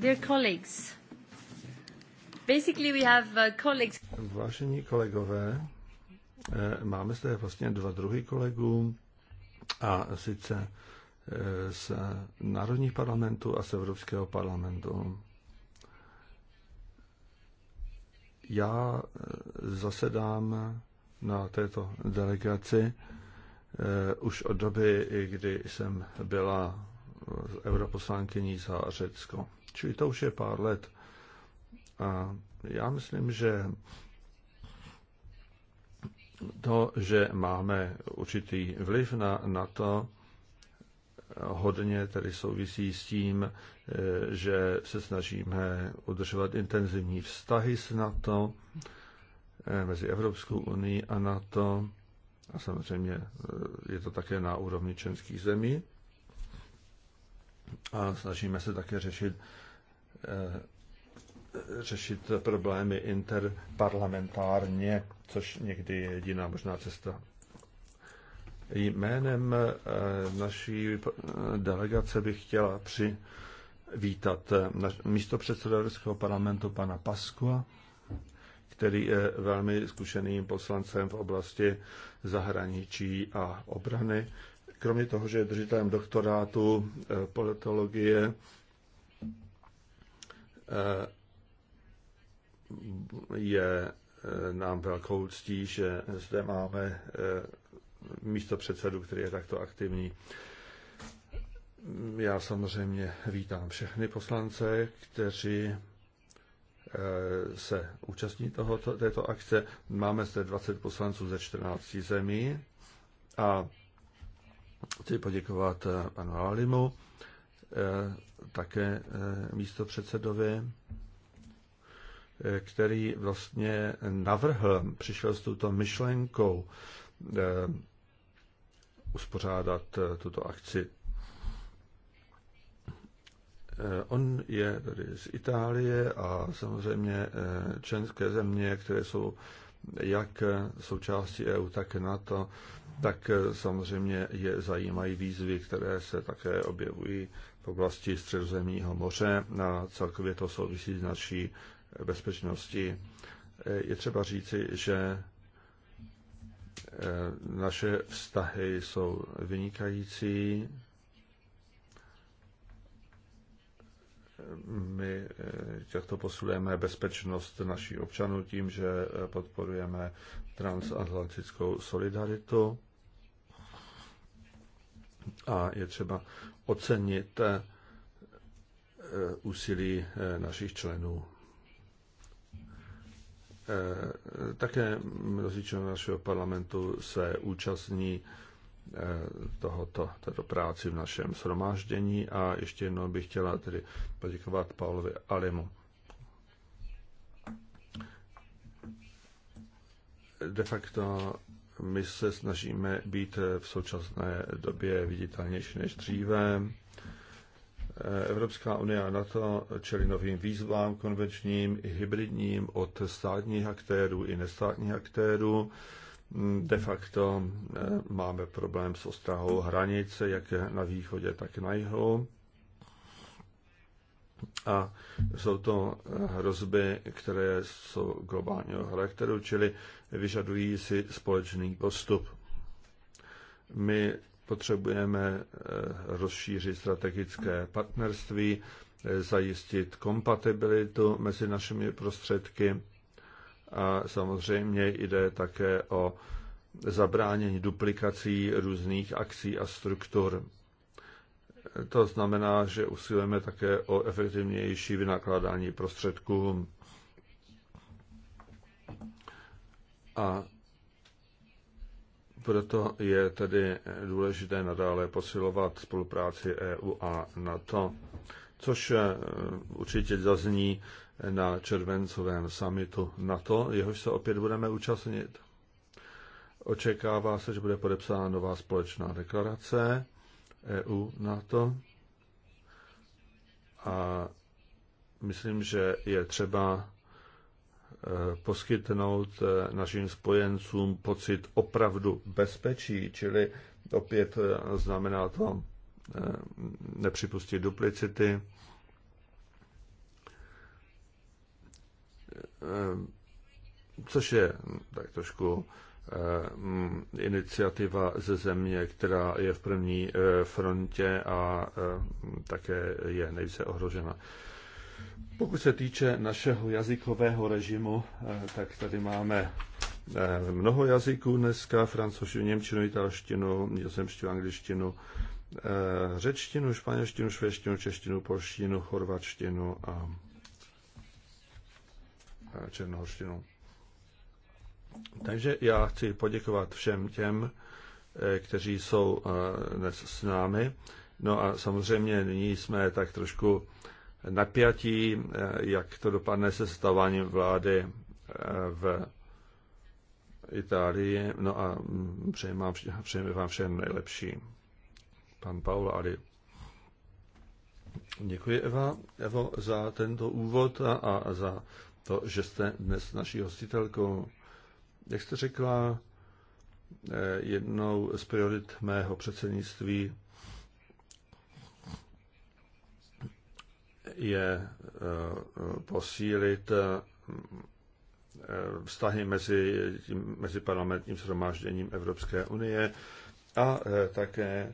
Dear colleagues, basically we have uh, colleagues. Vážení kolegové, eh, máme zde vlastně dva druhy kolegů a sice eh, z národních parlamentů a z Evropského parlamentu. Já eh, zasedám na této delegaci už od doby, kdy jsem byla europoslankyní za Řecko. Čili to už je pár let. A já myslím, že to, že máme určitý vliv na, na to, hodně tedy souvisí s tím, e, že se snažíme udržovat intenzivní vztahy s NATO, e, mezi Evropskou unii a NATO. A samozřejmě e, je to také na úrovni členských zemí. A snažíme se také řešit Eh, řešit problémy interparlamentárně, což někdy je jediná možná cesta. Jménem eh, naší delegace bych chtěla přivítat eh, místo předseda Evropského parlamentu pana Paskua, který je velmi zkušeným poslancem v oblasti zahraničí a obrany. Kromě toho, že je držitelem doktorátu politologie, Eh, je eh, nám velkou ctí, že zde máme eh, místo předsedu, který je takto aktivní. Já samozřejmě vítám všechny poslance, kteří se účastní tohoto, této akce. Máme zde 20 poslanců ze 14 zemí a chci poděkovat panu Alimu Eh, také eh, místo předsedovi, eh, který vlastně navrhl, přišel s touto myšlenkou uspořádat tuto akci. On je tady z Itálie a samozřejmě členské země, které jsou jak součástí EU, tak NATO, tak samozřejmě je zajímají výzvy, které se také objevují v oblasti Středozemního moře a celkově to souvisí s naší bezpečností. Je třeba říci, že eh, naše vztahy jsou vynikající. My těchto eh, posilujeme bezpečnost naší občanů tím, že eh, podporujeme transatlantickou solidaritu. A je třeba ocenit eh, úsilí eh, našich členů. Eh, také mnozí členů našeho parlamentu se účastní tohoto, této práci v našem shromáždění a ještě jednou bych chtěla tedy poděkovat Paulovi Alimu. De facto my se snažíme být v současné době viditelnější než dříve. Evropská unie a NATO čelí novým výzvám konvenčním i hybridním od státních aktérů i nestátních aktérů. De facto eh, máme problém s ostrahou hranice, jak na východě, tak na jihu a jsou to hrozby, které jsou globálního charakteru, čili vyžadují si společný postup. My potřebujeme eh, rozšířit strategické partnerství, eh, zajistit kompatibilitu mezi našimi prostředky a samozřejmě jde také o zabránění duplikací různých akcí a struktur. To znamená, že usilujeme také o efektivnější vynakládání prostředků. A proto je tedy důležité nadále posilovat spolupráci EU a NATO, což eh, určitě zazní na červencovém samitu NATO, jehož se opět budeme účastnit. Očekává se, že bude podepsána nová společná deklarace EU, NATO. A myslím, že je třeba e, poskytnout e, našim spojencům pocit opravdu bezpečí, čili opět e, znamená to nepřipustit duplicity. Což je tak trošku Eh, mm, iniciativa ze země, která je v první eh, frontě a eh, také je nejvíce ohrožena. Pokud se týče našeho jazykového režimu, tak tady máme mnoho jazyků dneska, francouzštinu, němčinu, italštinu, nizozemštinu, angličtinu, řečtinu, španělštinu, švédštinu, češtinu, polštinu, chorvačtinu a černohorštinu. Takže já chci poděkovat všem těm, eh, kteří jsou eh, dnes s námi. No a samozřejmě nyní jsme tak trošku napjatí, eh, jak to dopadne se stavováním vlády v Itálii. No a mm, přejeme vám, přejeme vám všem nejlepší. Pan Paul Ali. Děkuji, Eva, Evo, za tento úvod a, a za to, že jste dnes naší hostitelkou. Jak jste řekla, eh, jednou z priorit mého předsednictví je eh, posílit eh, vztahy mezi, tím, mezi parlamentním shromážděním Evropské unie a také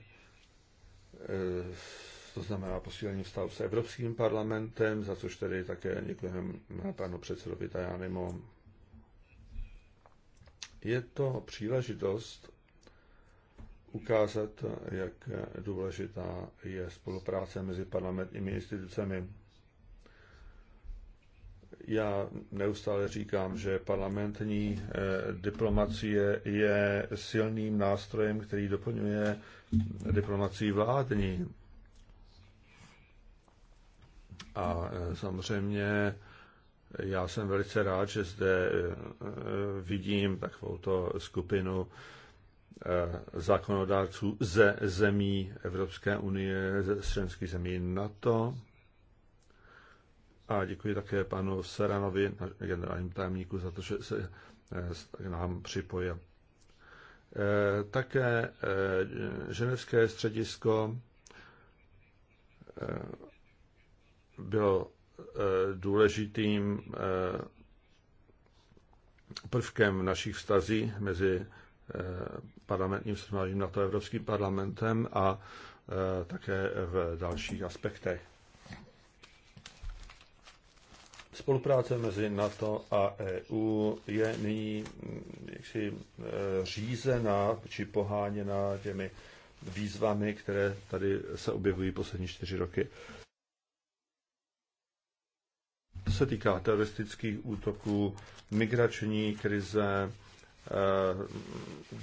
to znamená posílení vztahu s Evropským parlamentem, za což tedy také děkujeme panu předsedovi Tajanimu. Je to příležitost ukázat, jak důležitá je spolupráce mezi parlamentními institucemi. Já neustále říkám, že parlamentní eh, diplomacie je silným nástrojem, který doplňuje diplomacii vládní. A eh, samozřejmě já jsem velice rád, že zde eh, vidím takovou skupinu eh, zákonodárců ze zemí Evropské unie, ze členských zemí NATO. A děkuji také panu Seranovi, generálnímu tajemníku, za to, že se eh, k nám připojil. Také ženevské středisko bylo Eh, důležitým eh, prvkem našich vztazí mezi eh, parlamentním na to Evropským parlamentem a také v dalších aspektech. Spolupráce mezi NATO a EU je nyní mm, jaksi řízená či poháněna těmi výzvami, které tady se objevují poslední čtyři roky se týká teroristických útoků, migrační krize, eh,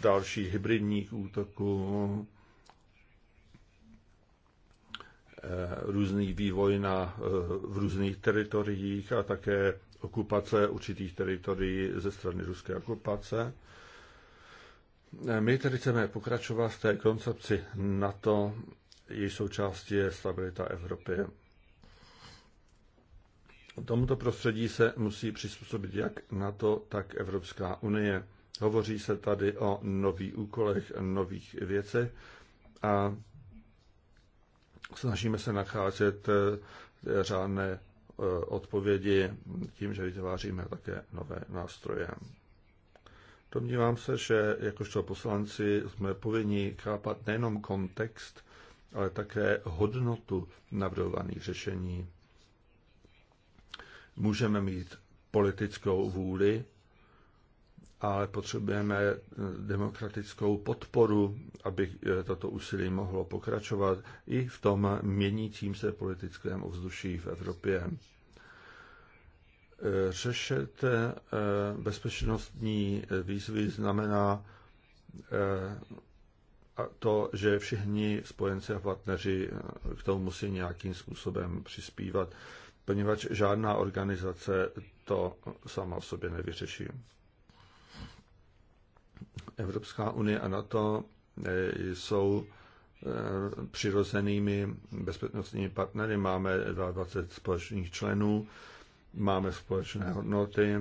dalších hybridních útoků, eh, různý vývoj na, eh, v různých teritoriích a také okupace určitých teritorií ze strany ruské okupace. My tedy chceme pokračovat v té koncepci NATO, její součástí je stabilita Evropy. Tomuto prostředí se musí přizpůsobit jak NATO, tak Evropská unie. Hovoří se tady o nových úkolech, nových věcech a snažíme se nacházet eh, řádné eh, odpovědi tím, že vytváříme také nové nástroje. Domnívám se, že jakožto poslanci jsme povinni chápat nejenom kontext, ale také hodnotu navrhovaných řešení. Můžeme mít politickou vůli, ale potřebujeme eh, demokratickou podporu, aby eh, toto úsilí mohlo pokračovat i v tom měnícím se politickém ovzduší v Evropě. Eh, řešit bezpečnostní výzvy znamená to, že všichni spojenci a partneři k tomu musí nějakým způsobem přispívat poněvadž žádná organizace to sama v sobě nevyřeší. Evropská unie a NATO eh, jsou eh, přirozenými bezpečnostními partnery. Máme 22 společných členů, máme společné hodnoty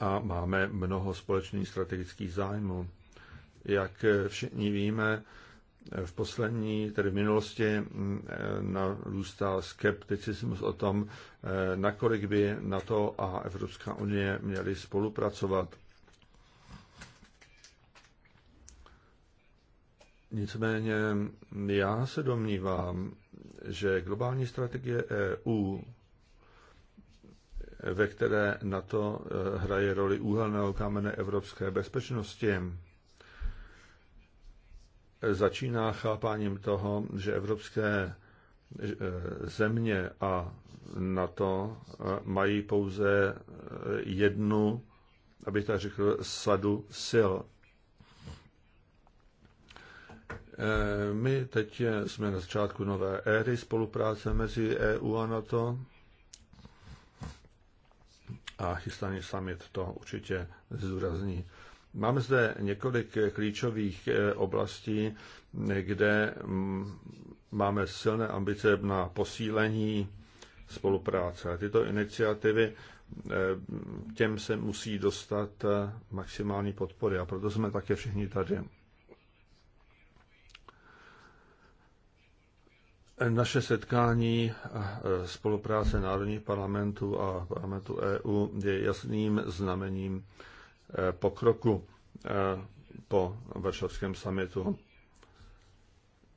a máme mnoho společných strategických zájmů. Jak všichni víme, v poslední, tedy v minulosti, e, narůstal skepticismus o tom, e, nakolik by NATO a Evropská unie měly spolupracovat. Nicméně já se domnívám, že globální strategie EU, ve které NATO e, hraje roli úhelného kamene evropské bezpečnosti, začíná chápáním toho, že evropské e, země a NATO e, mají pouze e, jednu, abych tak řekl, sadu sil. My teď jsme na začátku nové éry spolupráce mezi EU a NATO a chystaný summit to určitě zdůrazní. Mám zde několik klíčových eh, oblastí, kde mm, máme silné ambice na posílení spolupráce. Tyto iniciativy eh, těm se musí dostat eh, maximální podpory a proto jsme také všichni tady. Naše setkání spolupráce Národních parlamentů a parlamentu EU je jasným znamením Eh, pokroku eh, po Varšavském samitu.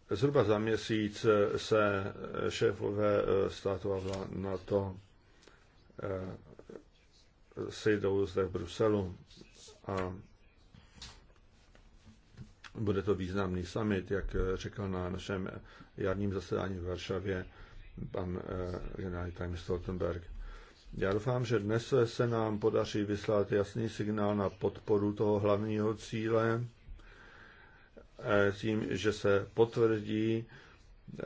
Zhruba za měsíc eh, se šéfové státu a vlád NATO sejdou zde v Bruselu a bude to významný summit, jak řekl na našem jarním zasedání v Varšavě pan generální tajemník Stoltenberg. Já doufám, že dnes se nám podaří vyslat jasný signál na podporu toho hlavního cíle, eh, tím, že se potvrdí eh,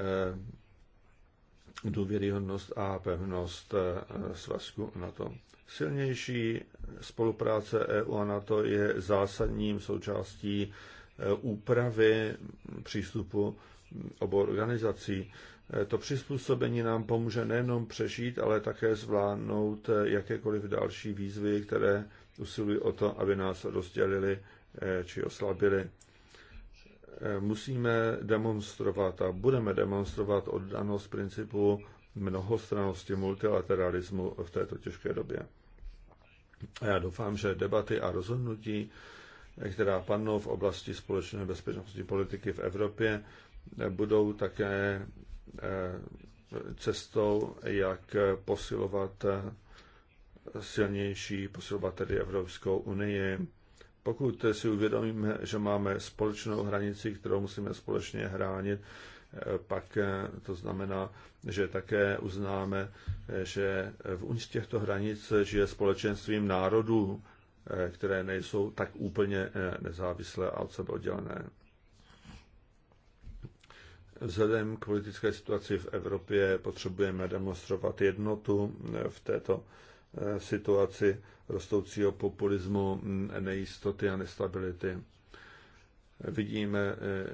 důvěryhodnost a pevnost eh, svazku NATO. Silnější spolupráce EU a NATO je zásadním součástí úpravy přístupu Obor organizací. Eh, to přizpůsobení nám pomůže nejenom přežít, ale také zvládnout eh, jakékoliv další výzvy, které usilují o to, aby nás rozdělili eh, či oslabili. Musíme demonstrovat a budeme demonstrovat oddanost principu mnohostrannosti multilateralismu v této těžké době. A já doufám, že debaty a rozhodnutí, která padnou v oblasti společné bezpečnostní politiky v Evropě, budou také eh, cestou, jak posilovat eh, silnější, posilovat tedy Evropskou unii. Pokud si uvědomíme, že máme společnou hranici, kterou musíme společně hránit, eh, pak to znamená, že také uznáme, že v z těchto hranic žije společenstvím národů, které nejsou tak úplně nezávislé a od sebe oddělené. Vzhledem k politické situaci v Evropě potřebujeme demonstrovat jednotu v této eh, situaci rostoucího populismu, mm, nejistoty a nestability. Vidíme, eh,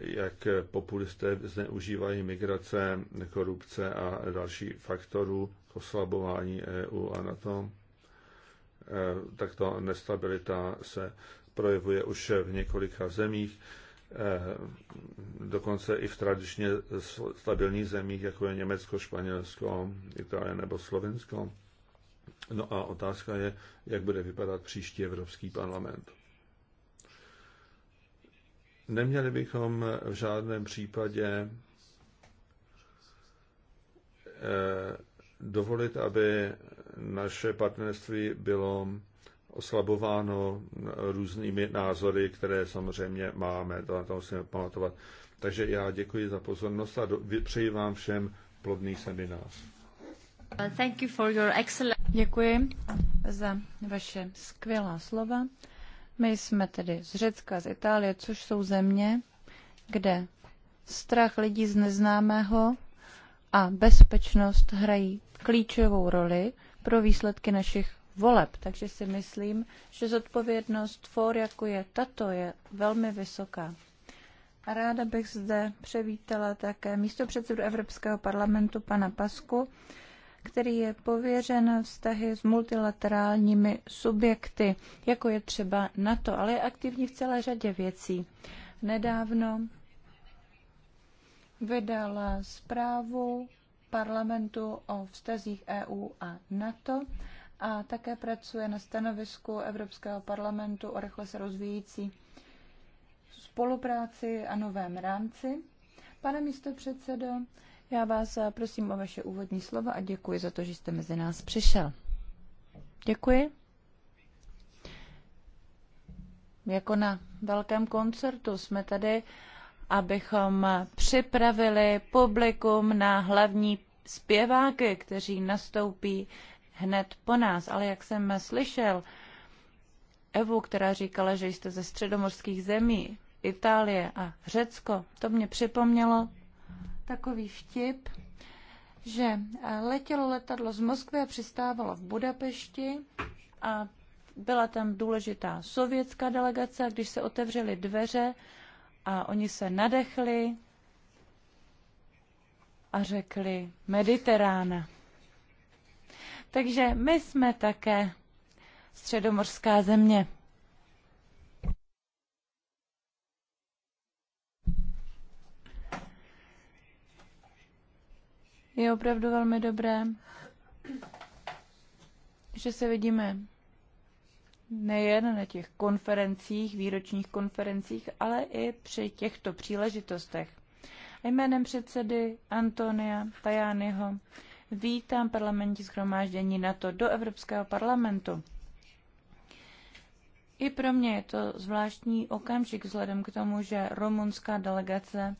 jak populisté zneužívají migrace, korupce a další faktorů k oslabování EU a NATO. Eh, takto nestabilita se projevuje už v několika zemích Eh, dokonce i v tradičně stabilních zemích, jako je Německo, Španělsko, Itálie nebo Slovensko. No a otázka je, jak bude vypadat příští Evropský parlament. Neměli bychom v žádném případě eh, dovolit, aby naše partnerství bylo oslabováno různými názory, které samozřejmě máme, to na to musíme pamatovat. Takže já děkuji za pozornost a přeji vám všem plodný seminář. Thank you for your excellent... Děkuji za vaše skvělá slova. My jsme tedy z Řecka, z Itálie, což jsou země, kde strach lidí z neznámého a bezpečnost hrají klíčovou roli pro výsledky našich voleb. Takže si myslím, že zodpovědnost for jako je tato je velmi vysoká. A ráda bych zde převítala také místo předsedu Evropského parlamentu pana Pasku, který je pověřen vztahy s multilaterálními subjekty, jako je třeba NATO, ale je aktivní v celé řadě věcí. Nedávno vydala zprávu parlamentu o vztazích EU a NATO a také pracuje na stanovisku Evropského parlamentu o rychle se rozvíjící spolupráci a novém rámci. Pane předsedo, já vás prosím o vaše úvodní slova a děkuji za to, že jste mezi nás přišel. Děkuji. Jako na velkém koncertu jsme tady, abychom připravili publikum na hlavní zpěváky, kteří nastoupí hned po nás. Ale jak jsem slyšel Evu, která říkala, že jste ze středomorských zemí, Itálie a Řecko, to mě připomnělo takový vtip, že letělo letadlo z Moskvy a přistávalo v Budapešti a byla tam důležitá sovětská delegace a když se otevřely dveře a oni se nadechli a řekli Mediterána. Takže my jsme také středomorská země. Je opravdu velmi dobré, že se vidíme nejen na těch konferencích, výročních konferencích, ale i při těchto příležitostech. Jménem předsedy Antonia Tajányho vítám parlamentní zhromáždění na to do Evropského parlamentu. I pro mě je to zvláštní okamžik vzhledem k tomu, že rumunská delegace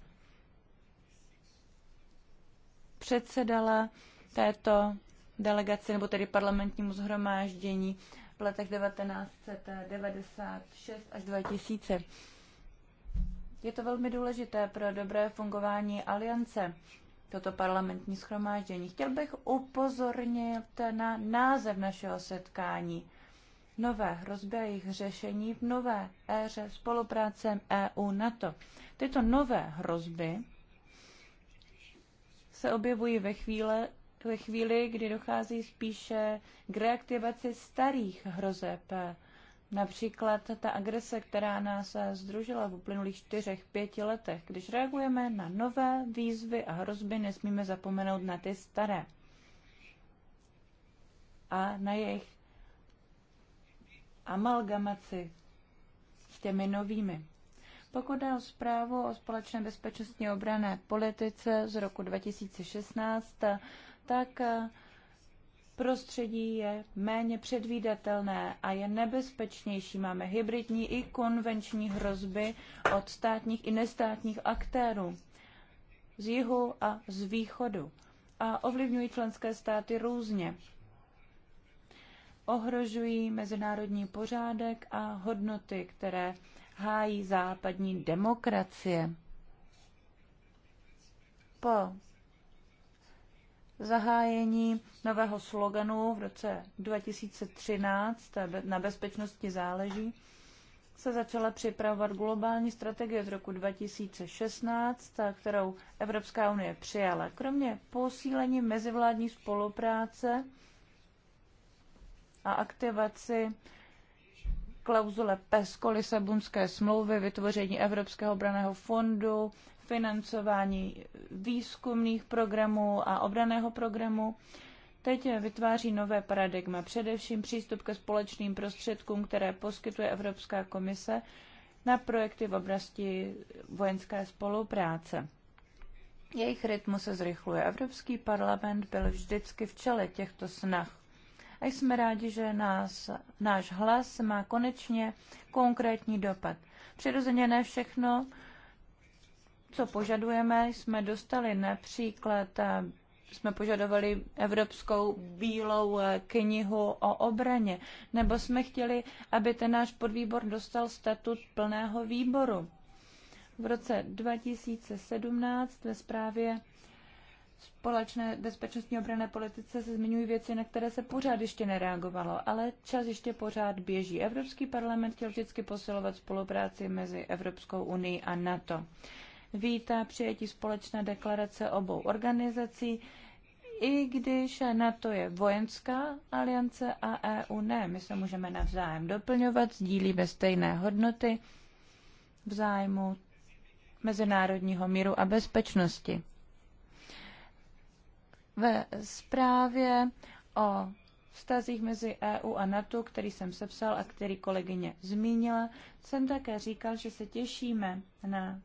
předsedala této delegaci, nebo tedy parlamentnímu zhromáždění v letech 1996 až 2000. Je to velmi důležité pro dobré fungování aliance toto parlamentní schromáždění. Chtěl bych upozornit na název našeho setkání. Nové hrozby a jejich řešení v nové éře spolupráce EU-NATO. Tyto nové hrozby se objevují ve, chvíle, ve chvíli, kdy dochází spíše k reaktivaci starých hrozeb Například ta agrese, která nás združila v uplynulých čtyřech, pěti letech. Když reagujeme na nové výzvy a hrozby, nesmíme zapomenout na ty staré a na jejich amalgamaci s těmi novými. Pokud jde o zprávu o společné bezpečnostní obrané politice z roku 2016, tak prostředí je méně předvídatelné a je nebezpečnější. Máme hybridní i konvenční hrozby od státních i nestátních aktérů z jihu a z východu a ovlivňují členské státy různě. Ohrožují mezinárodní pořádek a hodnoty, které hájí západní demokracie. Po zahájení nového sloganu v roce 2013 na bezpečnosti záleží se začala připravovat globální strategie z roku 2016, kterou Evropská unie přijala. Kromě posílení mezivládní spolupráce a aktivaci klauzule PESCO Lisabonské smlouvy, vytvoření Evropského obraného fondu, financování výzkumných programů a obraného programu. Teď vytváří nové paradigma, především přístup ke společným prostředkům, které poskytuje Evropská komise na projekty v oblasti vojenské spolupráce. Jejich rytmus se zrychluje. Evropský parlament byl vždycky v čele těchto snah. A jsme rádi, že nás, náš hlas má konečně konkrétní dopad. Přirozeně ne všechno co požadujeme, jsme dostali například, eh, jsme požadovali Evropskou bílou eh, knihu o obraně, nebo jsme chtěli, aby ten náš podvýbor dostal statut plného výboru. V roce 2017 ve zprávě společné bezpečnostní obrané politice se zmiňují věci, na které se pořád ještě nereagovalo, ale čas ještě pořád běží. Evropský parlament chtěl vždycky posilovat spolupráci mezi Evropskou unii a NATO vítá přijetí společné deklarace obou organizací, i když NATO je vojenská aliance a EU ne. My se můžeme navzájem doplňovat, sdílíme stejné hodnoty v zájmu mezinárodního míru a bezpečnosti. Ve zprávě o vztazích mezi EU a NATO, který jsem sepsal a který kolegyně zmínila, jsem také říkal, že se těšíme na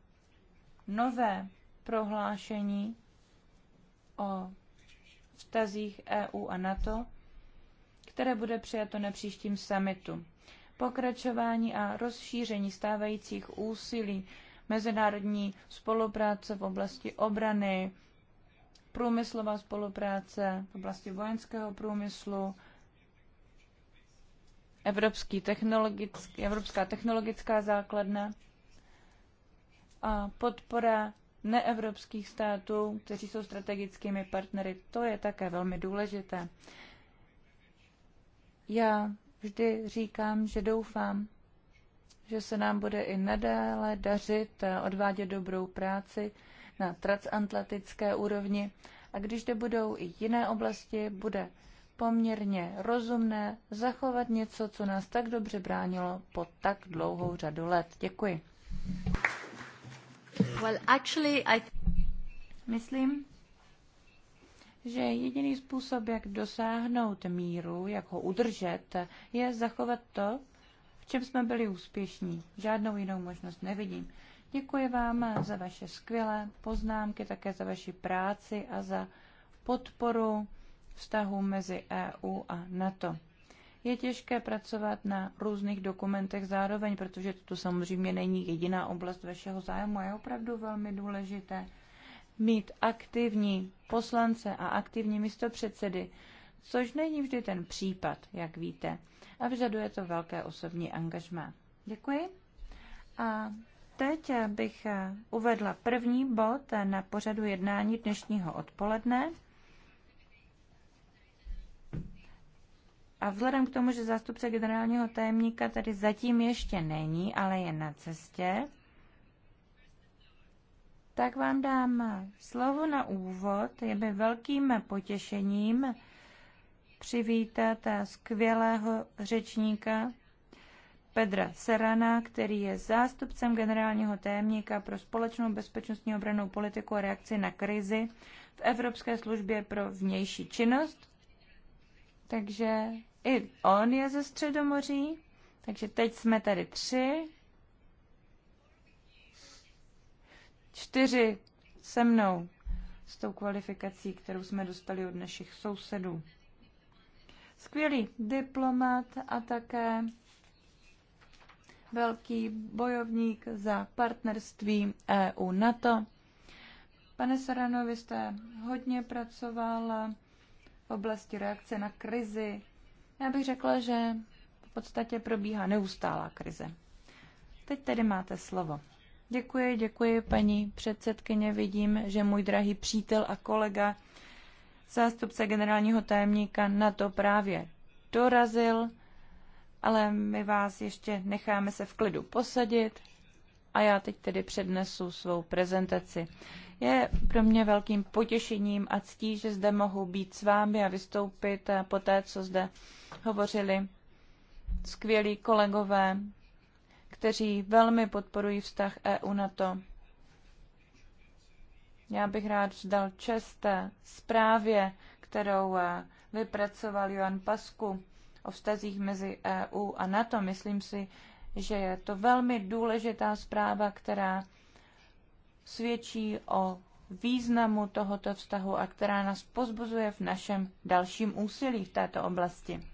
nové prohlášení o vztazích EU a NATO, které bude přijato na příštím summitu. Pokračování a rozšíření stávajících úsilí mezinárodní spolupráce v oblasti obrany, průmyslová spolupráce v oblasti vojenského průmyslu, Evropský technologický, Evropská technologická základna a podpora neevropských států, kteří jsou strategickými partnery. To je také velmi důležité. Já vždy říkám, že doufám, že se nám bude i nadále dařit eh, odvádět dobrou práci na transatlantické úrovni. A když to budou i jiné oblasti, bude poměrně rozumné zachovat něco, co nás tak dobře bránilo po tak dlouhou řadu let. Děkuji. Well, actually, I... Myslím, že jediný způsob, jak dosáhnout míru, jak ho udržet, je zachovat to, v čem jsme byli úspěšní. Žádnou jinou možnost nevidím. Děkuji vám za vaše skvělé poznámky, také za vaši práci a za podporu vztahu mezi EU a NATO je těžké pracovat na různých dokumentech zároveň, protože to samozřejmě není jediná oblast vašeho zájmu a je opravdu velmi důležité mít aktivní poslance a aktivní místopředsedy, což není vždy ten případ, jak víte, a vyžaduje to velké osobní angažmá. Děkuji. A teď bych uvedla první bod na pořadu jednání dnešního odpoledne. A vzhledem k tomu, že zástupce generálního tajemníka tady zatím ještě není, ale je na cestě, tak vám dám slovo na úvod. Je mi velkým potěšením přivítat skvělého řečníka Pedra Serana, který je zástupcem generálního témníka pro společnou bezpečnostní obranou politiku a reakci na krizi v Evropské službě pro vnější činnost. Takže i on je ze Středomoří, takže teď jsme tady tři. Čtyři se mnou s tou kvalifikací, kterou jsme dostali od našich sousedů. Skvělý diplomat a také velký bojovník za partnerství EU-NATO. Pane Saranovi, jste hodně pracoval v oblasti reakce na krizi já bych řekla, že v podstatě probíhá neustálá krize. Teď tedy máte slovo. Děkuji, děkuji paní předsedkyně. Vidím, že můj drahý přítel a kolega, zástupce generálního tajemníka na to právě dorazil, ale my vás ještě necháme se v klidu posadit a já teď tedy přednesu svou prezentaci. Je pro mě velkým potěšením a ctí, že zde mohu být s vámi a vystoupit eh, po té, co zde hovořili skvělí kolegové, kteří velmi podporují vztah eu na to. Já bych rád vzdal čest eh, zprávě, kterou eh, vypracoval Johan Pasku o vztazích mezi EU a NATO. Myslím si, že je to velmi důležitá zpráva, která svědčí o významu tohoto vztahu a která nás pozbuzuje v našem dalším úsilí v této oblasti.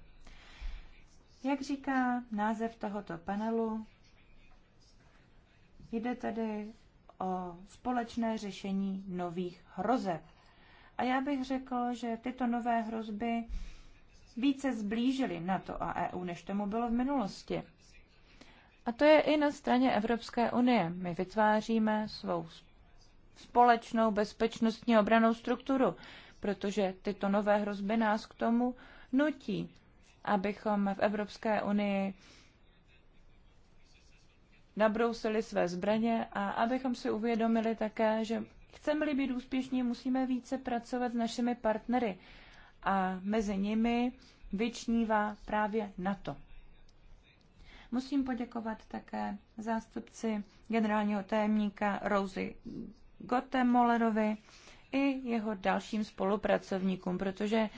Jak říká název tohoto panelu, jde tedy o společné řešení nových hrozeb. A já bych řekl, že tyto nové hrozby více zblížily NATO a EU, než tomu bylo v minulosti. A to je i na straně Evropské unie. My vytváříme svou společnou bezpečnostní obranou strukturu, protože tyto nové hrozby nás k tomu nutí, abychom v Evropské unii nabrousili své zbraně a abychom si uvědomili také, že chceme-li být úspěšní, musíme více pracovat s našimi partnery a mezi nimi vyčnívá právě NATO. Musím poděkovat také zástupci generálního tajemníka Rosie Mollerovi i jeho dalším spolupracovníkům, protože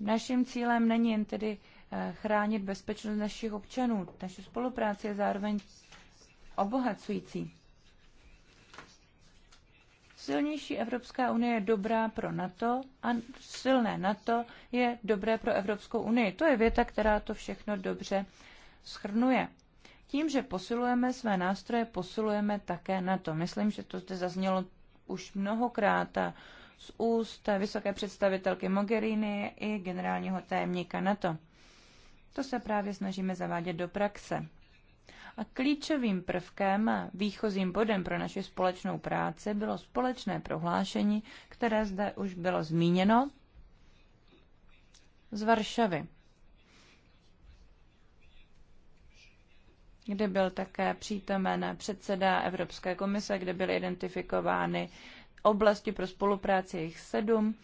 naším cílem není jen tedy eh, chránit bezpečnost našich občanů. Naše spolupráce je zároveň obohacující. Silnější Evropská unie je dobrá pro NATO a silné NATO je dobré pro Evropskou unii. To je věta, která to všechno dobře schrnuje. Tím, že posilujeme své nástroje, posilujeme také na to. Myslím, že to zde zaznělo už mnohokrát a z úst vysoké představitelky Mogherini i generálního tajemníka NATO. To se právě snažíme zavádět do praxe. A klíčovým prvkem a výchozím bodem pro naši společnou práci bylo společné prohlášení, které zde už bylo zmíněno z Varšavy. kde byl také přítomen předseda Evropské komise, kde byly identifikovány oblasti pro spolupráci jejich sedm.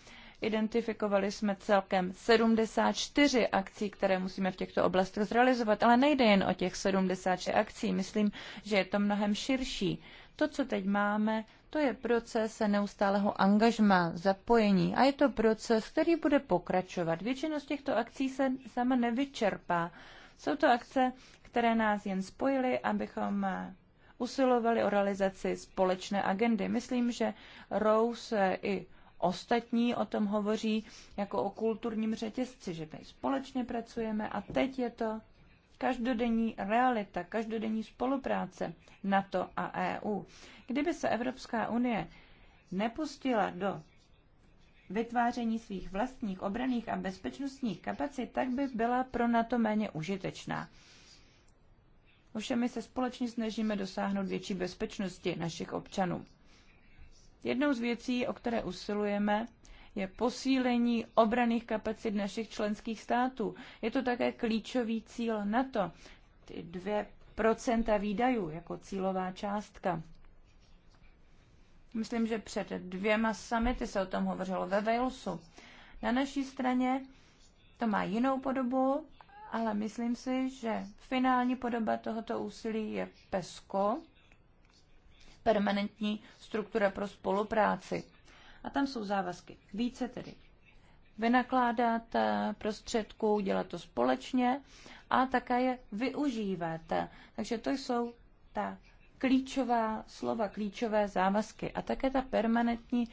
Identifikovali jsme celkem 74 akcí, které musíme v těchto oblastech zrealizovat, ale nejde jen o těch 74 akcí. Myslím, že je to mnohem širší. To, co teď máme, to je proces neustálého angažma, zapojení a je to proces, který bude pokračovat. Většina z těchto akcí se sama nevyčerpá. Jsou to akce, které nás jen spojily, abychom usilovali o realizaci společné agendy. Myslím, že Rose i ostatní o tom hovoří jako o kulturním řetězci, že my společně pracujeme a teď je to každodenní realita, každodenní spolupráce NATO a EU. Kdyby se Evropská unie nepustila do vytváření svých vlastních obraných a bezpečnostních kapacit, tak by byla pro NATO méně užitečná. Ovšem my se společně snažíme dosáhnout větší bezpečnosti našich občanů. Jednou z věcí, o které usilujeme, je posílení obraných kapacit našich členských států. Je to také klíčový cíl NATO, ty 2% výdajů jako cílová částka. Myslím, že před dvěma samity se o tom hovořilo ve Walesu. Na naší straně to má jinou podobu ale myslím si, že finální podoba tohoto úsilí je PESCO, permanentní struktura pro spolupráci. A tam jsou závazky. Více tedy vynakládat eh, prostředků, dělat to společně a také je využívat. Takže to jsou ta klíčová slova, klíčové závazky. A také ta permanentní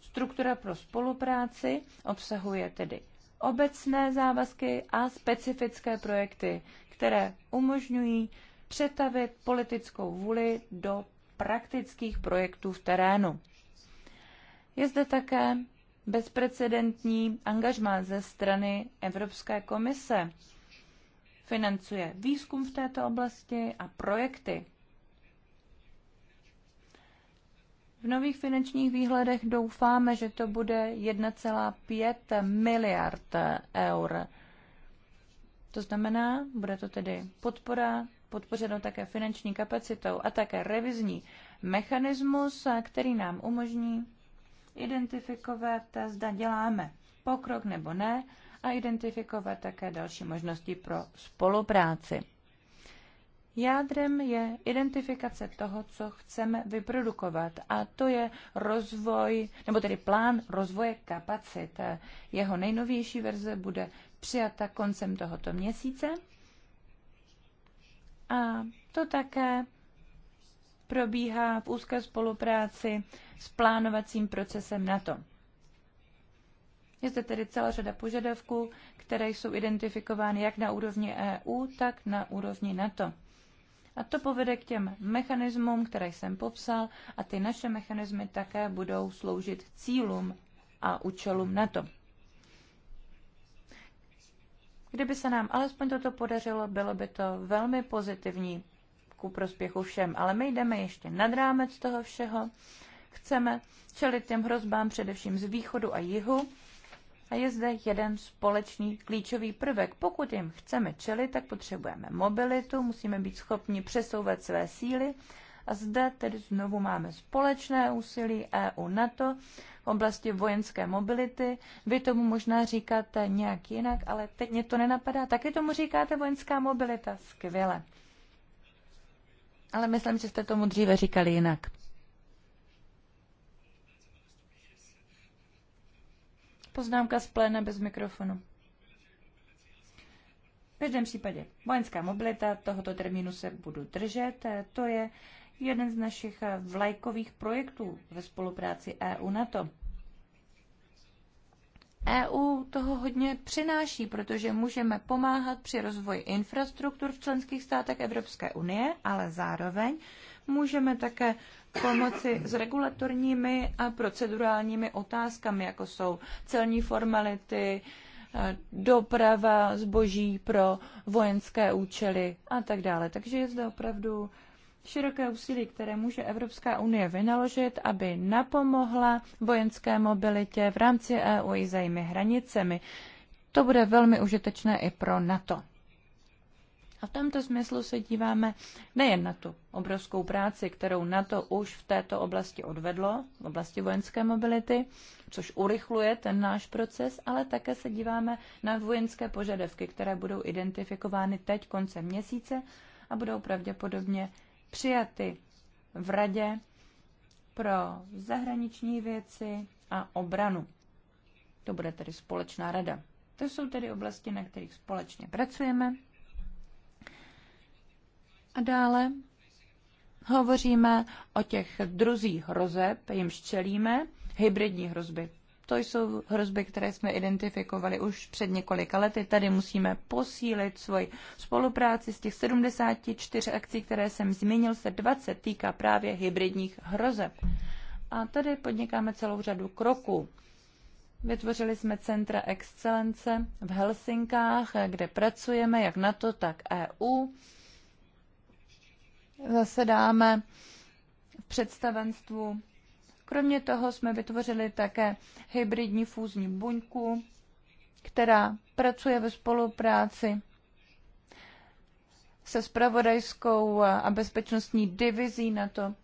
struktura pro spolupráci obsahuje tedy obecné závazky a specifické projekty, které umožňují přetavit politickou vůli do praktických projektů v terénu. Je zde také bezprecedentní angažmá ze strany Evropské komise. Financuje výzkum v této oblasti a projekty. V nových finančních výhledech doufáme, že to bude 1,5 miliard eur. To znamená, bude to tedy podpora, podpořeno také finanční kapacitou a také revizní mechanismus, který nám umožní identifikovat, zda děláme pokrok nebo ne, a identifikovat také další možnosti pro spolupráci. Jádrem je identifikace toho, co chceme vyprodukovat a to je rozvoj, nebo tedy plán rozvoje kapacit. Jeho nejnovější verze bude přijata koncem tohoto měsíce a to také probíhá v úzké spolupráci s plánovacím procesem NATO. Je zde tedy celá řada požadavků, které jsou identifikovány jak na úrovni EU, tak na úrovni NATO. A to povede k těm mechanismům, které jsem popsal, a ty naše mechanismy také budou sloužit cílům a účelům NATO. Kdyby se nám alespoň toto podařilo, bylo by to velmi pozitivní ku prospěchu všem. Ale my jdeme ještě nad rámec toho všeho. Chceme čelit těm hrozbám především z východu a jihu a je zde jeden společný klíčový prvek. Pokud jim chceme čelit, tak potřebujeme mobilitu, musíme být schopni přesouvat své síly. A zde tedy znovu máme společné úsilí EU NATO v oblasti vojenské mobility. Vy tomu možná říkáte nějak jinak, ale teď mě to nenapadá. Taky tomu říkáte vojenská mobilita. Skvěle. Ale myslím, že jste tomu dříve říkali jinak. Poznámka z pléna bez mikrofonu. V každém případě vojenská mobilita, tohoto termínu se budu držet, to je jeden z našich vlajkových projektů ve spolupráci EU-NATO. EU toho hodně přináší, protože můžeme pomáhat při rozvoji infrastruktur v členských státech Evropské unie, ale zároveň můžeme také pomoci s regulatorními a procedurálními otázkami, jako jsou celní formality, e, doprava zboží pro vojenské účely a tak dále. Takže je zde opravdu široké úsilí, které může Evropská unie vynaložit, aby napomohla vojenské mobilitě v rámci EU i za jejími hranicemi. To bude velmi užitečné i pro NATO. A v tomto smyslu se díváme nejen na tu obrovskou práci, kterou NATO už v této oblasti odvedlo, v oblasti vojenské mobility, což urychluje ten náš proces, ale také se díváme na vojenské požadavky, které budou identifikovány teď koncem měsíce a budou pravděpodobně přijaty v Radě pro zahraniční věci a obranu. To bude tedy společná rada. To jsou tedy oblasti, na kterých společně pracujeme. A dále hovoříme o těch druzích hrozeb, jimž čelíme, hybridní hrozby to jsou hrozby, které jsme identifikovali už před několika lety. Tady musíme posílit svoji spolupráci. Z těch 74 akcí, které jsem zmínil, se 20 týká právě hybridních hrozeb. A tady podnikáme celou řadu kroků. Vytvořili jsme centra excelence v Helsinkách, kde pracujeme jak NATO, tak EU. Zasedáme v představenstvu Kromě toho jsme vytvořili také hybridní fúzní buňku, která pracuje ve spolupráci se spravodajskou a bezpečnostní divizí na to.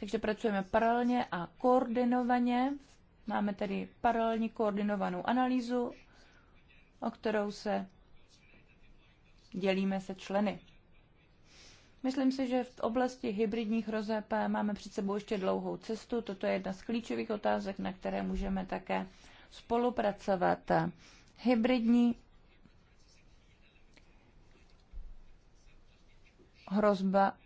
Takže pracujeme paralelně a koordinovaně. Máme tedy paralelní koordinovanou analýzu, o kterou se dělíme se členy. Myslím si, že v oblasti hybridních hrozeb máme před sebou ještě dlouhou cestu. Toto je jedna z klíčových otázek, na které můžeme také spolupracovat. Hybridní hrozba.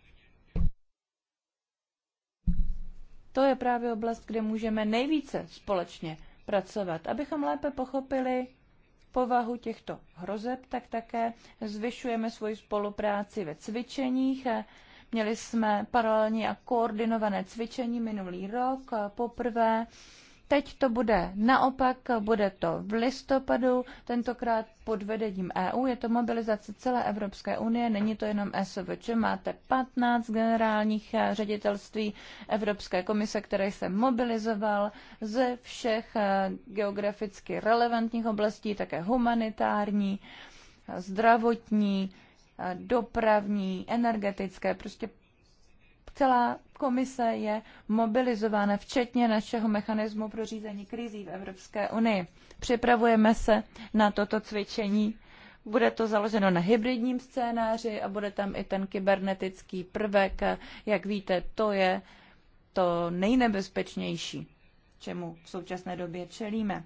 To je právě oblast, kde můžeme nejvíce společně pracovat, abychom lépe pochopili povahu těchto hrozeb, tak také zvyšujeme svoji spolupráci ve cvičeních. Měli jsme paralelní a koordinované cvičení minulý rok. Poprvé Teď to bude naopak, bude to v listopadu, tentokrát pod vedením EU, je to mobilizace celé Evropské unie, není to jenom SVČ, máte 15 generálních eh, ředitelství Evropské komise, které se mobilizoval ze všech eh, geograficky relevantních oblastí, také humanitární, eh, zdravotní, dopravní, energetické, prostě Celá komise je mobilizována, včetně našeho mechanismu pro řízení krizí v Evropské unii. Připravujeme se na toto cvičení. Bude to založeno na hybridním scénáři a bude tam i ten kybernetický prvek. Jak víte, to je to nejnebezpečnější, čemu v současné době čelíme.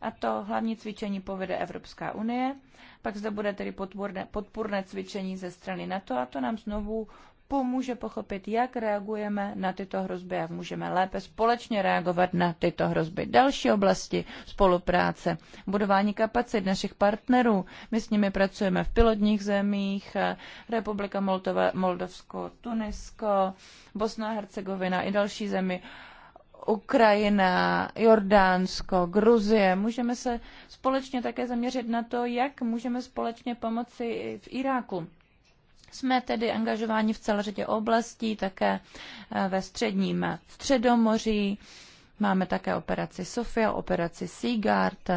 A to hlavní cvičení povede Evropská unie. Pak zde bude tedy podporné, cvičení ze strany NATO a to nám znovu pomůže pochopit, jak reagujeme na tyto hrozby, jak můžeme lépe společně reagovat na tyto hrozby. Další oblasti spolupráce, budování kapacit našich partnerů. My s nimi pracujeme v pilotních zemích, Republika Moldova, Moldovsko, Tunisko, Bosna a Hercegovina i další zemi. Ukrajina, Jordánsko, Gruzie. Můžeme se společně také zaměřit na to, jak můžeme společně pomoci v Iráku. Jsme tedy angažováni v celé řadě oblastí, také eh, ve středním středomoří. Máme také operaci Sofia, operaci Seagard.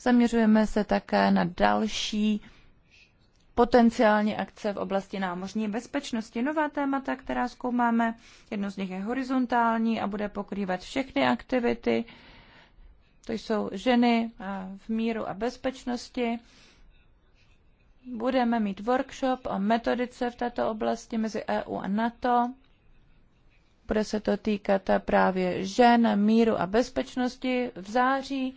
Zaměřujeme se také na další potenciální akce v oblasti námořní bezpečnosti. Nová témata, která zkoumáme, jedno z nich je horizontální a bude pokrývat všechny aktivity. To jsou ženy eh, v míru a bezpečnosti budeme mít workshop o metodice v této oblasti mezi EU a NATO. Bude se to týkat právě žen, míru a bezpečnosti v září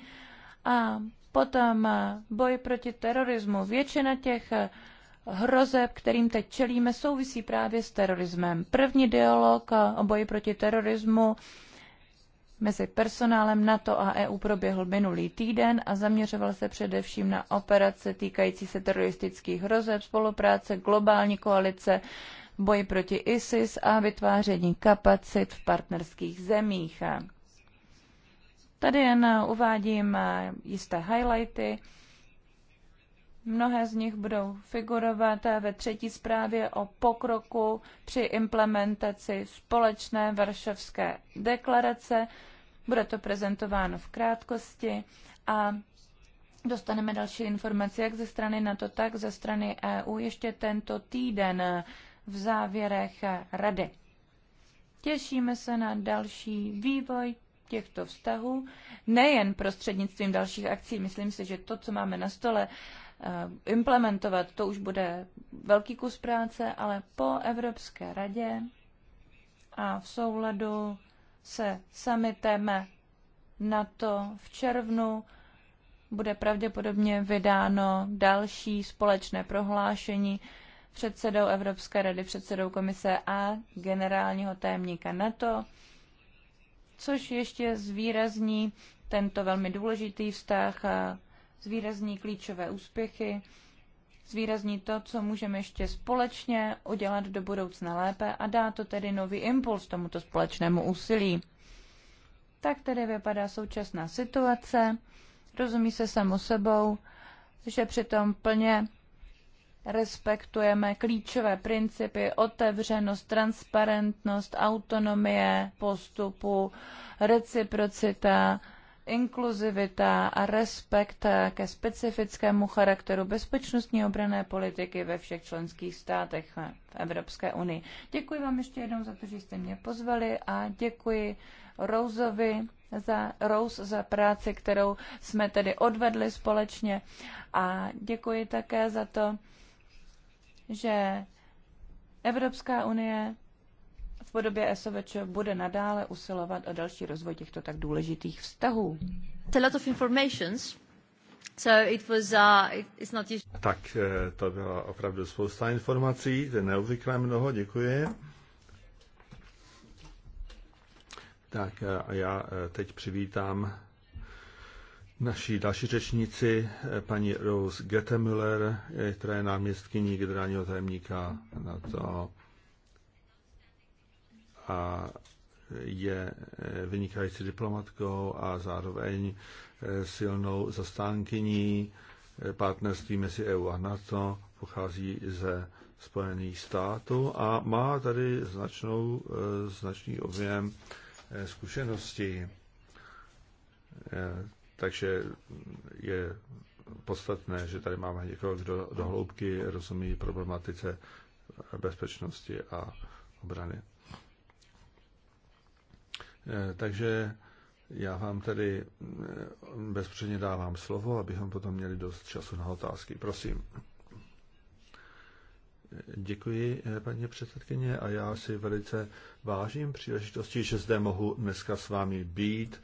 a potom boj proti terorismu. Většina těch hrozeb, kterým teď čelíme, souvisí právě s terorismem. První dialog o boji proti terorismu mezi personálem NATO a EU proběhl minulý týden a zaměřoval se především na operace týkající se teroristických hrozeb, spolupráce globální koalice boji proti ISIS a vytváření kapacit v partnerských zemích. Tady jen uvádím jisté highlighty. Mnohé z nich budou figurovat ve třetí zprávě o pokroku při implementaci společné varšavské deklarace bude to prezentováno v krátkosti a dostaneme další informace jak ze strany NATO, tak ze strany EU ještě tento týden v závěrech Rady. Těšíme se na další vývoj těchto vztahů, nejen prostřednictvím dalších akcí. Myslím si, že to, co máme na stole, eh, implementovat, to už bude velký kus práce, ale po Evropské radě a v souladu se summitem NATO v červnu bude pravděpodobně vydáno další společné prohlášení předsedou Evropské rady, předsedou komise a generálního tajemníka NATO, což ještě zvýrazní tento velmi důležitý vztah a zvýrazní klíčové úspěchy zvýraznit to, co můžeme ještě společně udělat do budoucna lépe a dá to tedy nový impuls tomuto společnému úsilí. Tak tedy vypadá současná situace. Rozumí se samo sebou, že přitom plně respektujeme klíčové principy otevřenost, transparentnost, autonomie postupu, reciprocita, inkluzivita a respekt ke specifickému charakteru bezpečnostní obrané politiky ve všech členských státech v Evropské unii. Děkuji vám ještě jednou za to, že jste mě pozvali a děkuji Rouzovi za, Rose za práci, kterou jsme tedy odvedli společně a děkuji také za to, že Evropská unie podobě SOVČ bude nadále usilovat o další rozvoj těchto tak důležitých vztahů. Uh, tak eh, to byla opravdu spousta informací, to je neobvyklé mnoho, děkuji. Tak eh, a já eh, teď přivítám naší další řečnici, paní Rose Gettemüller, která je náměstkyní generálního tajemníka na to a je eh, vynikající diplomatkou a zároveň eh, silnou zastánkyní eh, partnerství mezi EU a NATO, pochází ze Spojených států a má tady značnou, značný objem zkušeností. Takže je podstatné, že tady máme někoho, kdo dohloubky rozumí problematice bezpečnosti a obrany. Eh, takže já vám tedy eh, bezpředně dávám slovo, abychom potom měli dost času na otázky. Prosím. Eh, děkuji, paní předsedkyně, a já si velice vážím příležitosti, že zde mohu dneska s vámi být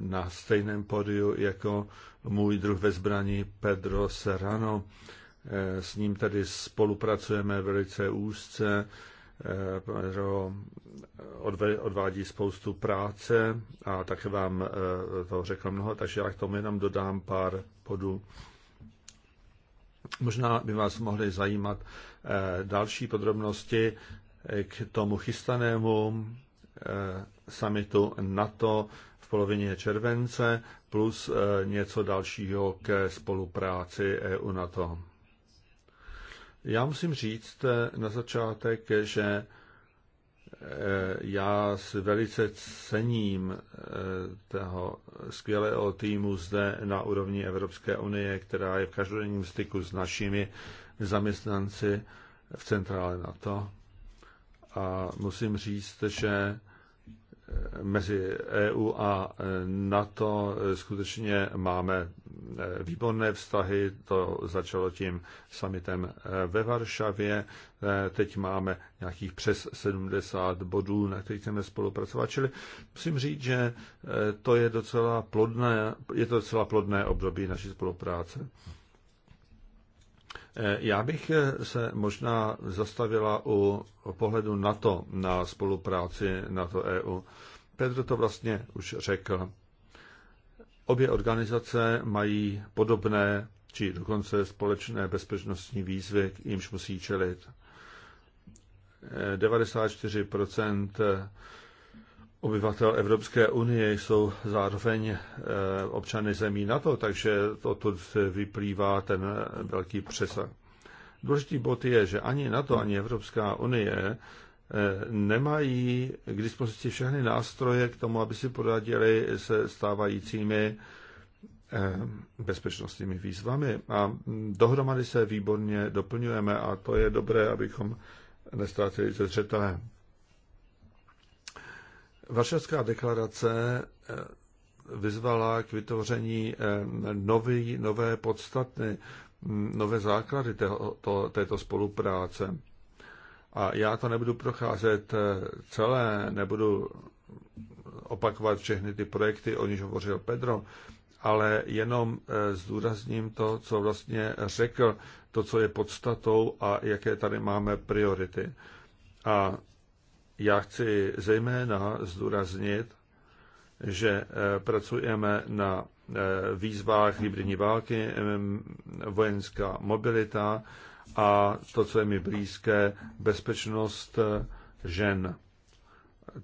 na stejném podiu jako můj druh ve zbraní Pedro Serrano. S ním tedy spolupracujeme velice úzce Eh, odvádí spoustu práce a také vám eh, to řekl mnoho, takže já k tomu jenom dodám pár bodů. Možná by vás mohly zajímat eh, další podrobnosti k tomu chystanému samitu NATO v polovině července plus něco dalšího ke spolupráci EU-NATO. Já musím říct eh, na začátek, že eh, já si velice cením eh, toho skvělého týmu zde na úrovni Evropské unie, která je v každodenním styku s našimi zaměstnanci v centrále NATO. A musím říct, že mezi EU a NATO skutečně máme e, výborné vztahy. To začalo tím summitem e, ve Varšavě. E, teď máme nějakých přes 70 bodů, na kterých chceme spolupracovat. Čili musím říct, že to je docela plodné, je to docela plodné období naší spolupráce. Eh, já bych eh, se možná zastavila u pohledu na to, na spolupráci na to eu Pedro to vlastně už řekl. Obě organizace mají podobné či dokonce společné bezpečnostní výzvy, k jimž musí čelit. 94 eh, obyvatel Evropské unie jsou zároveň eh, občany zemí NATO, takže to tu vyplývá ten eh, velký přesah. Důležitý bod je, že ani NATO, ani Evropská unie eh, nemají k dispozici všechny nástroje k tomu, aby si poradili se stávajícími bezpečnostními výzvami. A dohromady se výborně doplňujeme a to je dobré, abychom nestráceli ze zřetele. Varšavská deklarace eh, vyzvala k vytvoření eh, nový, nové podstaty, mm, nové základy tého, to, této spolupráce. A já to nebudu procházet eh, celé, nebudu opakovat všechny ty projekty, o nich hovořil Pedro, ale jenom zdůrazním to, co vlastně řekl, to, co je podstatou a jaké tady máme priority. A já chci zejména zdůraznit, že eh, pracujeme na eh, výzvách hybridní války, vojenská mobilita a to, co je mi blízké, bezpečnost eh, žen.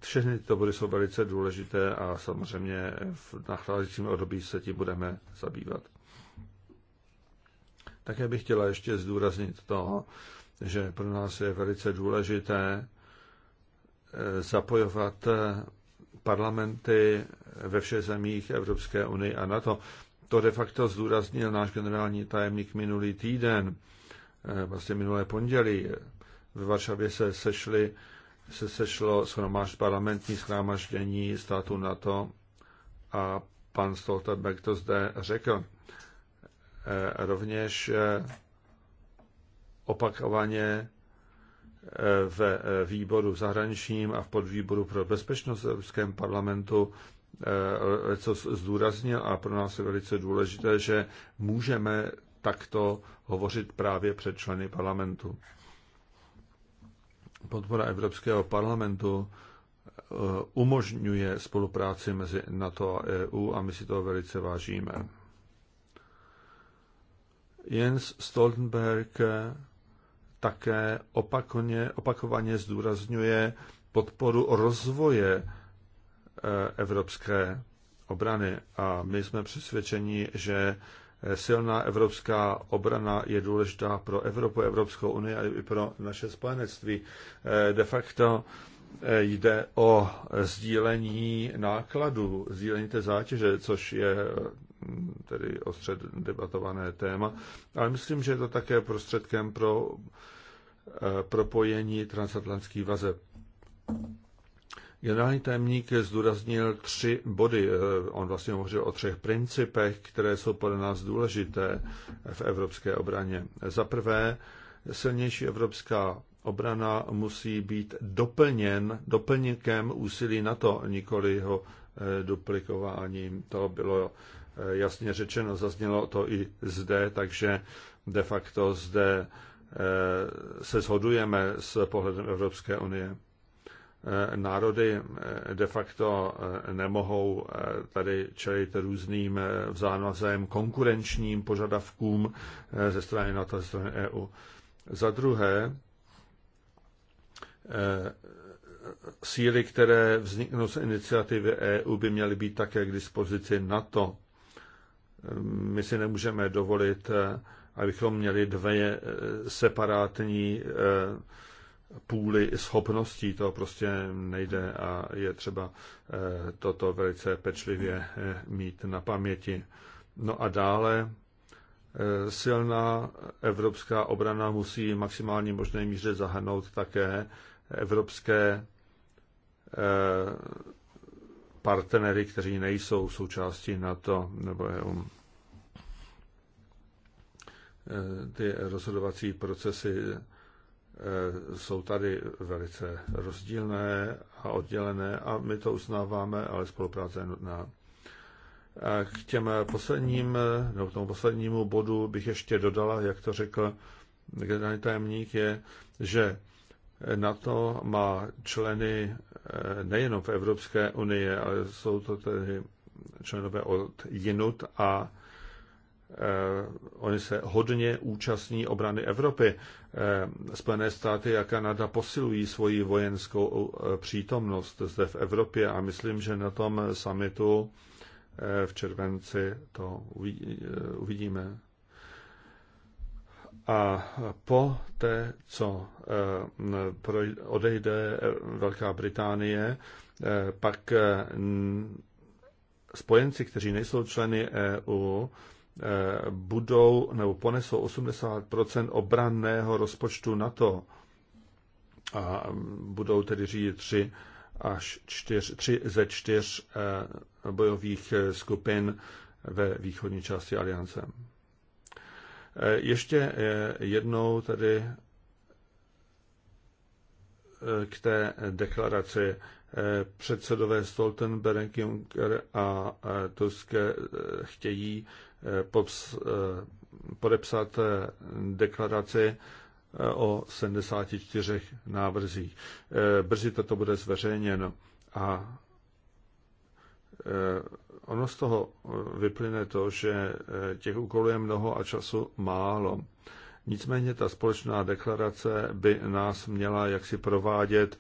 Všechny tyto body jsou velice důležité a samozřejmě v nacházejícím období se tím budeme zabývat. Také bych chtěla ještě zdůraznit to, že pro nás je velice důležité zapojovat parlamenty ve všech zemích Evropské unie a NATO. To de facto zdůraznil náš generální tajemník minulý týden, eh, vlastně minulé pondělí. V Varšavě se sešli, se sešlo shromáž, parlamentní schromáždění státu NATO a pan Stoltenberg to zde řekl. Eh, rovněž eh, opakovaně v výboru v zahraničním a v podvýboru pro bezpečnost v Evropském parlamentu eh, co zdůraznil a pro nás je velice důležité, že můžeme takto hovořit právě před členy parlamentu. Podpora Evropského parlamentu eh, umožňuje spolupráci mezi NATO a EU a my si to velice vážíme. Jens Stoltenberg také opakovaně, opakovaně zdůrazňuje podporu rozvoje eh, evropské obrany. A my jsme přesvědčeni, že eh, silná evropská obrana je důležitá pro Evropu, Evropskou unii a i pro naše spojenectví. Eh, de facto jde o sdílení nákladů, sdílení té zátěže, což je tedy ostře debatované téma, ale myslím, že je to také prostředkem pro eh, propojení transatlantských vazeb. Generální tajemník zdůraznil tři body. Eh, on vlastně hovořil o třech principech, které jsou podle nás důležité v evropské obraně. Za prvé, silnější evropská obrana musí být doplněn, doplněkem úsilí na to, nikoli jeho eh, duplikováním. To bylo Eh, jasně řečeno, zaznělo to i zde, takže de facto zde eh, se shodujeme s pohledem Evropské unie. Eh, národy de facto nemohou tady čelit různým vzájemným konkurenčním požadavkům ze strany NATO a ze strany EU. Za druhé, síly, které vzniknou z iniciativy EU, by měly být také k dispozici NATO. My si nemůžeme dovolit, eh, abychom měli dvě eh, separátní eh, půly schopností, to prostě nejde a je třeba toto velice pečlivě mít na paměti. No a dále silná evropská obrana musí v maximální možné míře zahrnout také evropské partnery, kteří nejsou součástí NATO nebo EU. E, ty rozhodovací procesy e, jsou tady velice rozdílné a oddělené a my to uznáváme, ale spolupráce je nutná. K těm posledním, nebo k tomu poslednímu bodu bych ještě dodala, jak to řekl generální tajemník, je, že NATO má členy eh, nejenom v Evropské unii, ale jsou to tedy členové od jinut a eh, oni se hodně účastní obrany Evropy. Eh, Spojené státy a Kanada posilují svoji vojenskou přítomnost zde v Evropě a myslím, že na tom summitu v červenci to uvidíme. A po té, co eh, odejde eh, Velká Británie, eh, pak spojenci, kteří nejsou členy EU, budou nebo ponesou 80 obranného rozpočtu na to a budou tedy řídit tři až čtyř, tři ze čtyř bojových skupin ve východní části aliance. Eh, ještě eh, jednou tedy eh, k té deklaraci. Předsedové Stoltenberg, Juncker a Tusk chtějí podepsat deklaraci o 74 návrzích. Brzy toto bude zveřejněno a Ono z toho eh, vyplyne to, že eh, těch úkolů je mnoho a času málo. Nicméně ta společná deklarace by nás měla jaksi provádět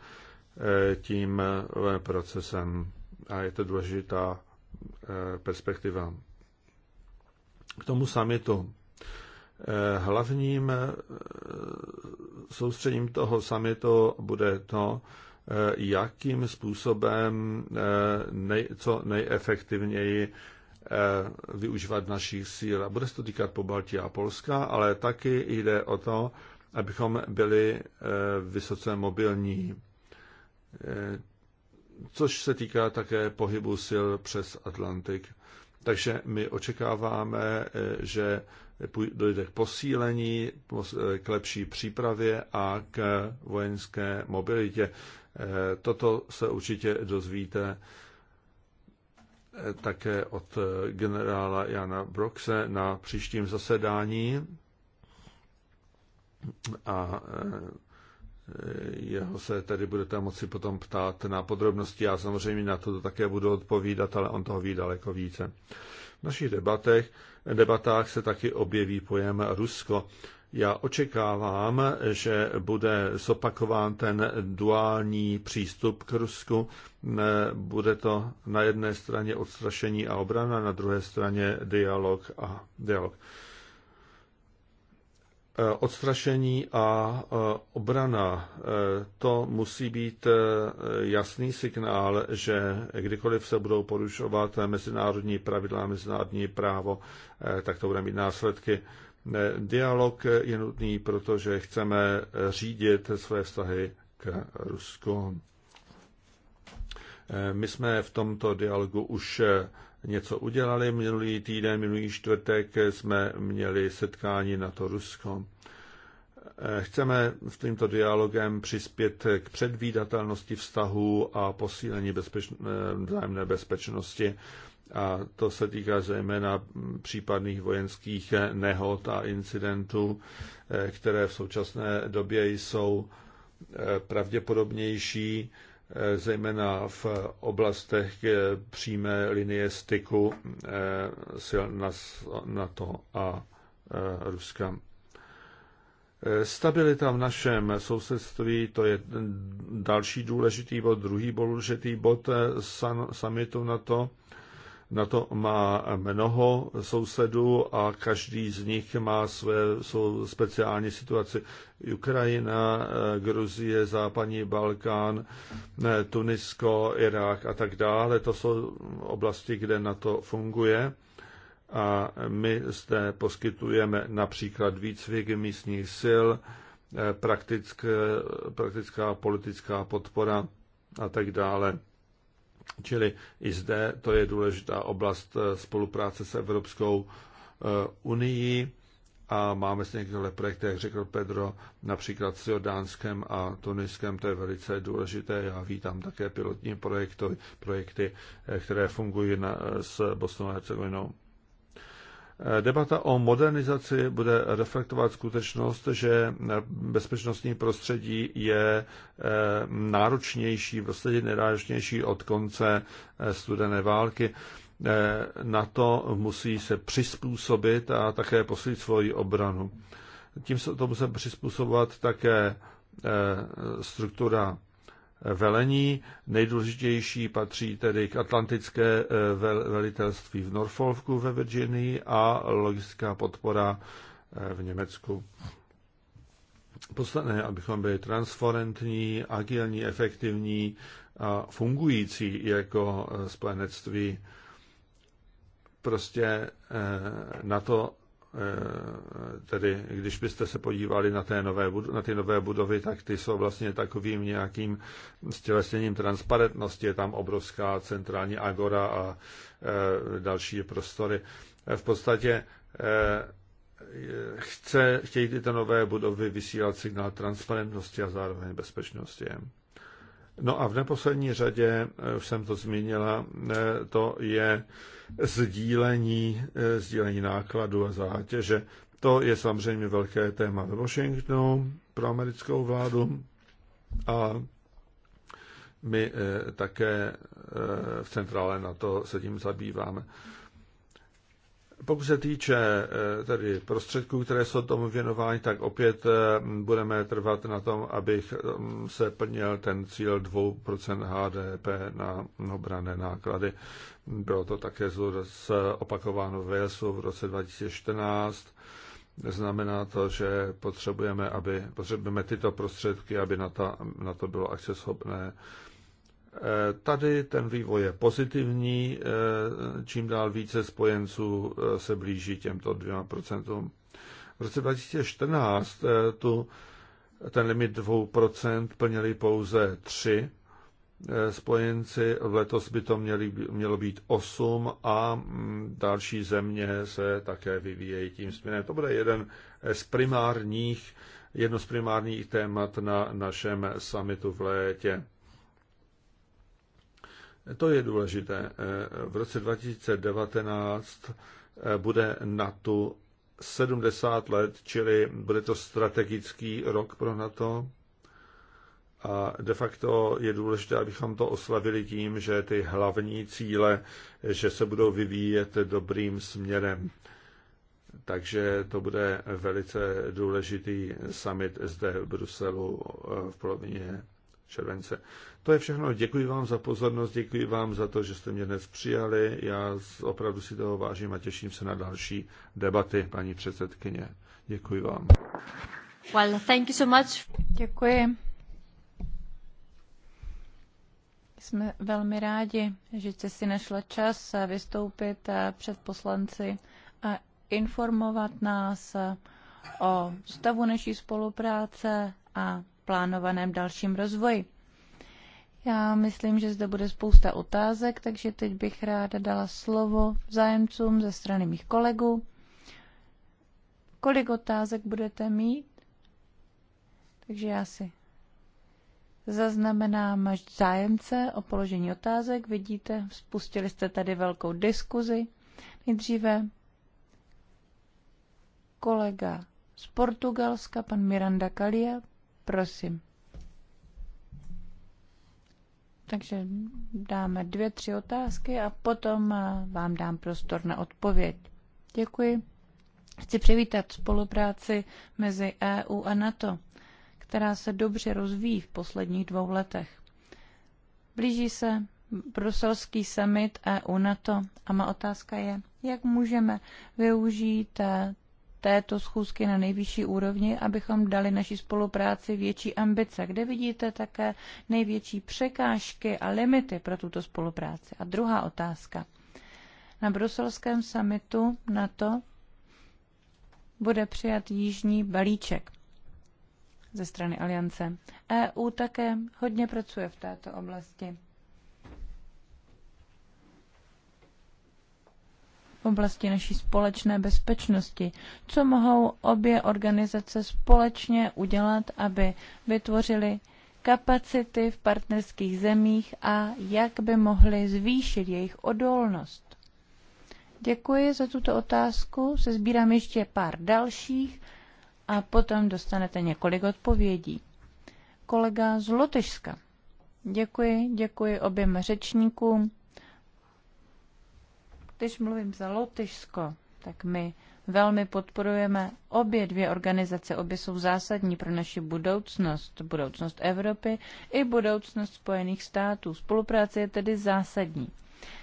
eh, tím procesem a je to důležitá perspektiva. K tomu samitu. Hlavním soustředím toho samitu bude to, Eh, jakým způsobem eh, nej, co nejefektivněji eh, využívat našich síl. A bude se to týkat po Baltii a Polska, ale taky jde o to, abychom byli vysoce mobilní. Což se týká také pohybu sil přes Atlantik. Takže my očekáváme, že dojde k posílení, k lepší přípravě a k vojenské mobilitě. Eh, toto se určitě dozvíte eh, také od eh, generála Jana Broxe na příštím zasedání a jeho se tedy budete moci potom ptát na podrobnosti. Já samozřejmě na to také budu odpovídat, ale on toho ví daleko více. V našich debatech, debatách se taky objeví pojem Rusko. Já očekávám, že bude zopakován ten duální přístup k Rusku. Bude to na jedné straně odstrašení a obrana, na druhé straně dialog a dialog. Odstrašení a obrana, to musí být jasný signál, že kdykoliv se budou porušovat mezinárodní pravidla, mezinárodní právo, tak to bude mít následky Dialog je nutný, protože chceme řídit své vztahy k Rusku. Eh, my jsme v tomto dialogu už eh, něco udělali. Minulý týden, minulý čtvrtek jsme měli setkání na to Rusko. Eh, chceme s tímto dialogem přispět k předvídatelnosti vztahů a posílení bezpeč... vzájemné bezpečnosti a to se týká zejména případných vojenských nehod a incidentů, eh, které v současné době jsou eh, pravděpodobnější, eh, zejména v oblastech přímé linie styku sil NATO a Ruska. Stabilita v našem sousedství, to je další důležitý bod, druhý důležitý bod samitu NATO. Na to má mnoho sousedů a každý z nich má své svou speciální situaci. Ukrajina, eh, Gruzie, Západní Balkán, eh, Tunisko, Irák a tak dále. To jsou oblasti, kde na to funguje. A my zde poskytujeme například výcvik místních sil, eh, praktické, praktická politická podpora a tak dále. Čili i zde to je důležitá oblast eh, spolupráce s Evropskou eh, unii a máme s některé projekty, jak řekl Pedro, například s Jordánskem a Tuniskem, to je velice důležité. Já vítám také pilotní projekty, projekty eh, které fungují na, s Bosnou a Hercegovinou. Debata o modernizaci bude reflektovat skutečnost, že bezpečnostní prostředí je eh, náročnější, vlastně prostě náročnější od konce eh, studené války. Eh, na to musí se přizpůsobit a také posílit svoji obranu. Tím se to musí přizpůsobovat také struktura velení. Nejdůležitější patří tedy k atlantické eh, velitelství v Norfolku ve Virginii a logistická podpora eh, v Německu. Podstatné, abychom byli transparentní, agilní, efektivní a fungující jako eh, spojenectví. Prostě na to Eh, tedy když byste se podívali na, té nové, na ty nové budovy, tak ty jsou vlastně takovým nějakým stělesněním transparentnosti. Je tam obrovská centrální agora a eh, další prostory. Eh, v podstatě chce, chtějí tyto nové budovy vysílat signál transparentnosti a zároveň bezpečnosti. No a v neposlední řadě, už jsem to zmínila, to je sdílení, eh, sdílení nákladu a zátěže. To je samozřejmě velké téma ve Washingtonu pro americkou vládu a my eh, také eh, v centrále na to se tím zabýváme. Pokud se týče eh, tedy prostředků, které jsou tomu věnovány, tak opět eh, budeme trvat na tom, abych mm, se plnil ten cíl 2% HDP na obrané náklady. Bylo to také opakováno v Walesu v roce 2014. Znamená to, že potřebujeme, aby, potřebujeme tyto prostředky, aby na, to, na to bylo akceschopné Eh, tady ten vývoj je pozitivní, eh, čím dál více spojenců eh, se blíží těmto dvěma procentům. V roce 2014 tu ten limit 2% plnili pouze tři spojenci, letos by to měli, mělo být 8 a mm, další země se také vyvíjejí tím směrem. To bude jeden z primárních, jedno z primárních témat na našem summitu v létě. To je důležité. Eh, v roce 2019 eh, bude NATO 70 let, čili bude to strategický rok pro NATO. A de facto je důležité, abychom to oslavili tím, že ty hlavní cíle, že se budou vyvíjet dobrým směrem. Takže to bude velice důležitý summit zde v Bruselu eh, v polovině července. To je všechno. Děkuji vám za pozornost, děkuji vám za to, že jste mě dnes přijali. Já opravdu si toho vážím a těším se na další debaty, paní předsedkyně. Děkuji vám. Well, thank you so much. Děkuji. Jsme velmi rádi, že jste si našla čas vystoupit před poslanci a informovat nás o stavu naší spolupráce a plánovaném dalším rozvoji. Já myslím, že zde bude spousta otázek, takže teď bych ráda dala slovo zájemcům ze strany mých kolegů. Kolik otázek budete mít? Takže já si zaznamenám až zájemce o položení otázek. Vidíte, spustili jste tady velkou diskuzi. Nejdříve kolega z Portugalska, pan Miranda Kalia. Prosím. Takže dáme dvě, tři otázky a potom eh, vám dám prostor na odpověď. Děkuji. Chci přivítat spolupráci mezi EU a NATO, která se dobře rozvíjí v posledních dvou letech. Blíží se bruselský summit EU-NATO a má otázka je, jak můžeme využít eh, této schůzky na nejvyšší úrovni, abychom dali naší spolupráci větší ambice, kde vidíte také největší překážky a limity pro tuto spolupráci. A druhá otázka. Na bruselském summitu NATO bude přijat jižní balíček ze strany aliance. EU také hodně pracuje v této oblasti. oblasti naší společné bezpečnosti. Co mohou obě organizace společně udělat, aby vytvořili kapacity v partnerských zemích a jak by mohly zvýšit jejich odolnost? Děkuji za tuto otázku. Sezbírám ještě pár dalších a potom dostanete několik odpovědí. Kolega z Lotyšska. Děkuji, děkuji oběma řečníkům. Když mluvím za Lotyšsko, tak my velmi podporujeme obě dvě organizace. Obě jsou zásadní pro naši budoucnost, budoucnost Evropy i budoucnost Spojených států. Spolupráce je tedy zásadní.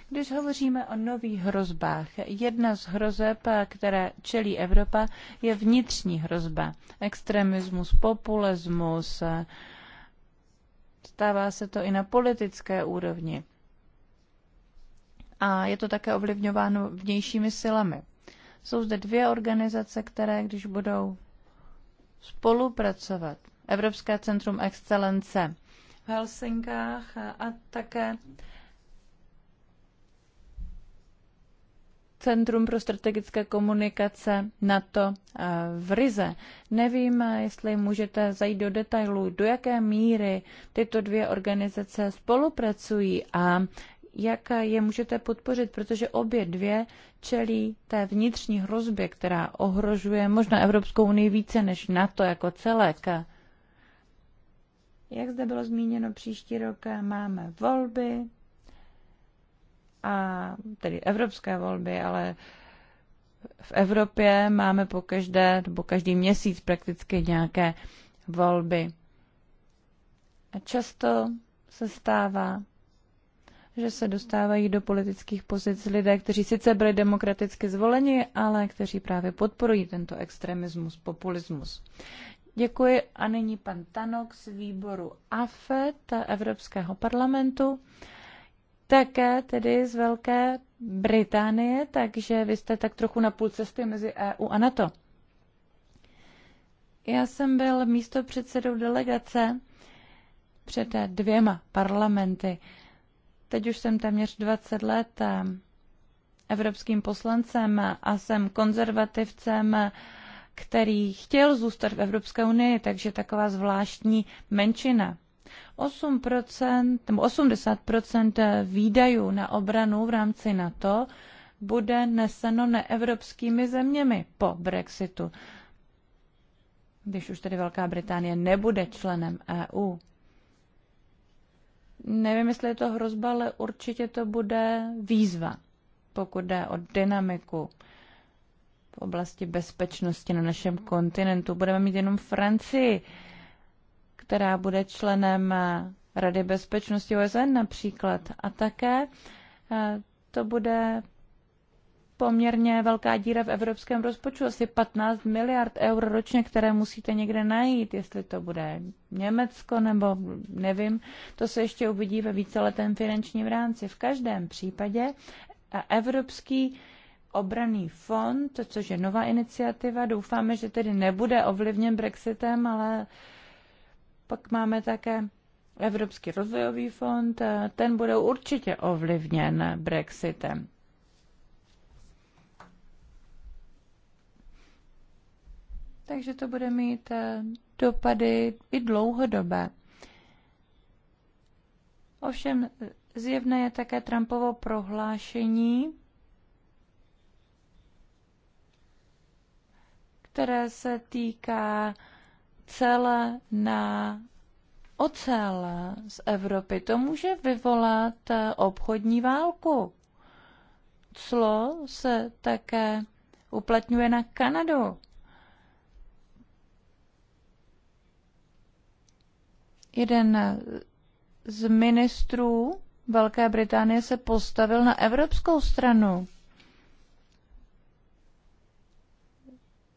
Když hovoříme o nových hrozbách, jedna z hrozeb, které čelí Evropa, je vnitřní hrozba. Extremismus, populismus, stává se to i na politické úrovni a je to také ovlivňováno vnějšími silami. Jsou zde dvě organizace, které, když budou spolupracovat, Evropské centrum excelence v Helsinkách a také Centrum pro strategické komunikace NATO eh, v Rize. Nevím, jestli můžete zajít do detailů, do jaké míry tyto dvě organizace spolupracují a jak je můžete podpořit, protože obě dvě čelí té vnitřní hrozbě, která ohrožuje možná Evropskou unii více než NATO jako celek. Jak zde bylo zmíněno, příští rok máme volby, a tedy evropské volby, ale v Evropě máme po každé, nebo každý měsíc prakticky nějaké volby. A často se stává, že se dostávají do politických pozic lidé, kteří sice byli demokraticky zvoleni, ale kteří právě podporují tento extremismus, populismus. Děkuji a nyní pan Tanok z výboru AFET Evropského parlamentu, také tedy z Velké Británie, takže vy jste tak trochu na půl cesty mezi EU a NATO. Já jsem byl místo předsedou delegace před dvěma parlamenty. Teď už jsem téměř 20 let eh, evropským poslancem a jsem konzervativcem, eh, který chtěl zůstat v Evropské unii, takže taková zvláštní menšina. 8%, nebo 80% výdajů na obranu v rámci NATO bude neseno neevropskými zeměmi po Brexitu, když už tedy Velká Británie nebude členem EU. Nevím, jestli je to hrozba, ale určitě to bude výzva, pokud jde o dynamiku v oblasti bezpečnosti na našem kontinentu. Budeme mít jenom Francii, která bude členem Rady bezpečnosti OSN například. A také eh, to bude poměrně velká díra v evropském rozpočtu, asi 15 miliard eur ročně, které musíte někde najít, jestli to bude Německo nebo nevím, to se ještě uvidí ve víceletém finančním rámci. V každém případě a Evropský obraný fond, což je nová iniciativa, doufáme, že tedy nebude ovlivněn Brexitem, ale pak máme také Evropský rozvojový fond, ten bude určitě ovlivněn Brexitem. takže to bude mít eh, dopady i dlouhodobé. Ovšem eh, zjevné je také Trumpovo prohlášení, které se týká celé na ocel z Evropy. To může vyvolat eh, obchodní válku. Clo se také uplatňuje na Kanadu. jeden z ministrů Velké Británie se postavil na evropskou stranu.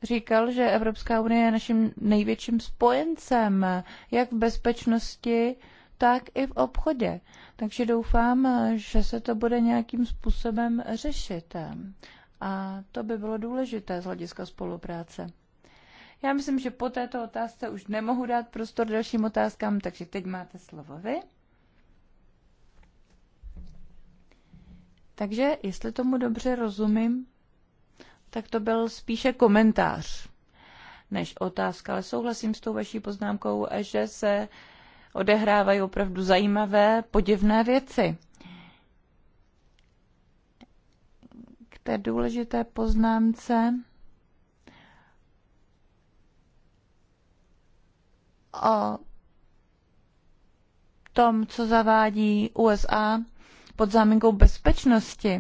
Říkal, že Evropská unie je naším největším spojencem, jak v bezpečnosti, tak i v obchodě. Takže doufám, že se to bude nějakým způsobem řešit. A to by bylo důležité z hlediska spolupráce. Já myslím, že po této otázce už nemohu dát prostor dalším otázkám, takže teď máte slovo vy. Takže, jestli tomu dobře rozumím, tak to byl spíše komentář než otázka, ale souhlasím s tou vaší poznámkou, že se odehrávají opravdu zajímavé, podivné věci. K té důležité poznámce o tom, co zavádí USA pod záminkou bezpečnosti.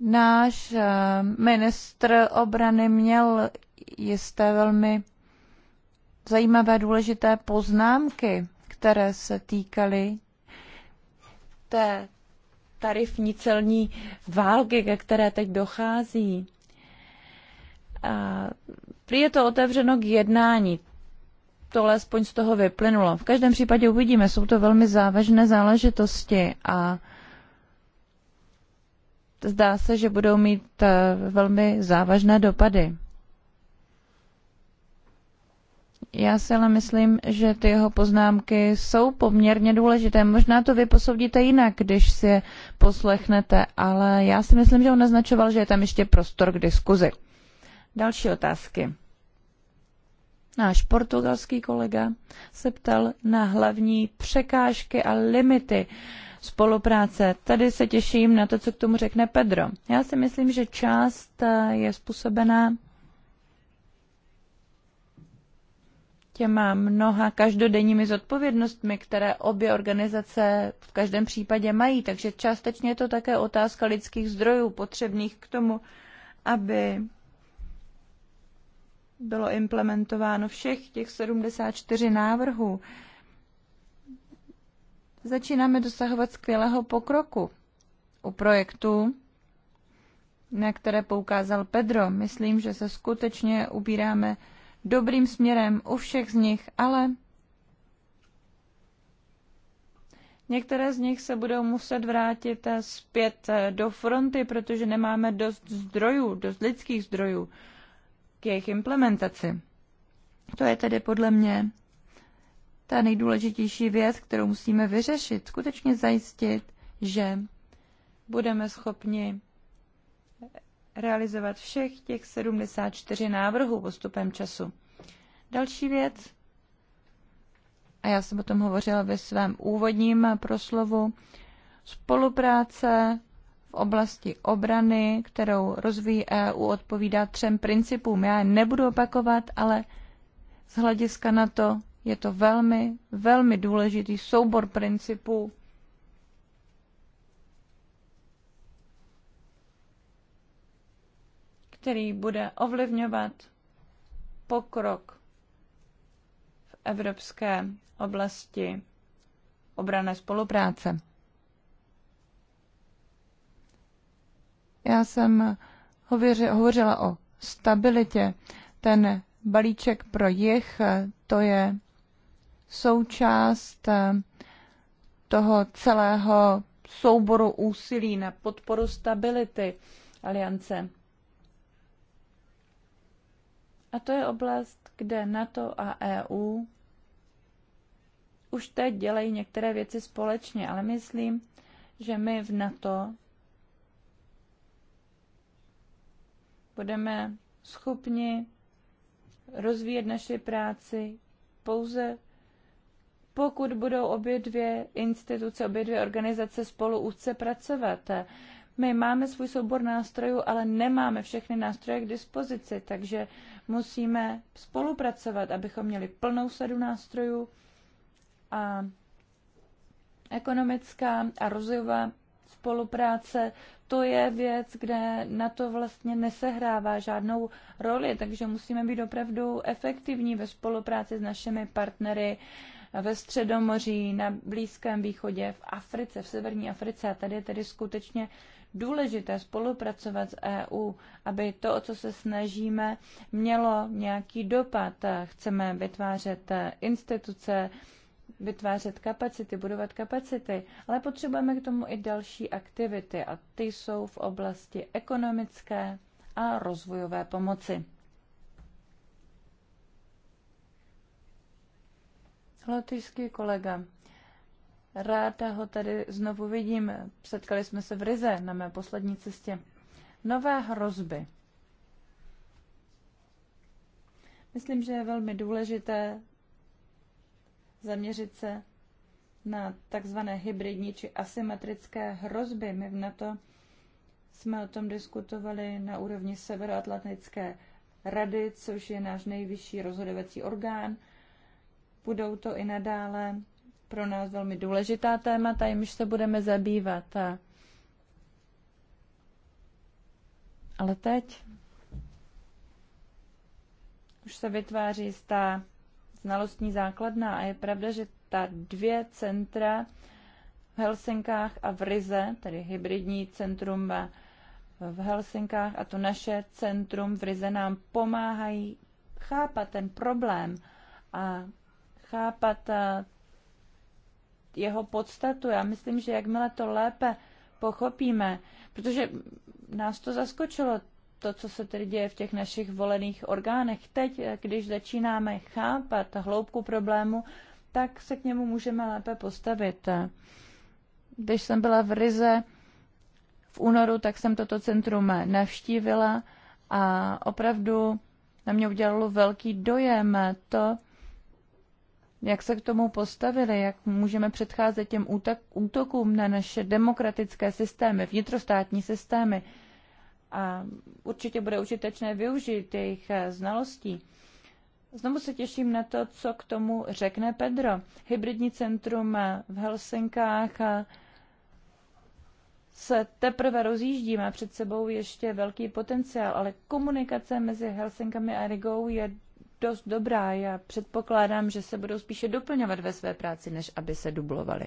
Náš eh, ministr obrany měl jisté velmi zajímavé důležité poznámky, které se týkaly té tarifní celní války, ke které teď dochází. A Prý je to otevřeno k jednání. To alespoň z toho vyplynulo. V každém případě uvidíme, jsou to velmi závažné záležitosti a zdá se, že budou mít eh, velmi závažné dopady. Já si ale myslím, že ty jeho poznámky jsou poměrně důležité. Možná to vy posoudíte jinak, když si je poslechnete, ale já si myslím, že on naznačoval, že je tam ještě prostor k diskuzi. Další otázky. Náš portugalský kolega se ptal na hlavní překážky a limity spolupráce. Tady se těším na to, co k tomu řekne Pedro. Já si myslím, že část eh, je způsobená těma mnoha každodenními zodpovědnostmi, které obě organizace v každém případě mají. Takže částečně je to také otázka lidských zdrojů potřebných k tomu, aby bylo implementováno všech těch 74 návrhů, začínáme dosahovat skvělého pokroku u projektu, na které poukázal Pedro. Myslím, že se skutečně ubíráme dobrým směrem u všech z nich, ale Některé z nich se budou muset vrátit zpět do fronty, protože nemáme dost zdrojů, dost lidských zdrojů jejich implementaci. To je tedy podle mě ta nejdůležitější věc, kterou musíme vyřešit. Skutečně zajistit, že budeme schopni realizovat všech těch 74 návrhů postupem času. Další věc, a já jsem o tom hovořila ve svém úvodním proslovu, spolupráce oblasti obrany, kterou rozvíjí EU, odpovídá třem principům. Já je nebudu opakovat, ale z hlediska na to je to velmi, velmi důležitý soubor principů. který bude ovlivňovat pokrok v evropské oblasti obrané spolupráce. Já jsem hověři, hovořila o stabilitě. Ten balíček pro jich, eh, to je součást eh, toho celého souboru úsilí na podporu stability aliance. A to je oblast, kde NATO a EU už teď dělají některé věci společně, ale myslím, že my v NATO budeme schopni rozvíjet naši práci pouze pokud budou obě dvě instituce, obě dvě organizace spolu úzce pracovat. My máme svůj soubor nástrojů, ale nemáme všechny nástroje k dispozici, takže musíme spolupracovat, abychom měli plnou sadu nástrojů a ekonomická a rozvojová spolupráce, to je věc, kde na to vlastně nesehrává žádnou roli, takže musíme být opravdu efektivní ve spolupráci s našimi partnery ve Středomoří, na Blízkém východě, v Africe, v Severní Africe. A tady je tedy skutečně důležité spolupracovat s EU, aby to, o co se snažíme, mělo nějaký dopad. Chceme vytvářet instituce, vytvářet kapacity, budovat kapacity, ale potřebujeme k tomu i další aktivity a ty jsou v oblasti ekonomické a rozvojové pomoci. Lotyšský kolega. Ráda ho tady znovu vidím. Setkali jsme se v Rize na mé poslední cestě. Nové hrozby. Myslím, že je velmi důležité zaměřit se na takzvané hybridní či asymetrické hrozby. My v NATO jsme o tom diskutovali na úrovni Severoatlantické rady, což je náš nejvyšší rozhodovací orgán. Budou to i nadále pro nás velmi důležitá témata, jimž se budeme zabývat. A... Ale teď už se vytváří stá znalostní základna. A je pravda, že ta dvě centra v Helsinkách a v Rize, tedy hybridní centrum v Helsinkách a to naše centrum v Rize nám pomáhají chápat ten problém a chápat eh, jeho podstatu. Já myslím, že jakmile to lépe pochopíme, protože nás to zaskočilo, to, co se tedy děje v těch našich volených orgánech. Teď, když začínáme chápat hloubku problému, tak se k němu můžeme lépe postavit. Když jsem byla v Rize v únoru, tak jsem toto centrum navštívila a opravdu na mě udělalo velký dojem to, jak se k tomu postavili, jak můžeme předcházet těm útokům na naše demokratické systémy, vnitrostátní systémy a určitě bude užitečné využít jejich eh, znalostí. Znovu se těším na to, co k tomu řekne Pedro. Hybridní centrum eh, v Helsinkách eh, se teprve rozjíždí, má před sebou ještě velký potenciál, ale komunikace mezi Helsinkami a Rigou je dost dobrá. Já předpokládám, že se budou spíše doplňovat ve své práci, než aby se dublovali.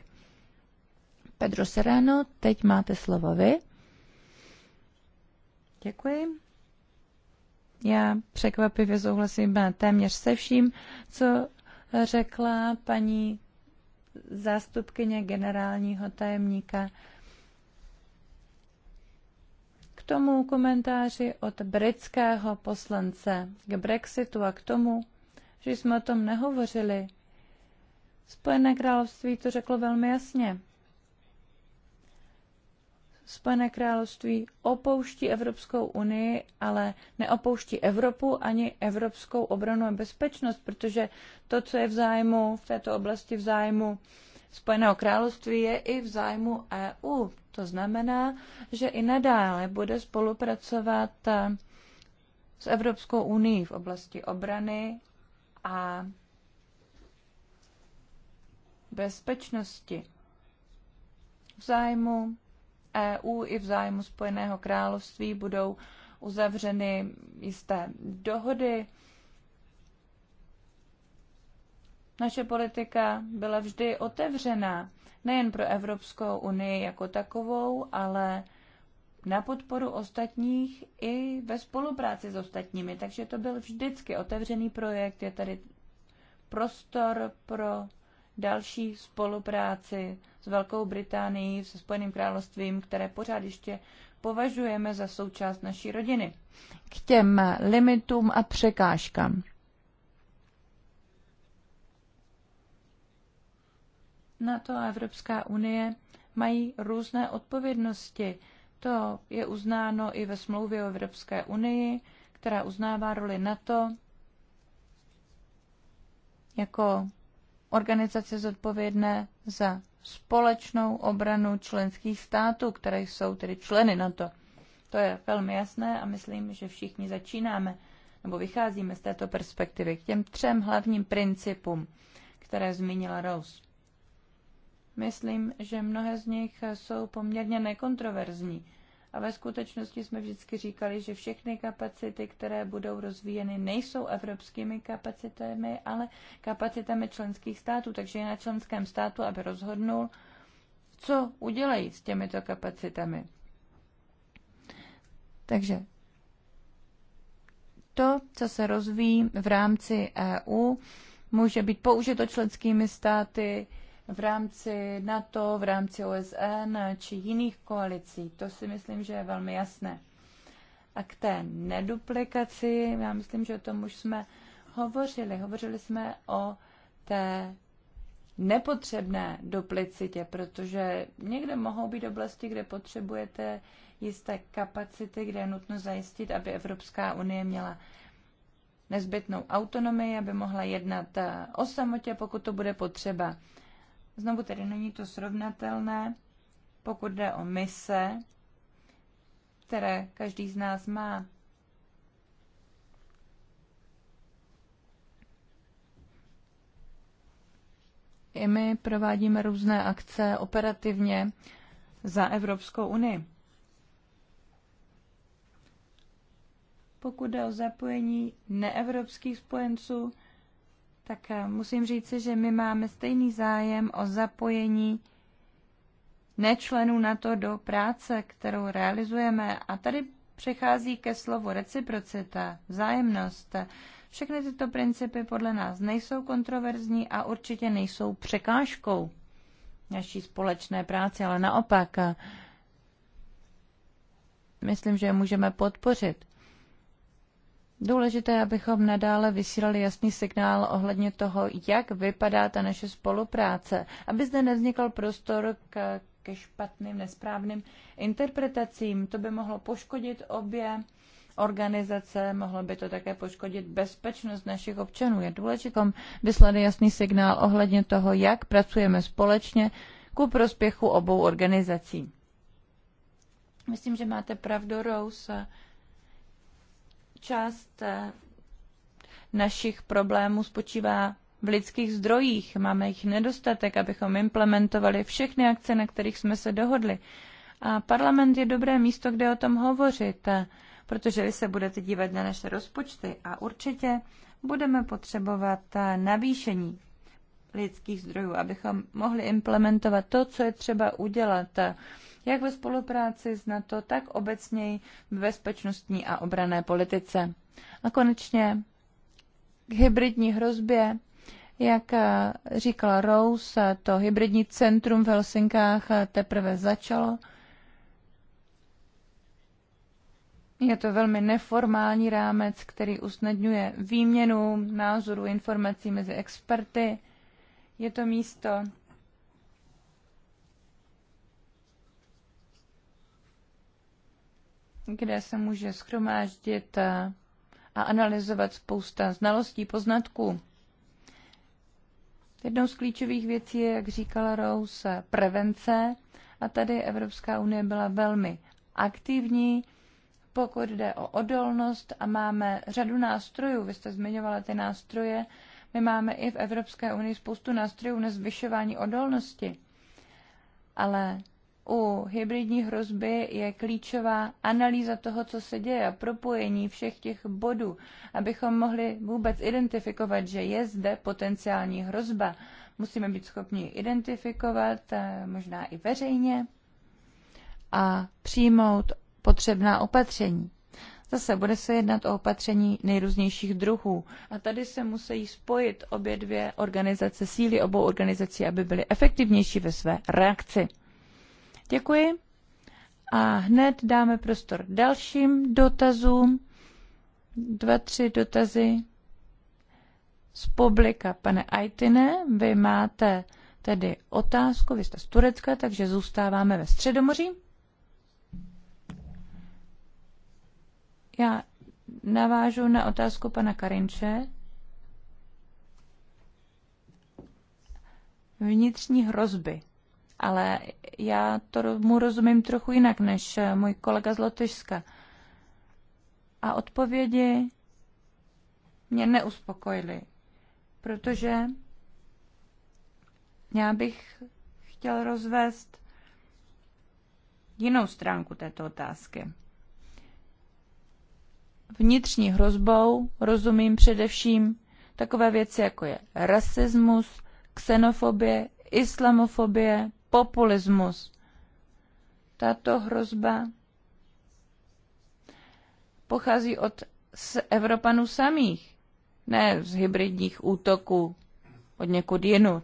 Pedro Serrano, teď máte slovo vy. Děkuji. Já překvapivě souhlasím téměř se vším, co řekla paní zástupkyně generálního tajemníka. K tomu komentáři od britského poslance k Brexitu a k tomu, že jsme o tom nehovořili. Spojené království to řeklo velmi jasně. Spojené království opouští Evropskou unii, ale neopouští Evropu ani Evropskou obranu a bezpečnost, protože to, co je v zájmu v této oblasti v zájmu Spojeného království, je i v zájmu EU. To znamená, že i nadále bude spolupracovat eh, s Evropskou unii v oblasti obrany a bezpečnosti v zájmu EU i v zájmu Spojeného království budou uzavřeny jisté dohody. Naše politika byla vždy otevřená nejen pro Evropskou unii jako takovou, ale na podporu ostatních i ve spolupráci s ostatními. Takže to byl vždycky otevřený projekt, je tady prostor pro další spolupráci s Velkou Británií, se Spojeným královstvím, které pořád ještě považujeme za součást naší rodiny. K těm limitům a překážkám. NATO a Evropská unie mají různé odpovědnosti. To je uznáno i ve smlouvě o Evropské unii, která uznává roli NATO jako organizace zodpovědné za společnou obranu členských států, které jsou tedy členy NATO. To je velmi jasné a myslím, že všichni začínáme nebo vycházíme z této perspektivy k těm třem hlavním principům, které zmínila Rose. Myslím, že mnohé z nich jsou poměrně nekontroverzní. A ve skutečnosti jsme vždycky říkali, že všechny kapacity, které budou rozvíjeny, nejsou evropskými kapacitami, ale kapacitami členských států. Takže je na členském státu, aby rozhodnul, co udělají s těmito kapacitami. Takže to, co se rozvíjí v rámci EU, může být použito členskými státy v rámci NATO, v rámci OSN či jiných koalicí. To si myslím, že je velmi jasné. A k té neduplikaci, já myslím, že o tom už jsme hovořili. Hovořili jsme o té nepotřebné duplicitě, protože někde mohou být oblasti, kde potřebujete jisté kapacity, kde je nutno zajistit, aby Evropská unie měla nezbytnou autonomii, aby mohla jednat eh, o samotě, pokud to bude potřeba. Znovu tedy není to srovnatelné, pokud jde o mise, které každý z nás má. I my provádíme různé akce operativně za Evropskou unii. Pokud jde o zapojení neevropských spojenců, tak eh, musím říci, že my máme stejný zájem o zapojení nečlenů na to do práce, kterou realizujeme. A tady přechází ke slovu reciprocita, vzájemnost. Všechny tyto principy podle nás nejsou kontroverzní a určitě nejsou překážkou naší společné práce. ale naopak. Eh, myslím, že je můžeme podpořit důležité, abychom nadále vysílali jasný signál ohledně toho, jak vypadá ta naše spolupráce, aby zde nevznikl prostor k, ke špatným, nesprávným interpretacím. To by mohlo poškodit obě organizace, mohlo by to také poškodit bezpečnost našich občanů. Je důležité vyslat jasný signál ohledně toho, jak pracujeme společně ku prospěchu obou organizací. Myslím, že máte pravdu, Rose. Část eh, našich problémů spočívá v lidských zdrojích. Máme jich nedostatek, abychom implementovali všechny akce, na kterých jsme se dohodli. A parlament je dobré místo, kde o tom hovořit, eh, protože vy se budete dívat na naše rozpočty a určitě budeme potřebovat eh, navýšení lidských zdrojů, abychom mohli implementovat to, co je třeba udělat jak ve spolupráci s NATO, tak obecněji v bezpečnostní a obrané politice. A konečně k hybridní hrozbě. Jak eh, říkala Rose, to hybridní centrum v Helsinkách eh, teprve začalo. Je to velmi neformální rámec, který usnadňuje výměnu názorů, informací mezi experty. Je to místo, kde se může schromáždit eh, a analyzovat spousta znalostí, poznatků. Jednou z klíčových věcí je, jak říkala Rose, prevence a tady Evropská unie byla velmi aktivní, pokud jde o odolnost a máme řadu nástrojů, vy jste zmiňovala ty nástroje, my máme i v Evropské unii spoustu nástrojů na zvyšování odolnosti, ale u hybridní hrozby je klíčová analýza toho, co se děje a propojení všech těch bodů, abychom mohli vůbec identifikovat, že je zde potenciální hrozba. Musíme být schopni identifikovat, eh, možná i veřejně, a přijmout potřebná opatření. Zase bude se jednat o opatření nejrůznějších druhů. A tady se musí spojit obě dvě organizace, síly obou organizací, aby byly efektivnější ve své reakci. Děkuji. A hned dáme prostor dalším dotazům. Dva, tři dotazy z publika. Pane Aitine, vy máte tedy otázku, vy jste z Turecka, takže zůstáváme ve Středomoří. Já navážu na otázku pana Karinče. Vnitřní hrozby ale já to mu rozumím trochu jinak než eh, můj kolega z Lotyšska. A odpovědi mě neuspokojily, protože já bych chtěl rozvést jinou stránku této otázky. Vnitřní hrozbou rozumím především takové věci, jako je rasismus, xenofobie, islamofobie, populismus. Tato hrozba pochází od z Evropanů samých, ne z hybridních útoků od někud jinut.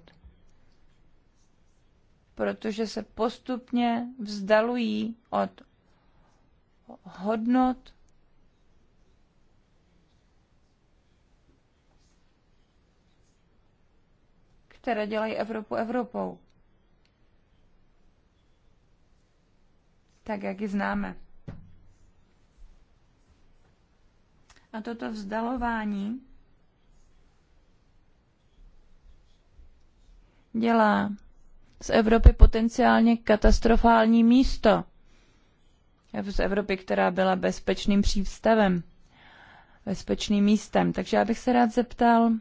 Protože se postupně vzdalují od hodnot, které dělají Evropu Evropou. tak jak ji známe. A toto vzdalování dělá z Evropy potenciálně katastrofální místo. Z Evropy, která byla bezpečným přístavem, bezpečným místem. Takže já bych se rád zeptal,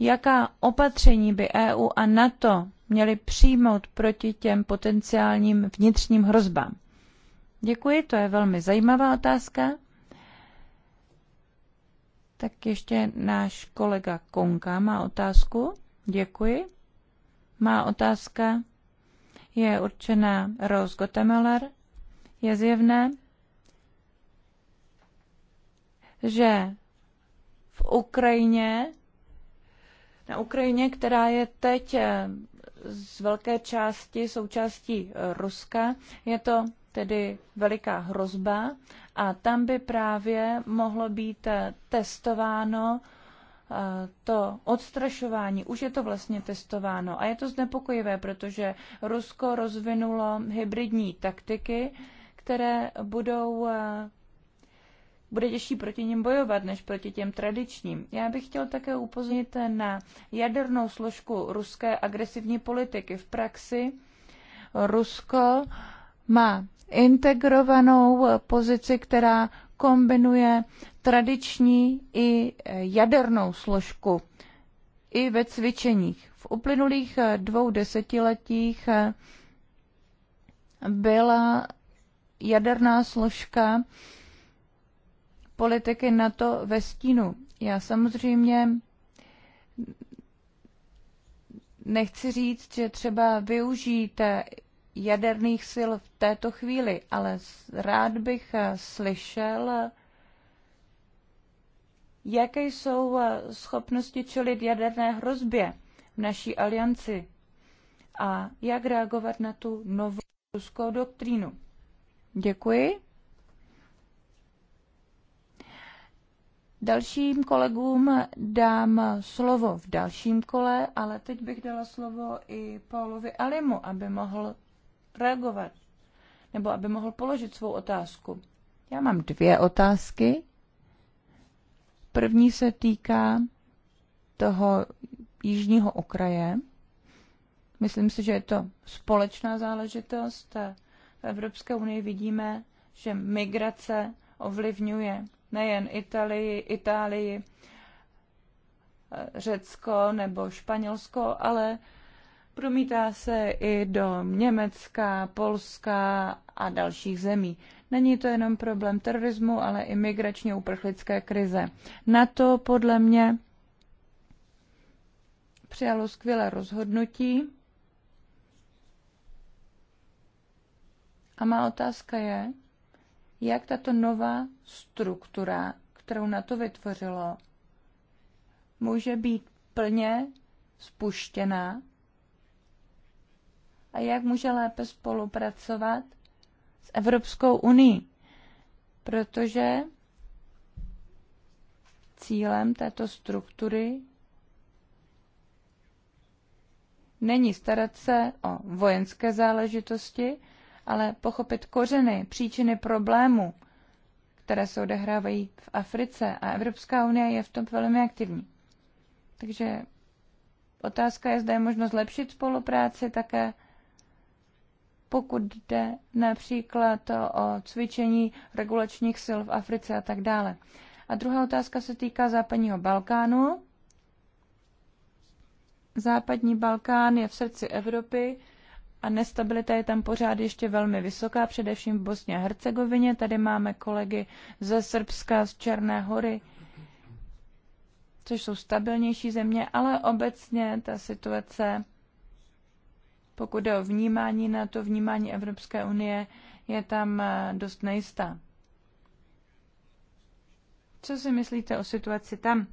jaká opatření by EU a NATO měly přijmout proti těm potenciálním vnitřním hrozbám? Děkuji, to je velmi zajímavá otázka. Tak ještě náš kolega Konka má otázku. Děkuji. Má otázka je určená Rose Gotemeller. Je zjevné, že v Ukrajině na Ukrajině, která je teď eh, z velké části součástí eh, Ruska. Je to tedy veliká hrozba a tam by právě mohlo být eh, testováno to odstrašování, už je to vlastně testováno a je to znepokojivé, protože Rusko rozvinulo hybridní taktiky, které budou bude těžší proti nim bojovat než proti těm tradičním. Já bych chtěl také upozornit na jadernou složku ruské agresivní politiky. V praxi Rusko má integrovanou pozici, která kombinuje tradiční i jadernou složku i ve cvičeních. V uplynulých dvou desetiletích byla jaderná složka politiky NATO ve stínu. Já samozřejmě nechci říct, že třeba využijte jaderných sil v této chvíli, ale rád bych slyšel, jaké jsou schopnosti čelit jaderné hrozbě v naší alianci a jak reagovat na tu novou ruskou doktrínu. Děkuji. Dalším kolegům dám slovo v dalším kole, ale teď bych dala slovo i Paulovi Alimu, aby mohl reagovat nebo aby mohl položit svou otázku. Já mám dvě otázky. První se týká toho jižního okraje. Myslím si, že je to společná záležitost. V Evropské unii vidíme, že migrace ovlivňuje nejen Italii, Itálii, eh, Řecko nebo Španělsko, ale promítá se i do Německa, Polska a dalších zemí. Není to jenom problém terorismu, ale i migračně uprchlické krize. Na to podle mě přijalo skvělé rozhodnutí. A má otázka je, jak tato nová struktura, kterou na to vytvořilo, může být plně spuštěná a jak může lépe spolupracovat s Evropskou unii, protože cílem této struktury není starat se o vojenské záležitosti, ale pochopit kořeny, příčiny problému, které se odehrávají v Africe a Evropská unie je v tom velmi aktivní. Takže otázka je, zda je možno zlepšit spolupráci také, pokud jde například o cvičení regulačních sil v Africe a tak dále. A druhá otázka se týká západního Balkánu. Západní Balkán je v srdci Evropy a nestabilita je tam pořád ještě velmi vysoká, především v Bosně a Hercegovině. Tady máme kolegy ze Srbska, z Černé hory, což jsou stabilnější země, ale obecně ta situace, pokud je o vnímání na to vnímání Evropské unie, je tam eh, dost nejistá. Co si myslíte o situaci tam?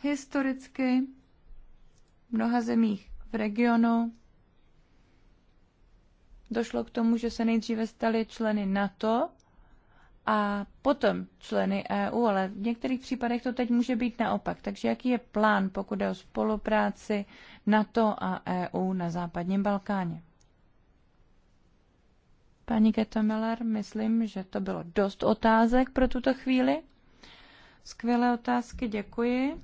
Historicky v mnoha zemích v regionu došlo k tomu, že se nejdříve staly členy NATO a potom členy EU, ale v některých případech to teď může být naopak. Takže jaký je plán, pokud je o spolupráci NATO a EU na západním Balkáně? Paní Ketomiller, myslím, že to bylo dost otázek pro tuto chvíli. Skvělé otázky, děkuji.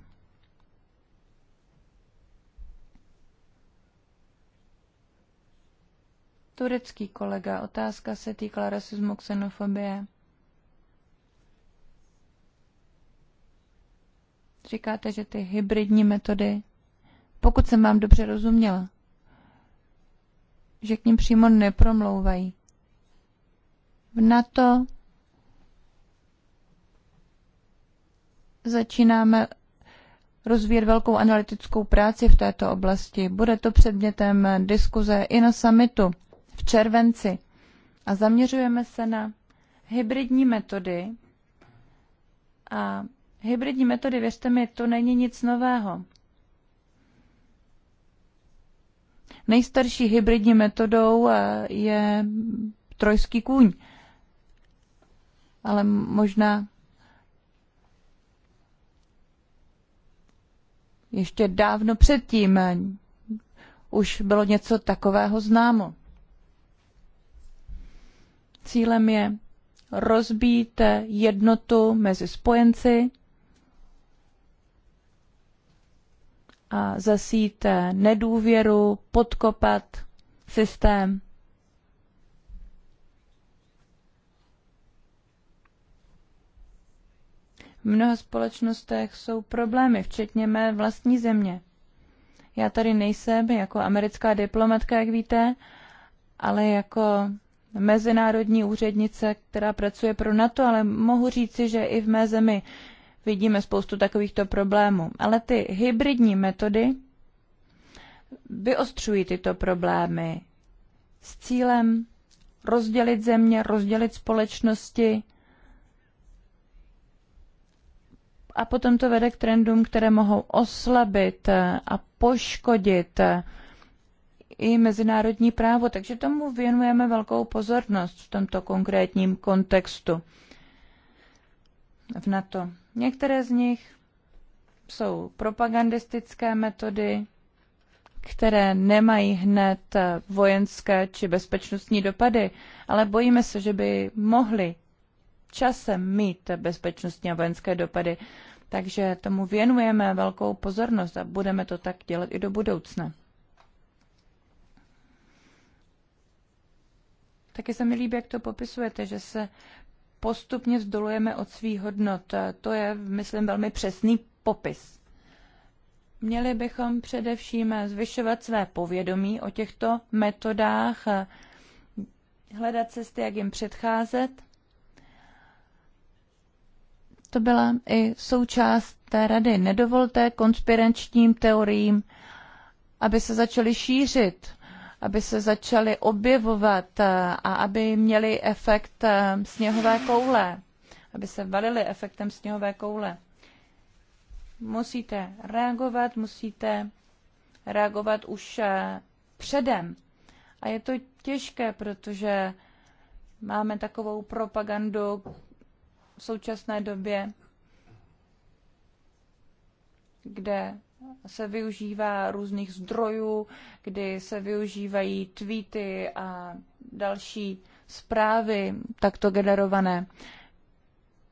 turecký kolega. Otázka se týkala rasismu, xenofobie. Říkáte, že ty hybridní metody, pokud jsem vám dobře rozuměla, že k ním přímo nepromlouvají. V NATO začínáme rozvíjet velkou analytickou práci v této oblasti. Bude to předmětem diskuze i na summitu v červenci. A zaměřujeme se na hybridní metody. A hybridní metody, věřte mi, to není nic nového. Nejstarší hybridní metodou eh, je trojský kůň. Ale možná ještě dávno předtím eh, už bylo něco takového známo. Cílem je rozbít jednotu mezi spojenci a zasít nedůvěru, podkopat systém. V mnoha společnostech jsou problémy, včetně mé vlastní země. Já tady nejsem jako americká diplomatka, jak víte, ale jako mezinárodní úřednice, která pracuje pro NATO, ale mohu říci, že i v mé zemi vidíme spoustu takovýchto problémů. Ale ty hybridní metody vyostřují tyto problémy s cílem rozdělit země, rozdělit společnosti a potom to vede k trendům, které mohou oslabit a poškodit i mezinárodní právo, takže tomu věnujeme velkou pozornost v tomto konkrétním kontextu v NATO. Některé z nich jsou propagandistické metody, které nemají hned vojenské či bezpečnostní dopady, ale bojíme se, že by mohly časem mít bezpečnostní a vojenské dopady. Takže tomu věnujeme velkou pozornost a budeme to tak dělat i do budoucna. Taky se mi líbí, jak to popisujete, že se postupně vzdolujeme od svých hodnot. To je, myslím, velmi přesný popis. Měli bychom především zvyšovat své povědomí o těchto metodách, hledat cesty, jak jim předcházet. To byla i součást té rady. Nedovolte konspirančním teoriím, aby se začaly šířit aby se začaly objevovat eh, a aby měly efekt eh, sněhové koule, aby se valily efektem sněhové koule. Musíte reagovat, musíte reagovat už eh, předem. A je to těžké, protože máme takovou propagandu v současné době, kde se využívá různých zdrojů, kdy se využívají tweety a další zprávy takto generované.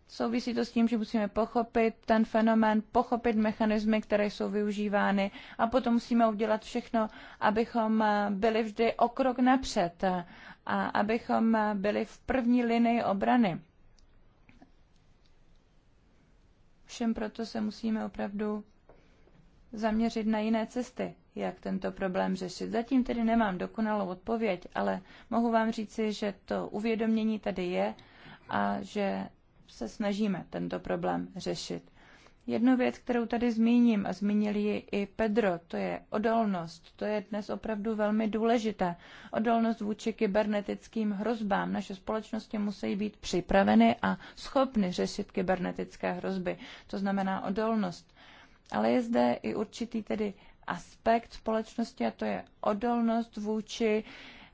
Souvisí to s tím, že musíme pochopit ten fenomén, pochopit mechanismy, které jsou využívány a potom musíme udělat všechno, abychom byli vždy o krok napřed a abychom byli v první linii obrany. Všem proto se musíme opravdu zaměřit na jiné cesty, jak tento problém řešit. Zatím tedy nemám dokonalou odpověď, ale mohu vám říci, že to uvědomění tady je a že se snažíme tento problém řešit. Jednu věc, kterou tady zmíním a zmínil ji i Pedro, to je odolnost. To je dnes opravdu velmi důležité. Odolnost vůči kybernetickým hrozbám. Naše společnosti musí být připraveny a schopny řešit kybernetické hrozby. To znamená odolnost. Ale je zde i určitý tedy aspekt společnosti a to je odolnost vůči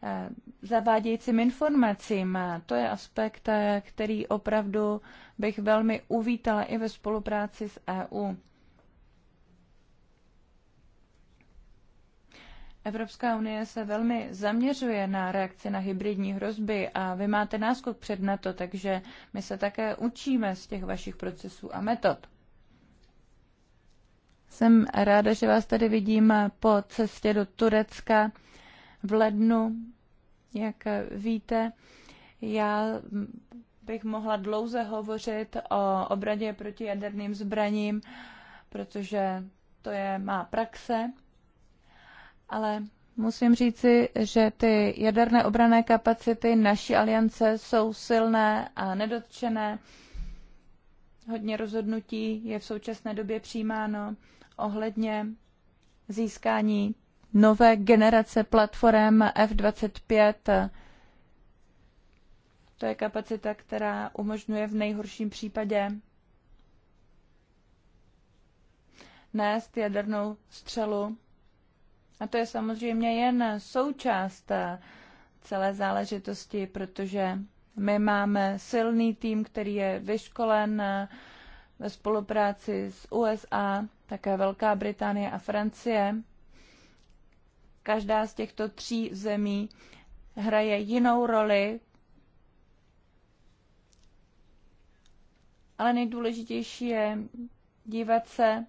eh, zavádějícím informacím. To je aspekt, eh, který opravdu bych velmi uvítala i ve spolupráci s EU. Evropská unie se velmi zaměřuje na reakci na hybridní hrozby a vy máte náskok před NATO, takže my se také učíme z těch vašich procesů a metod. Jsem ráda, že vás tady vidím po cestě do Turecka v lednu. Jak víte, já bych mohla dlouze hovořit o obradě proti jaderným zbraním, protože to je má praxe, ale musím říci, že ty jaderné obrané kapacity naší aliance jsou silné a nedotčené. Hodně rozhodnutí je v současné době přijímáno ohledně získání nové generace platform F-25. To je kapacita, která umožňuje v nejhorším případě nést jadernou střelu. A to je samozřejmě jen součást celé záležitosti, protože my máme silný tým, který je vyškolen ve spolupráci s USA také Velká Británie a Francie. Každá z těchto tří zemí hraje jinou roli, ale nejdůležitější je dívat se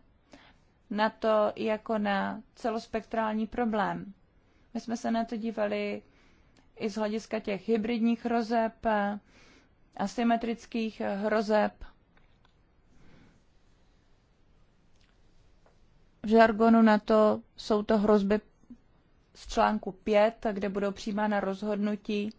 na to jako na celospektrální problém. My jsme se na to dívali i z hlediska těch hybridních hrozeb, asymetrických hrozeb. v žargonu na to jsou to hrozby z článku 5, kde budou přijímána rozhodnutí,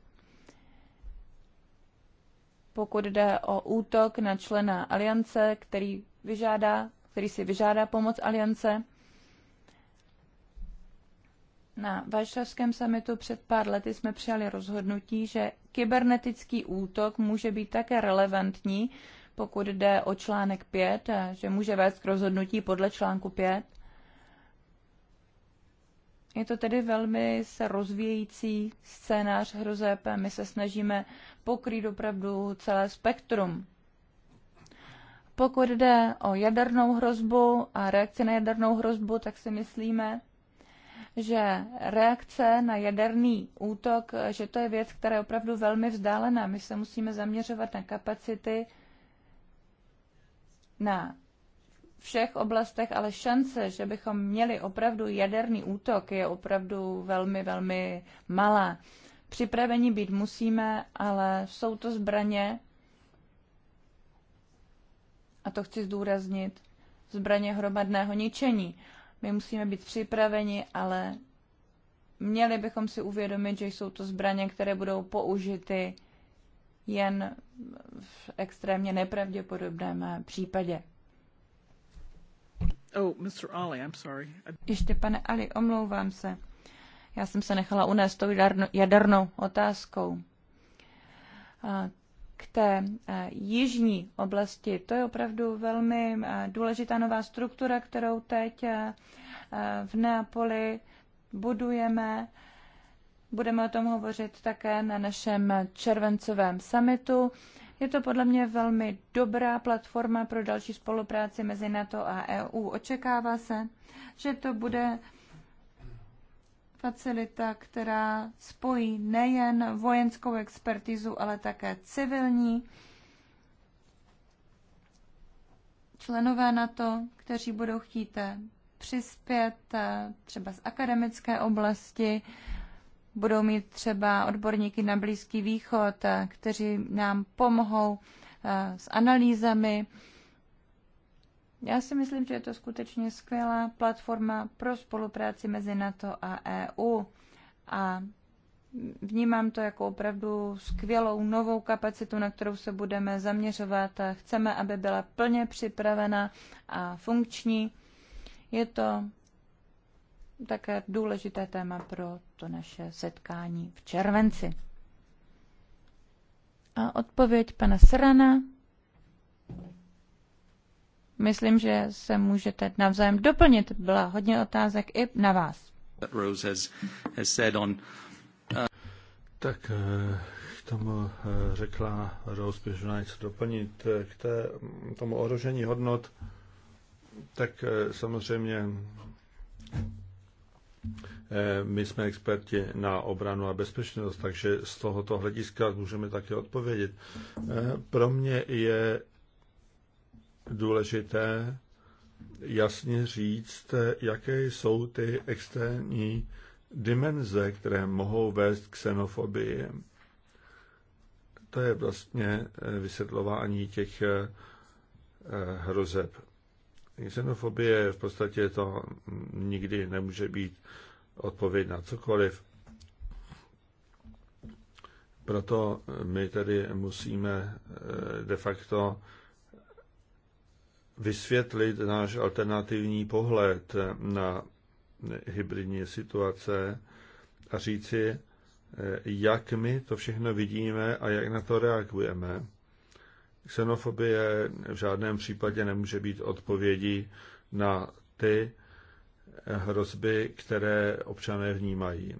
pokud jde o útok na člena aliance, který, vyžádá, který si vyžádá pomoc aliance. Na Varšavském samitu před pár lety jsme přijali rozhodnutí, že kybernetický útok může být také relevantní pokud jde o článek 5, že může vést k rozhodnutí podle článku 5. Je to tedy velmi se rozvíjející scénář hrozeb. My se snažíme pokrýt opravdu celé spektrum. Pokud jde o jadernou hrozbu a reakci na jadernou hrozbu, tak si myslíme, že reakce na jaderný útok, že to je věc, která je opravdu velmi vzdálená. My se musíme zaměřovat na kapacity, na všech oblastech, ale šance, že bychom měli opravdu jaderný útok, je opravdu velmi, velmi malá. Připraveni být musíme, ale jsou to zbraně, a to chci zdůraznit, zbraně hromadného ničení. My musíme být připraveni, ale měli bychom si uvědomit, že jsou to zbraně, které budou použity jen v extrémně nepravděpodobném případě. Oh, Mr. Ali, I'm sorry. Ještě pane Ali, omlouvám se. Já jsem se nechala unést tou jadernou otázkou. K té jižní oblasti, to je opravdu velmi důležitá nová struktura, kterou teď v Neapoli budujeme Budeme o tom hovořit také na našem červencovém summitu. Je to podle mě velmi dobrá platforma pro další spolupráci mezi NATO a EU. Očekává se, že to bude facilita, která spojí nejen vojenskou expertizu, ale také civilní. Členové NATO, kteří budou chtít přispět eh, třeba z akademické oblasti, budou mít třeba odborníky na Blízký východ, eh, kteří nám pomohou eh, s analýzami. Já si myslím, že je to skutečně skvělá platforma pro spolupráci mezi NATO a EU. A vnímám to jako opravdu skvělou novou kapacitu, na kterou se budeme zaměřovat. Chceme, aby byla plně připravena a funkční. Je to také důležité téma pro to naše setkání v červenci. A odpověď pana Srana. Myslím, že se můžete navzájem doplnit. Byla hodně otázek i na vás. Rose has, has said on, uh, Tak eh, k tomu eh, řekla Rose, když něco doplnit eh, k té, mm, tomu ohrožení hodnot, tak samozřejmě Eh, my jsme experti na obranu a bezpečnost, takže z tohoto hlediska můžeme také odpovědět. Eh, pro mě je důležité jasně říct, jaké jsou ty externí dimenze, které mohou vést k xenofobii. To je vlastně eh, vysvětlování těch hrozeb. Xenofobie v podstatě to nikdy nemůže být odpověď na cokoliv. Proto my tedy musíme eh, de facto vysvětlit náš alternativní pohled na hybridní situace a říci, eh, jak my to všechno vidíme a jak na to reagujeme. Xenofobie v žádném případě nemůže být odpovědí na ty hrozby, které občané vnímají.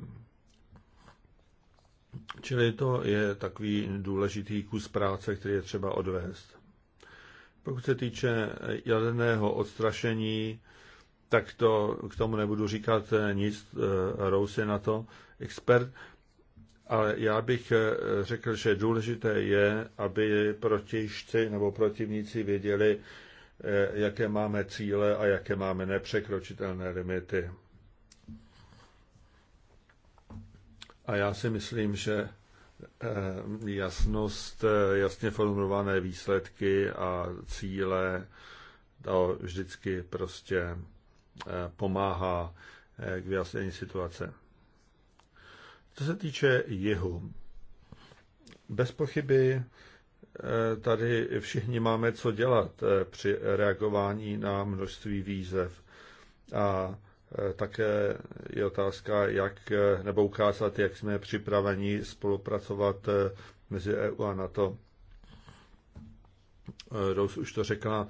Čili to je takový důležitý kus práce, který je třeba odvést. Pokud se týče jaderného odstrašení, tak to, k tomu nebudu říkat eh, nic, eh, rousy na to expert. Ale já bych eh, řekl, že důležité je, aby protižci nebo protivníci věděli, eh, jaké máme cíle a jaké máme nepřekročitelné limity. A já si myslím, že eh, jasnost, jasně formulované výsledky a cíle, to vždycky prostě pomáhá k vyjasnění situace. Co se týče jihu, bez pochyby eh, tady všichni máme co dělat eh, při reagování na množství výzev. A eh, také je otázka, jak, nebo ukázat, jak jsme připraveni spolupracovat mezi EU a NATO. Rous už to řekla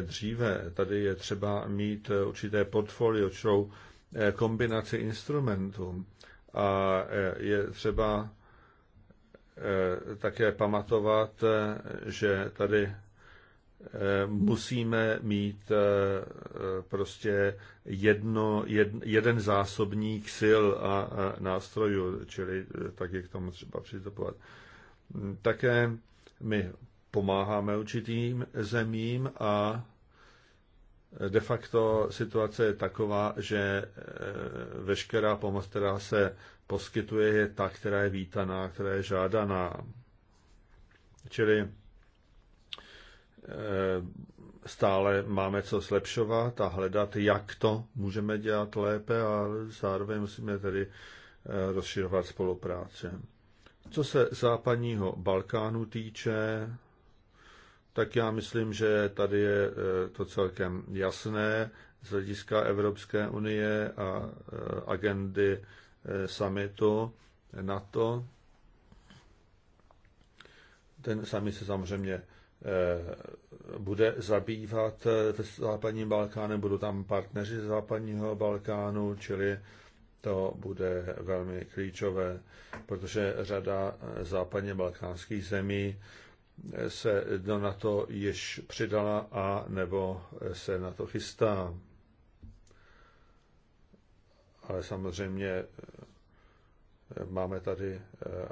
dříve. Tady je třeba mít určité portfolio, čou kombinaci instrumentů. A e, je třeba e, také pamatovat, e, že tady musíme mít prostě jedno, jed, jeden zásobník sil a, a nástrojů, čili tak je k tomu třeba přistupovat. Také my pomáháme určitým zemím a de facto situace je taková, že eh, veškerá pomoc, která se poskytuje, je ta, která je vítaná, která je žádaná. Čili eh, stále máme co zlepšovat a hledat, jak to můžeme dělat lépe a zároveň musíme tedy eh, rozširovat spolupráci. Co se západního Balkánu týče, tak já myslím, že tady je eh, to celkem jasné z hlediska Evropské unie a eh, agendy eh, samitu NATO. Ten sami se samozřejmě bude zabývat ve západním Balkánem, budou tam partneři západního Balkánu, čili to bude velmi klíčové, protože řada západně balkánských zemí se do NATO již přidala a nebo se na to chystá. Ale samozřejmě eh, máme tady eh,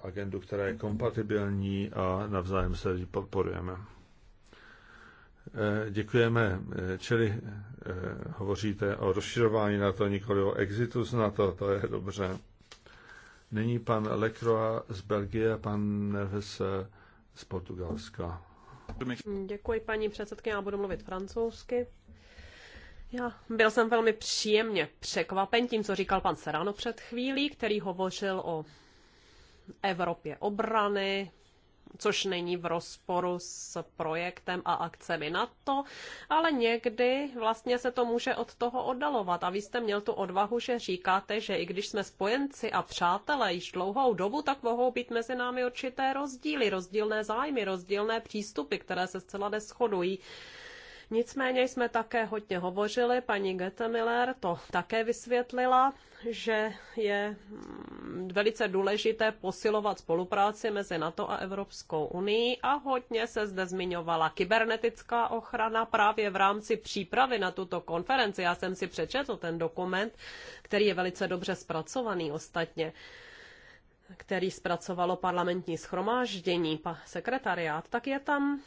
agendu, která je kompatibilní a navzájem se podporujeme. Eh, děkujeme. Čili hovoříte o rozširování na to, nikoli o exitu z NATO, to je dobře. Nyní pan Lekroa z Belgie, pan Neves z Portugalska. Děkuji paní předsedkyně, já budu mluvit francouzsky. Já byl jsem velmi příjemně překvapen tím, co říkal pan Serano před chvílí, který hovořil o Evropě obrany, což není v rozporu s projektem a akcemi to, ale někdy vlastně se to může od toho oddalovat. A vy jste měl tu odvahu, že říkáte, že i když jsme spojenci a přátelé již dlouhou dobu, tak mohou být mezi námi určité rozdíly, rozdílné zájmy, rozdílné přístupy, které se zcela neschodují. Nicméně jsme také hodně hovořili, paní Miller to také vysvětlila, že je mm, velice důležité posilovat spolupráci mezi NATO a Evropskou unii a hodně se zde zmiňovala kybernetická ochrana právě v rámci přípravy na tuto konferenci. Já jsem si přečetl ten dokument, který je velice dobře zpracovaný ostatně který zpracovalo parlamentní schromáždění, pa, sekretariát, tak je tam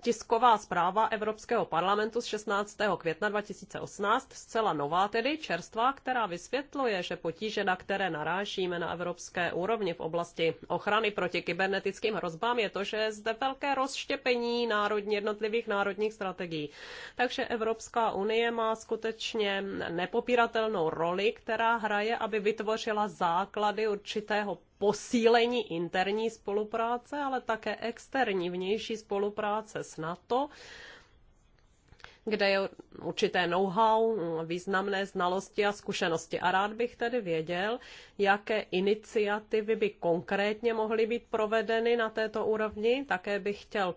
tisková zpráva Evropského parlamentu z 16. května 2018, zcela nová tedy, čerstvá, která vysvětluje, že potíže, na které narážíme na evropské úrovni v oblasti ochrany proti kybernetickým hrozbám, je to, že je zde velké rozštěpení národní, jednotlivých národních strategií. Takže Evropská unie má skutečně nepopíratelnou roli, která hraje, aby vytvořila základy určitého posílení interní spolupráce, ale také externí vnější spolupráce s NATO, kde je určité know-how, významné znalosti a zkušenosti. A rád bych tedy věděl, jaké iniciativy by konkrétně mohly být provedeny na této úrovni. Také bych chtěl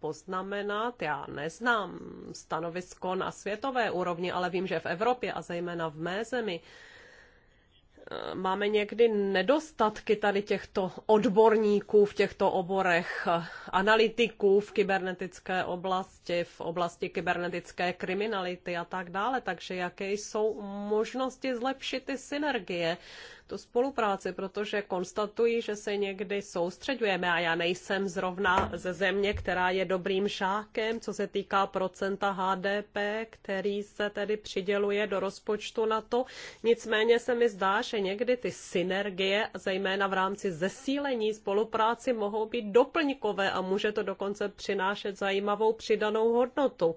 poznamenat, já neznám stanovisko na světové úrovni, ale vím, že v Evropě a zejména v mé zemi máme někdy nedostatky tady těchto odborníků v těchto oborech, analytiků v kybernetické oblasti, v oblasti kybernetické kriminality a tak dále. Takže jaké jsou možnosti zlepšit ty synergie? tu spolupráci, protože konstatuji, že se někdy soustředujeme a já nejsem zrovna ze země, která je dobrým šákem, co se týká procenta HDP, který se tedy přiděluje do rozpočtu na to. Nicméně se mi zdá, že někdy ty synergie, zejména v rámci zesílení spolupráci, mohou být doplňkové a může to dokonce přinášet zajímavou přidanou hodnotu.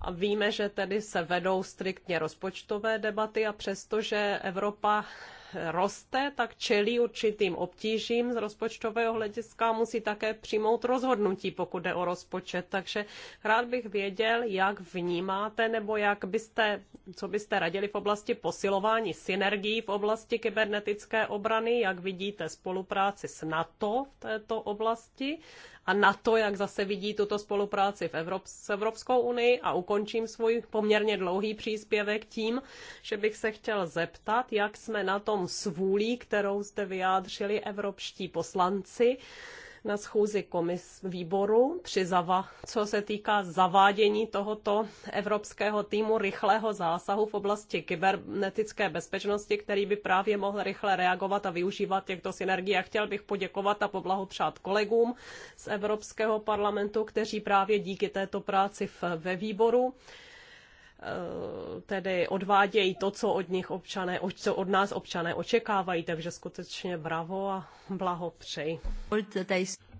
A víme, že tedy se vedou striktně rozpočtové debaty a přestože Evropa roste, tak čelí určitým obtížím z rozpočtového hlediska musí také přijmout rozhodnutí, pokud jde o rozpočet. Takže rád bych věděl, jak vnímáte nebo jak byste, co byste radili v oblasti posilování synergií v oblasti kybernetické obrany, jak vidíte spolupráci s NATO v této oblasti a na to, jak zase vidí tuto spolupráci v Evrop- s Evropskou unii a ukončím svůj poměrně dlouhý příspěvek tím, že bych se chtěl zeptat, jak jsme na tom svůlí, kterou zde vyjádřili evropští poslanci, na schůzi komis výboru při zava, co se týká zavádění tohoto evropského týmu rychlého zásahu v oblasti kybernetické bezpečnosti, který by právě mohl rychle reagovat a využívat těchto synergií. A chtěl bych poděkovat a poblahopřát kolegům z Evropského parlamentu, kteří právě díky této práci ve výboru Eh, tedy odvádějí to, co od nich občané, co od nás občané očekávají, takže skutečně bravo a blahopřeji.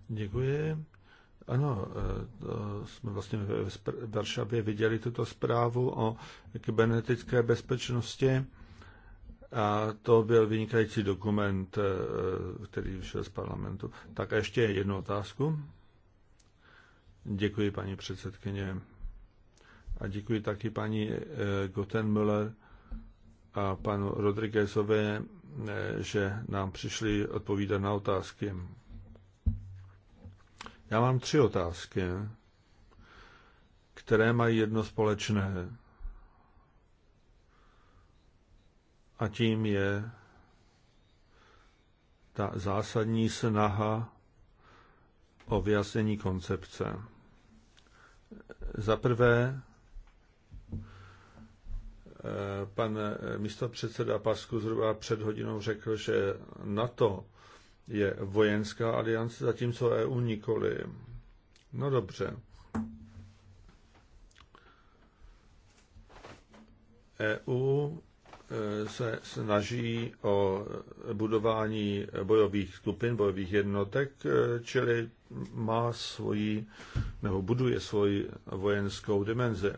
Děkuji. Ano, eh, jsme vlastně v Varšavě viděli tuto zprávu o kybernetické bezpečnosti a to byl vynikající dokument, eh, který vyšel z parlamentu. Tak a ještě jednu otázku. Děkuji, paní předsedkyně. A děkuji taky paní eh, Gottenmüller a panu Rodriguezové, eh, že nám přišli odpovídat na otázky. Já mám tři otázky, které mají jedno společné. A tím je ta zásadní snaha o vyjasnění koncepce. Za prvé, Eh, pan eh, předseda Pasku zhruba před hodinou řekl, že NATO je vojenská aliance, zatímco EU nikoli. No dobře. EU eh, se snaží o budování bojových skupin, bojových jednotek, čili má svoji, nebo buduje svoji vojenskou dimenzi.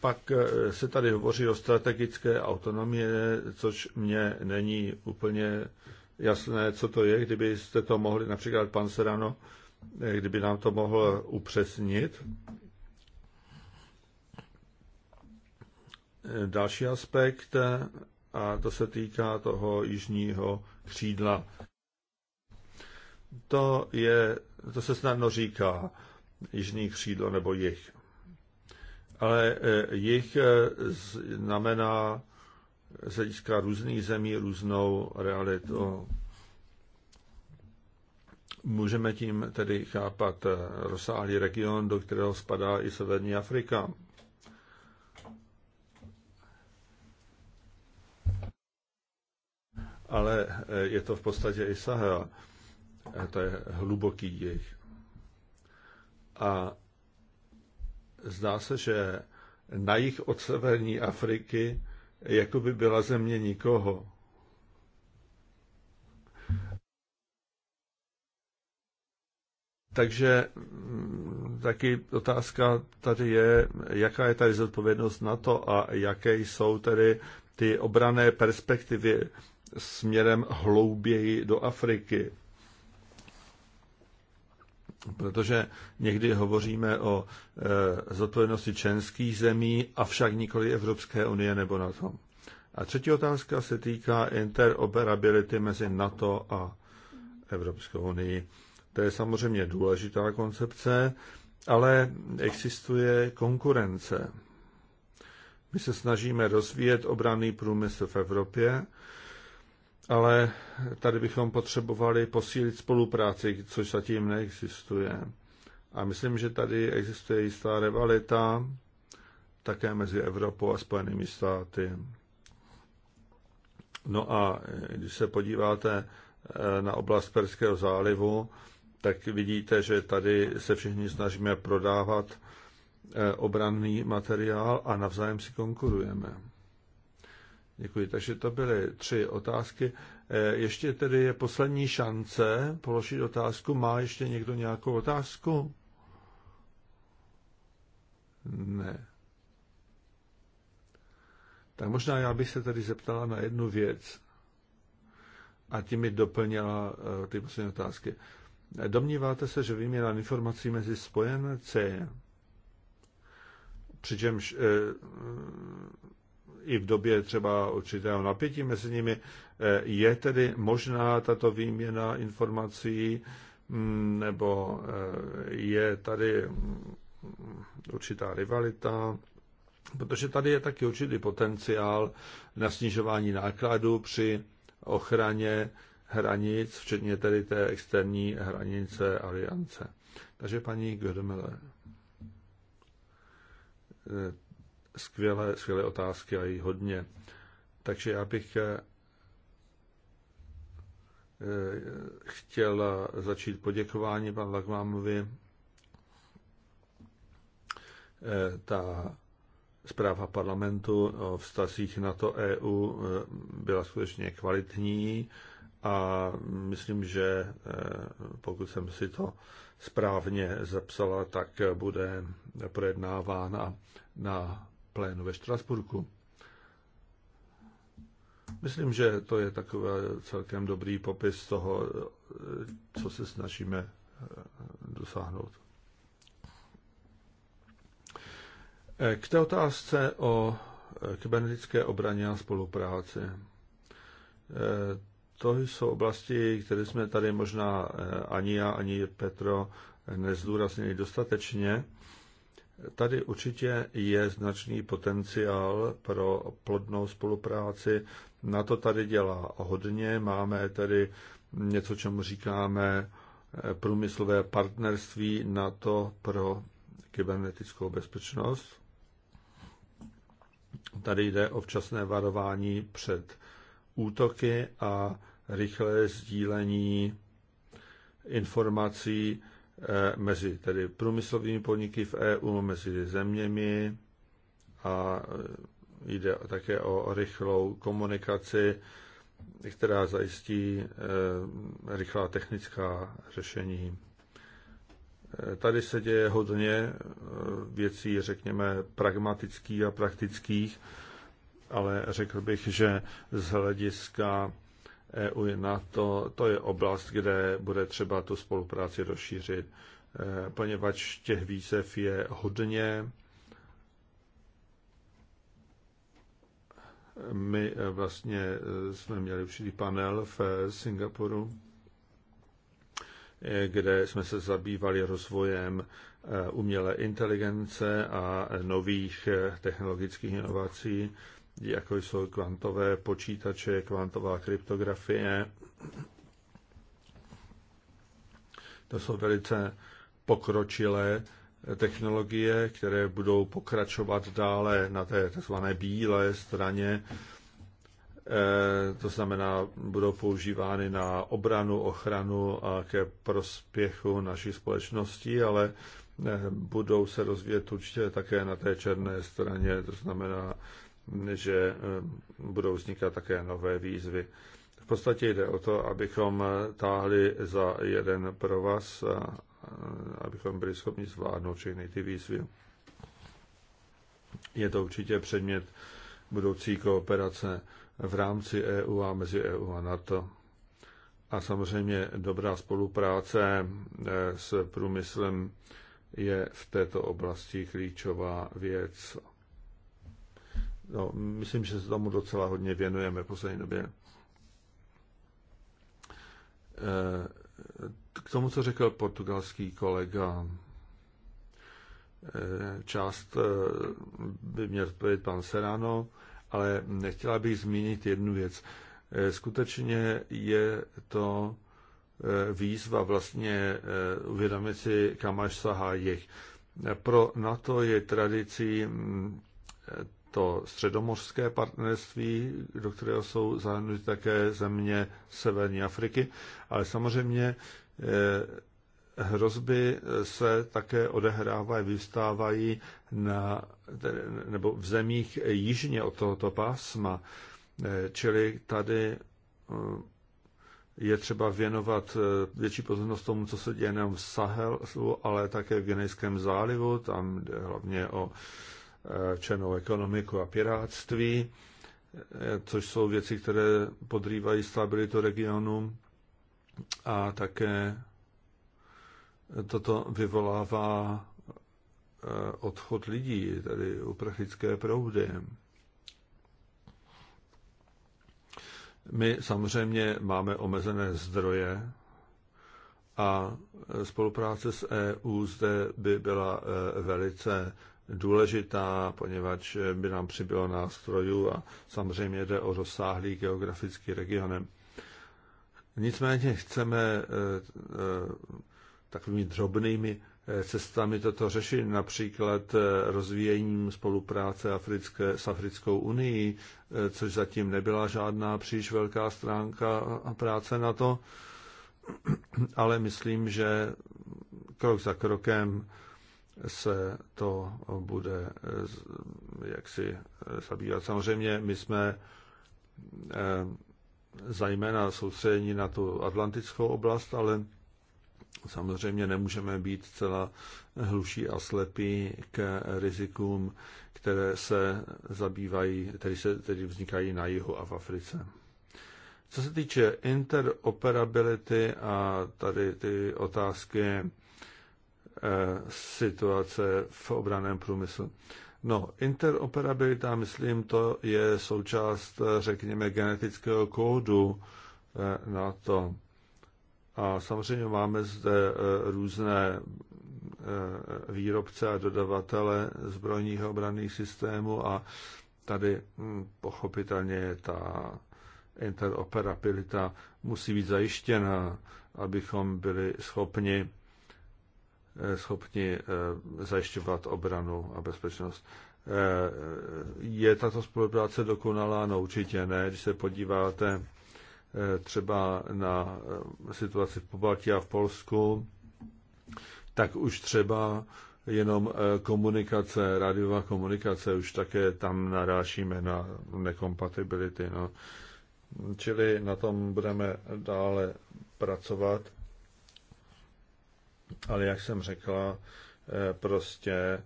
Pak eh, se tady hovoří o strategické autonomie, což mně není úplně jasné, co to je. Kdybyste to mohli, například pan Serano, eh, kdyby nám to mohl upřesnit. Eh, další aspekt, a to se týká toho jižního křídla. To, je, to se snadno říká jižní křídlo nebo jich ale e, jich e, znamená z hlediska různých zemí různou realitu. Můžeme tím tedy chápat e, rozsáhlý region, do kterého spadá i Severní Afrika. Ale je to v podstatě i Sahel. To je hluboký jejich A zdá se, že na jich od severní Afriky jako by byla země nikoho. Takže mm, taky otázka tady je, jaká je tady zodpovědnost na to a jaké jsou tedy ty obrané perspektivy směrem hlouběji do Afriky protože někdy hovoříme o e, zodpovědnosti členských zemí, avšak nikoli Evropské unie nebo NATO. A třetí otázka se týká interoperability mezi NATO a Evropskou unii. To je samozřejmě důležitá koncepce, ale existuje konkurence. My se snažíme rozvíjet obranný průmysl v Evropě, ale tady bychom potřebovali posílit spolupráci, což zatím neexistuje. A myslím, že tady existuje jistá rivalita také mezi Evropou a Spojenými státy. No a když se podíváte eh, na oblast Perského zálivu, tak vidíte, že tady se všichni snažíme prodávat eh, obranný materiál a navzájem si konkurujeme. Děkuji. Takže to byly tři otázky. Eh, ještě tedy je poslední šance položit otázku. Má ještě někdo nějakou otázku? Ne. Tak možná já bych se tady zeptala na jednu věc a tím mi doplnila eh, ty poslední otázky. Domníváte se, že výměna informací mezi spojenci, přičemž eh, i v době třeba určitého napětí mezi nimi, eh, je tedy možná tato výměna informací, mm, nebo eh, je tady mm, určitá rivalita, protože tady je taky určitý potenciál na snižování nákladů při ochraně hranic, včetně tedy té externí hranice aliance. Takže paní Gödemele, eh, skvělé, skvělé otázky a i hodně. Takže já bych eh, eh, chtěl začít poděkování panu Lagmámovi. Eh, ta zpráva parlamentu o vztazích NATO-EU byla skutečně kvalitní a myslím, že pokud jsem si to správně zapsala, tak bude projednávána na plénu ve Štrasburku. Myslím, že to je takový celkem dobrý popis toho, co se snažíme eh, dosáhnout. Eh, k té otázce o eh, kybernetické obraně a spolupráci. To jsou oblasti, které jsme tady možná ani já, ani Petro nezdůraznili dostatečně. Tady určitě je značný potenciál pro plodnou spolupráci. Na to tady dělá hodně. Máme tady něco, čemu říkáme eh, průmyslové partnerství na to pro kybernetickou bezpečnost. Tady jde o včasné varování před útoky a rychlé sdílení informací E, mezi tedy průmyslovými podniky v EU, mezi zeměmi a e, jde také o rychlou komunikaci, která zajistí e, rychlá technická řešení. Tady se děje hodně věcí, řekněme, pragmatických a praktických, ale řekl bych, že z hlediska EU i NATO, to je oblast, kde bude třeba tu spolupráci rozšířit, e, poněvadž těch výzev je hodně. My e, vlastně e, jsme měli určitý panel v Singapuru, kde jsme se zabývali rozvojem umělé inteligence a nových technologických inovací jako jsou kvantové počítače, kvantová kryptografie. To jsou velice pokročilé technologie, které budou pokračovat dále na té tzv. bílé straně. Eh, to znamená, budou používány na obranu, ochranu a ke prospěchu naší společnosti, ale eh, budou se rozvíjet určitě také na té černé straně, to znamená že eh, budou vznikat také nové výzvy. V podstatě jde o to, abychom eh, táhli za jeden provaz, abychom byli schopni zvládnout všechny ty výzvy. Je to určitě předmět budoucí kooperace v rámci EU a mezi EU a NATO. A samozřejmě dobrá spolupráce eh, s průmyslem je v této oblasti klíčová věc. No, myslím, že se tomu docela hodně věnujeme v poslední době. Eh, k tomu, co řekl portugalský kolega, eh, část eh, by měl odpovědět pan Serano, ale nechtěla bych zmínit jednu věc. Skutečně je to výzva vlastně uvědomit si, kam až sahá jich. Pro NATO je tradicí to středomořské partnerství, do kterého jsou zahrnuty také země Severní Afriky, ale samozřejmě eh, hrozby se také odehrávají, vyvstávají na, nebo v zemích jižně od tohoto pásma. Eh, čili tady eh, je třeba věnovat větší pozornost tomu, co se děje nejen v Sahelu, ale také v Genejském zálivu, tam jde hlavně o Eh, černou ekonomiku a pirátství, eh, což jsou věci, které podrývají stabilitu regionu a také toto vyvolává eh, odchod lidí, tedy uprchlické proudy. My samozřejmě máme omezené zdroje a spolupráce s EU zde by byla velice důležitá, poněvadž by nám přibylo nástrojů a samozřejmě jde o rozsáhlý geografický regionem. Nicméně chceme eh, eh, takovými drobnými eh, cestami toto řešit, například rozvíjením spolupráce Africké, s Africkou unii, což zatím nebyla žádná příliš velká stránka a práce na to, ale myslím, že krok za krokem se to bude eh, jaksi eh, zabývat. Samozřejmě my jsme eh, zajména soustředění na tu atlantickou oblast, ale samozřejmě nemůžeme být celá hluší a slepí k rizikům, které se zabývají, které se, tedy vznikají na jihu a v Africe. Co se týče interoperability a tady ty otázky situace v obraném průmyslu. No, interoperabilita, myslím, to je součást, řekněme, genetického kódu eh, na to. A samozřejmě máme zde eh, různé eh, výrobce a dodavatele zbrojních obranných systémů a tady hm, pochopitelně ta interoperabilita musí být zajištěna, abychom byli schopni Eh, schopni eh, zajišťovat obranu a bezpečnost. Eh, je tato spolupráce dokonalá? No určitě ne. Když se podíváte třeba na situaci v Pobaltí a v Polsku, tak už třeba jenom komunikace, rádiová komunikace, už také tam narážíme na nekompatibility. No. Čili na tom budeme dále pracovat ale jak jsem řekla, eh, prostě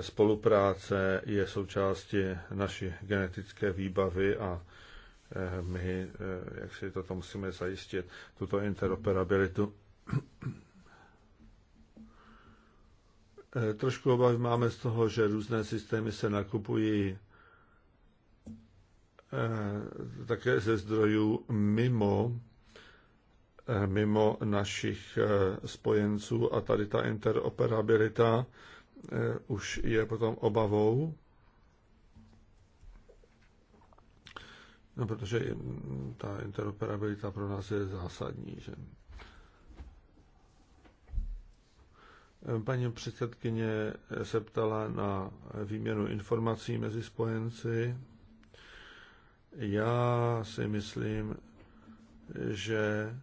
spolupráce je součástí naší genetické výbavy a eh, my, eh, jak si toto musíme zajistit, tuto interoperabilitu. Trošku obavy máme z toho, že různé systémy se nakupují také ze zdrojů mimo mimo našich eh, spojenců a tady ta interoperabilita eh, už je potom obavou, No, protože ta interoperabilita pro nás je zásadní. Že? Paní předsedkyně se ptala na výměnu informací mezi spojenci. Já si myslím, že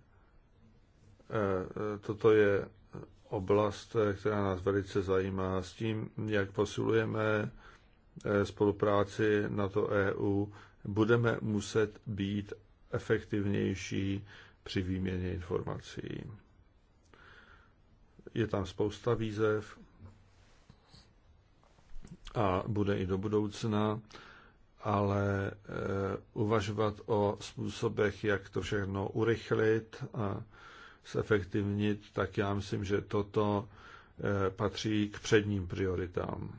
Eh, toto je oblast, eh, která nás velice zajímá s tím, jak posilujeme eh, spolupráci na to EU, budeme muset být efektivnější při výměně informací. Je tam spousta výzev a bude i do budoucna, ale uvažovat o způsobech, jak to všechno urychlit a zefektivnit, tak já myslím, že toto eh, patří k předním prioritám.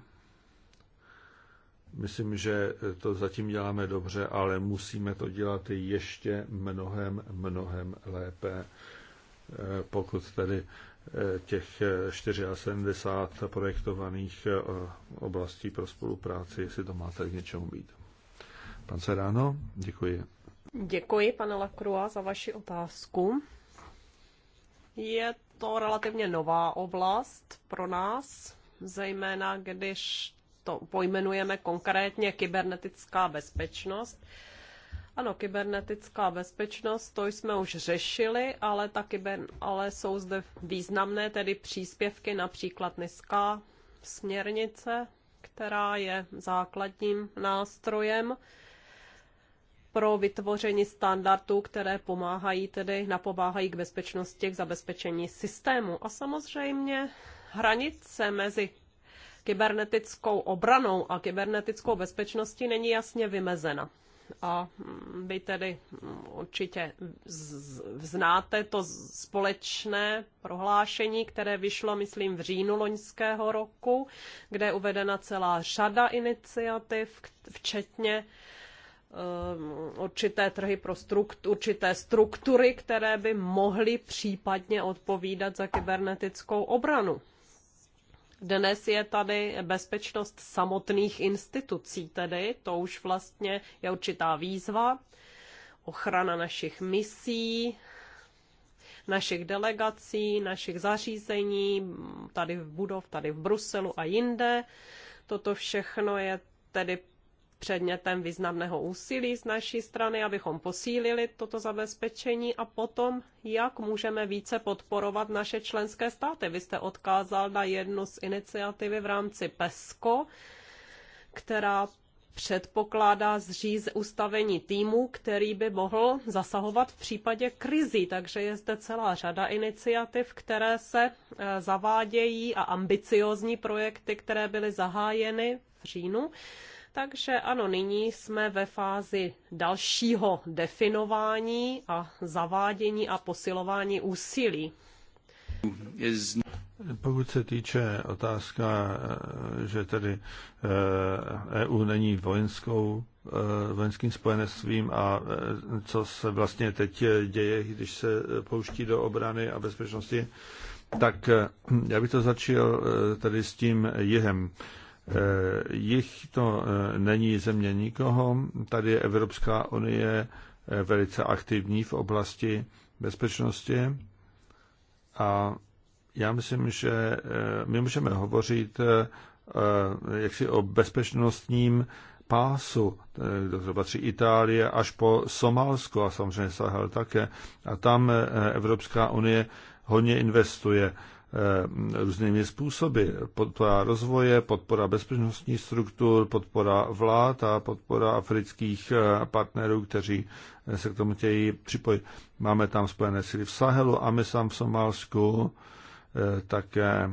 Myslím, že to zatím děláme dobře, ale musíme to dělat ještě mnohem, mnohem lépe, eh, pokud tedy eh, těch 74 projektovaných oblastí pro spolupráci, jestli to máte tak k něčemu být. Pan Seráno, děkuji. Děkuji, pane Lacroix, za vaši otázku. Je to relativně nová oblast pro nás, zejména když to pojmenujeme konkrétně kybernetická bezpečnost. Ano, kybernetická bezpečnost, to jsme už řešili, ale, ta kyber, ale jsou zde významné tedy příspěvky, například NISKA směrnice, která je základním nástrojem pro vytvoření standardů, které pomáhají tedy, napomáhají k bezpečnosti, k zabezpečení systému. A samozřejmě hranice mezi kybernetickou obranou a kybernetickou bezpečností není jasně vymezena. A vy tedy určitě znáte to společné prohlášení, které vyšlo, myslím, v říjnu loňského roku, kde je uvedena celá řada iniciativ, včetně Eh, určité trhy pro strukt určité struktury, které by mohly případně odpovídat za kybernetickou obranu. Dnes je tady bezpečnost samotných institucí, tedy to už vlastně je určitá výzva, ochrana našich misí, našich delegací, našich zařízení, tady v budov, tady v Bruselu a jinde. Toto všechno je tedy předmětem významného úsilí z naší strany, abychom posílili toto zabezpečení a potom, jak můžeme více podporovat naše členské státy. Vy jste odkázal na jednu z iniciativy v rámci PESCO, která předpokládá zříz ustavení týmu, který by mohl zasahovat v případě krizí. Takže je zde celá řada iniciativ, které se e, zavádějí a ambiciozní projekty, které byly zahájeny v říjnu. Takže ano, nyní jsme ve fázi dalšího definování a zavádění a posilování úsilí. Pokud se týče otázka, že tedy EU eh, e není vojenskou, eh, vojenským spojenectvím a eh, co se vlastně teď děje, když se pouští do obrany a bezpečnosti, tak já bych to začal tady s tím jihem. Eh, jich to eh, není země nikoho. Tady je Evropská unie eh, velice aktivní v oblasti bezpečnosti a já myslím, že my můžeme hovořit jaksi o bezpečnostním pásu, to patří Itálie až po Somálsko a samozřejmě Sahel také. A tam Evropská unie hodně investuje. Eh, různými způsoby. Podpora rozvoje, podpora bezpečnostních struktur, podpora vlád a podpora afrických eh, partnerů, kteří eh, se k tomu chtějí připojit. Máme tam spojené síly v Sahelu a my sám v Somálsku také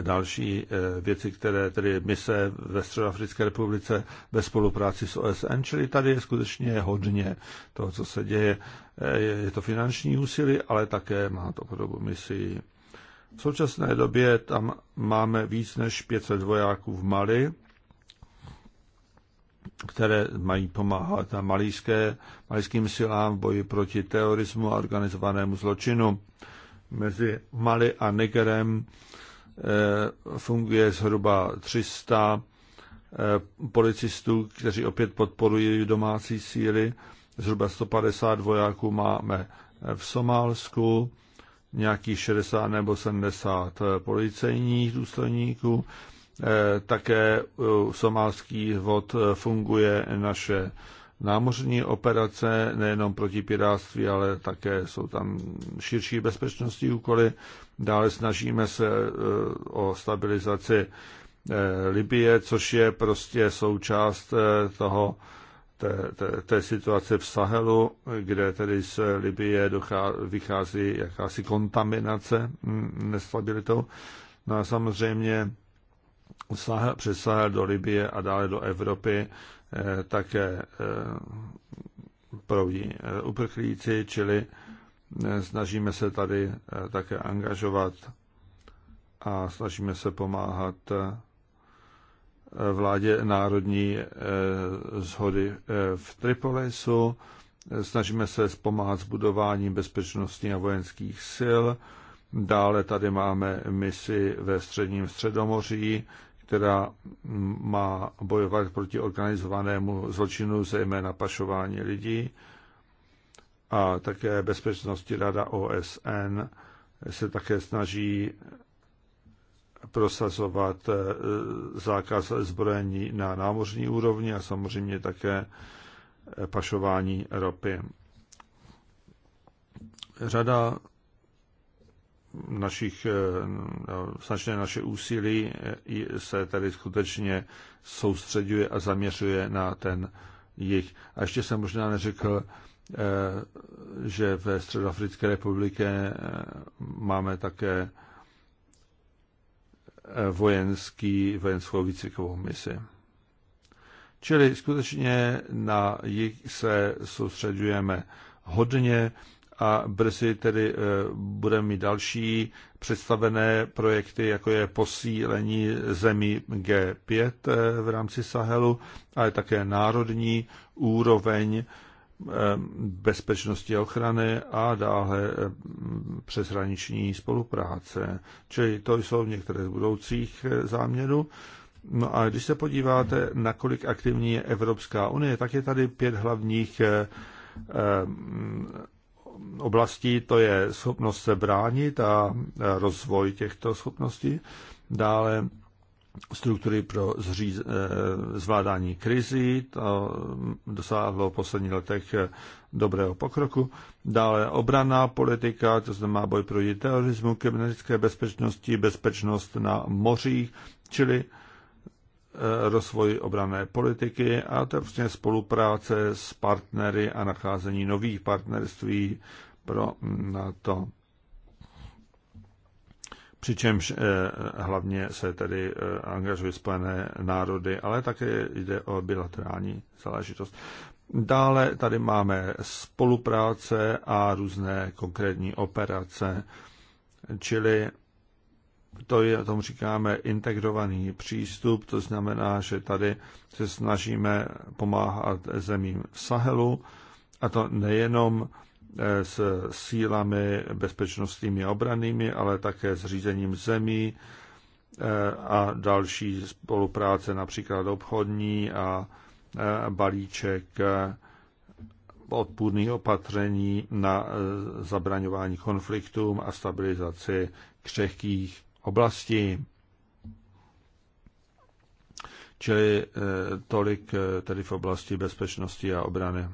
další věci, které tedy mise ve Středoafrické republice ve spolupráci s OSN, čili tady je skutečně hodně toho, co se děje. Je to finanční úsilí, ale také má to podobu misi. V současné době tam máme víc než 500 vojáků v Mali, které mají pomáhat na malijské, malijským silám v boji proti terorismu a organizovanému zločinu. Mezi Mali a Nigerem eh, funguje zhruba 300 eh, policistů, kteří opět podporují domácí síly. Zhruba 150 vojáků máme v Somálsku, nějakých 60 nebo 70 eh, policejních důstojníků. Eh, také u eh, vod funguje naše námořní operace, nejenom proti piráctví, ale také jsou tam širší bezpečnostní úkoly. Dále snažíme se o stabilizaci Libie, což je prostě součást toho té, té, té situace v Sahelu, kde tedy z Libie dochá, vychází jakási kontaminace mm, nestabilitou. No a samozřejmě Sahel, přes Sahel do Libie a dále do Evropy eh, také eh, proudí eh, uprchlíci, čili eh, snažíme se tady eh, také angažovat a snažíme se pomáhat eh, vládě národní zhody eh, eh, v Tripolisu. Snažíme se pomáhat s budováním bezpečnostní a vojenských sil. Dále tady máme misi ve středním středomoří, která má bojovat proti organizovanému zločinu, zejména pašování lidí. A také Bezpečnostní rada OSN se také snaží prosazovat eh, zákaz zbrojení na námořní úrovni a samozřejmě také eh, pašování ropy. Řada našich, eh, no, značné naše úsilí se tady skutečně soustředuje a zaměřuje na ten jich. A ještě jsem možná neřekl, že ve Středoafrické republice máme také vojenský, vojenskou výcvikovou misi. Čili skutečně na jich se soustředujeme hodně a brzy tedy eh, budeme mít další představené projekty, jako je posílení zemí G5 eh, v rámci Sahelu, ale také národní úroveň Eh, bezpečnosti a ochrany a dále eh, přeshraniční spolupráce. Čili to jsou některé z budoucích eh, záměrů. No a když se podíváte, nakolik aktivní je Evropská unie, tak je tady pět hlavních oblastí. To je schopnost se bránit a rozvoj těchto schopností. Dále struktury pro zříz, eh, zvládání krizí. To mm, dosáhlo v posledních letech eh, dobrého pokroku. Dále obraná politika, to znamená boj proti terorismu, kybernetické bezpečnosti, bezpečnost na mořích, čili eh, rozvoj obrané politiky a to vlastně spolupráce s partnery a nacházení nových partnerství pro mm, NATO. Přičemž eh, hlavně se tedy eh, angažují Spojené národy, ale také jde o bilaterální záležitost. Dále tady máme spolupráce a různé konkrétní operace, čili to je, tomu říkáme integrovaný přístup, to znamená, že tady se snažíme pomáhat zemím v Sahelu, a to nejenom Eh, s sílami bezpečnostními a obranými, ale také s řízením zemí eh, a další spolupráce, například obchodní a eh, balíček odpůrných opatření na zabraňování konfliktům a stabilizaci křehkých oblastí. Čili tolik tedy v oblasti bezpečnosti a obrany.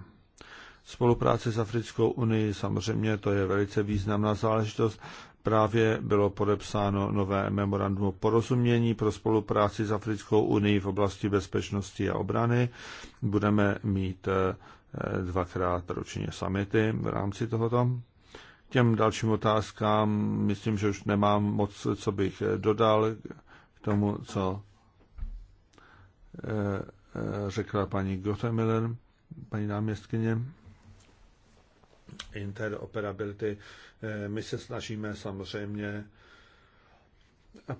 Spolupráce s Africkou unii. Samozřejmě to je velice významná záležitost. Právě bylo podepsáno nové memorandum o porozumění pro spolupráci s Africkou unii v oblasti bezpečnosti a obrany. Budeme mít eh, dvakrát ročně samity v rámci tohoto. Těm dalším otázkám myslím, že už nemám moc, co bych eh, dodal k tomu, co eh, řekla paní Gottemiller, paní náměstkyně interoperability. Eh, my se snažíme samozřejmě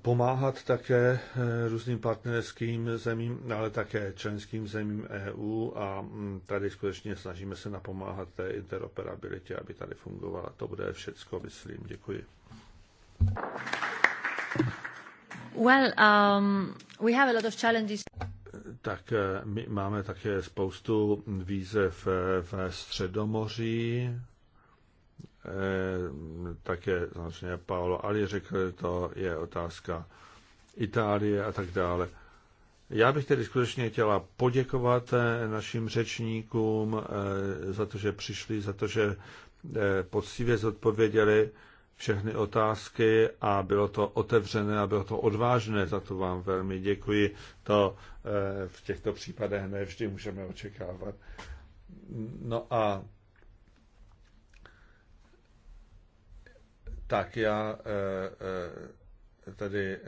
pomáhat také eh, různým partnerským zemím, ale také členským zemím EU a mm, tady skutečně snažíme se napomáhat té interoperabilitě, aby tady fungovala. To bude všecko, myslím. Děkuji. Well, um, we have a lot of challenges tak eh, my máme také spoustu výzev eh, v Středomoří. Eh, také samozřejmě Paolo Ali řekl, to je otázka Itálie a tak dále. Já bych tedy skutečně chtěla poděkovat našim řečníkům za to, že přišli, za to, že poctivě zodpověděli všechny otázky a bylo to otevřené a bylo to odvážné, za to vám velmi děkuji. To eh, v těchto případech nevždy můžeme očekávat. No a tak já eh, eh, tady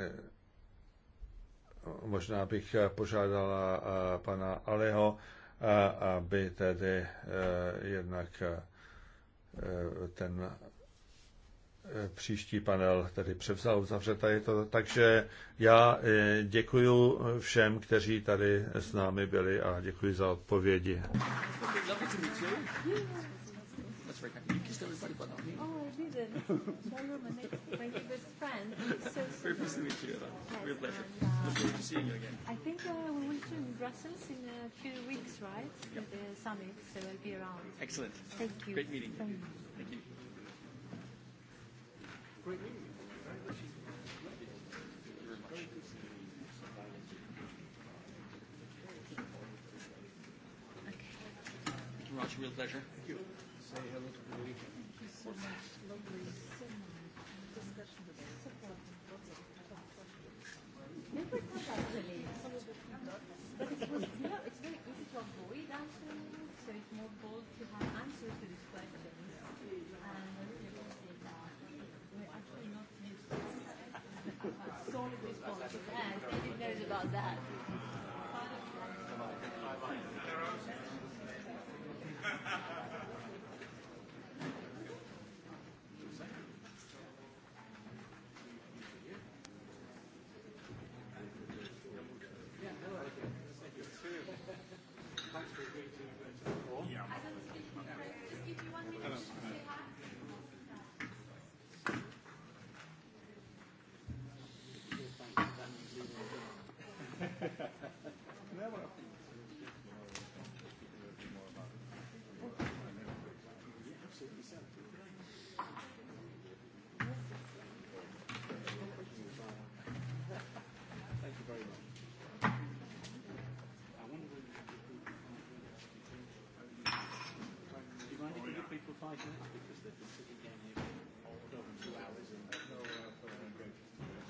možná bych požádala pana Aleho, aby tedy jednak ten příští panel tedy převzal, uzavře tady to. Takže já eh, děkuji všem, kteří tady s námi byli a děkuji za odpovědi. Uh, Thank you. Much real pleasure. Thank you. Say hello to the weekend.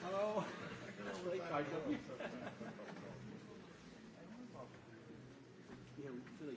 Hello. yeah, we really.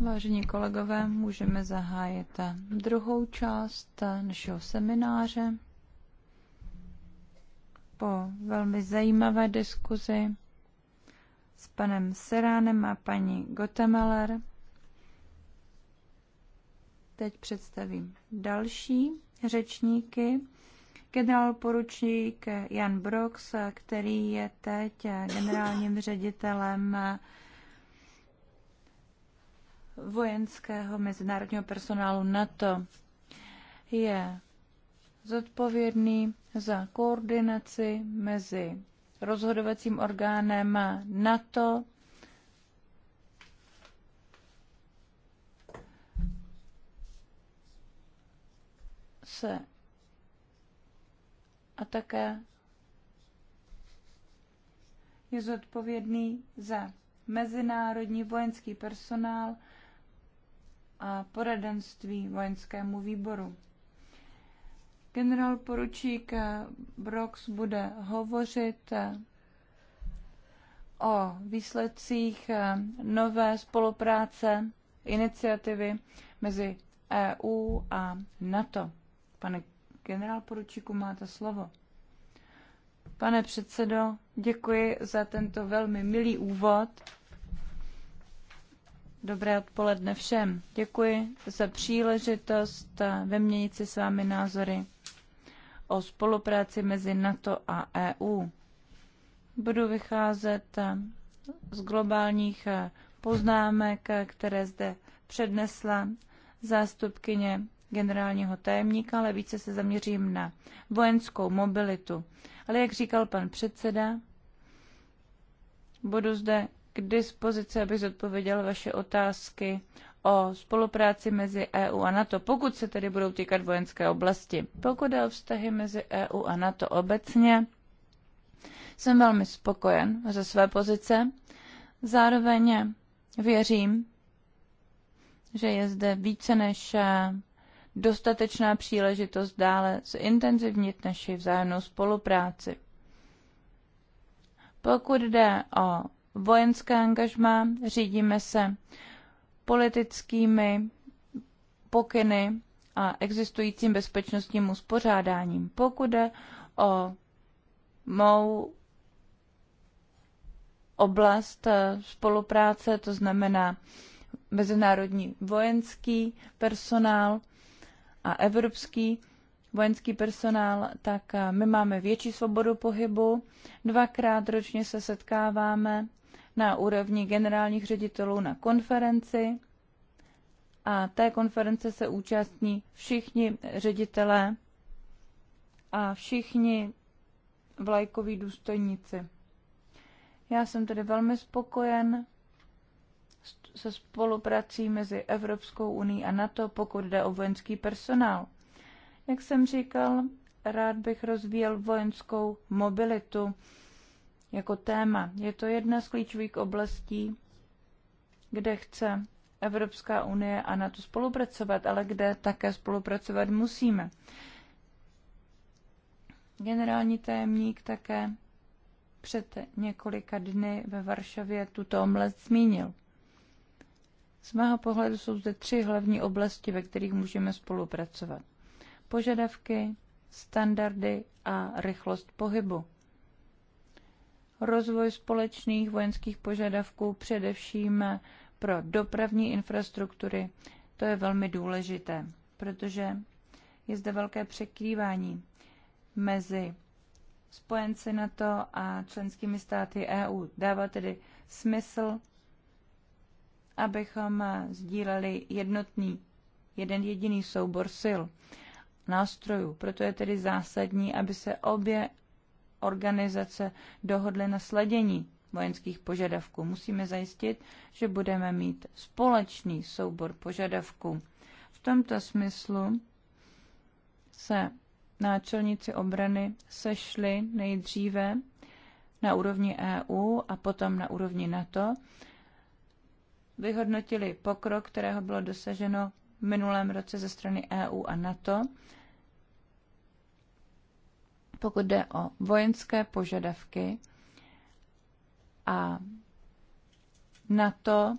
Vážení kolegové, můžeme zahájit druhou část našeho semináře. Po velmi zajímavé diskuzi s panem Seránem a paní Gotemeller. teď představím další řečníky generál poručík Jan Brox, který je teď generálním ředitelem vojenského mezinárodního personálu NATO. Je zodpovědný za koordinaci mezi rozhodovacím orgánem NATO se a také je zodpovědný za mezinárodní vojenský personál a poradenství vojenskému výboru. Generál poručík Brox bude hovořit o výsledcích nové spolupráce, iniciativy mezi EU a NATO. Pane generál poručíku, máte slovo. Pane předsedo, děkuji za tento velmi milý úvod. Dobré odpoledne všem. Děkuji za příležitost eh, vyměnit si s vámi názory o spolupráci mezi NATO a EU. Budu vycházet eh, z globálních eh, poznámek, které zde přednesla zástupkyně generálního tajemníka, ale více se zaměřím na vojenskou mobilitu. Ale jak říkal pan předseda, budu zde k dispozici, abych zodpověděl vaše otázky o spolupráci mezi EU a NATO, pokud se tedy budou týkat vojenské oblasti. Pokud je o vztahy mezi EU a NATO obecně, jsem velmi spokojen ze své pozice. Zároveň věřím, že je zde více než dostatečná příležitost dále zintenzivnit naši vzájemnou spolupráci. Pokud jde o vojenské angažma, řídíme se politickými pokyny a existujícím bezpečnostním uspořádáním. Pokud jde o mou oblast spolupráce, to znamená mezinárodní vojenský personál, a evropský vojenský personál, tak eh, my máme větší svobodu pohybu. Dvakrát ročně se setkáváme na úrovni generálních ředitelů na konferenci a té konference se účastní všichni ředitelé a všichni vlajkoví důstojníci. Já jsem tedy velmi spokojen se spoluprací mezi Evropskou uní a NATO, pokud jde o vojenský personál. Jak jsem říkal, rád bych rozvíjel vojenskou mobilitu jako téma. Je to jedna z klíčových oblastí, kde chce Evropská unie a na to spolupracovat, ale kde také spolupracovat musíme. Generální tajemník také před několika dny ve Varšavě tuto omlet zmínil. Z mého pohledu jsou zde tři hlavní oblasti, ve kterých můžeme spolupracovat. Požadavky, standardy a rychlost pohybu. Rozvoj společných vojenských požadavků především pro dopravní infrastruktury, to je velmi důležité, protože je zde velké překrývání mezi spojenci NATO a členskými státy EU. Dává tedy smysl abychom sdíleli jednotný, jeden jediný soubor sil, nástrojů. Proto je tedy zásadní, aby se obě organizace dohodly na sladění vojenských požadavků. Musíme zajistit, že budeme mít společný soubor požadavků. V tomto smyslu se náčelníci obrany sešli nejdříve na úrovni EU a potom na úrovni NATO, vyhodnotili pokrok, kterého bylo dosaženo v minulém roce ze strany EU a NATO, pokud jde o vojenské požadavky a NATO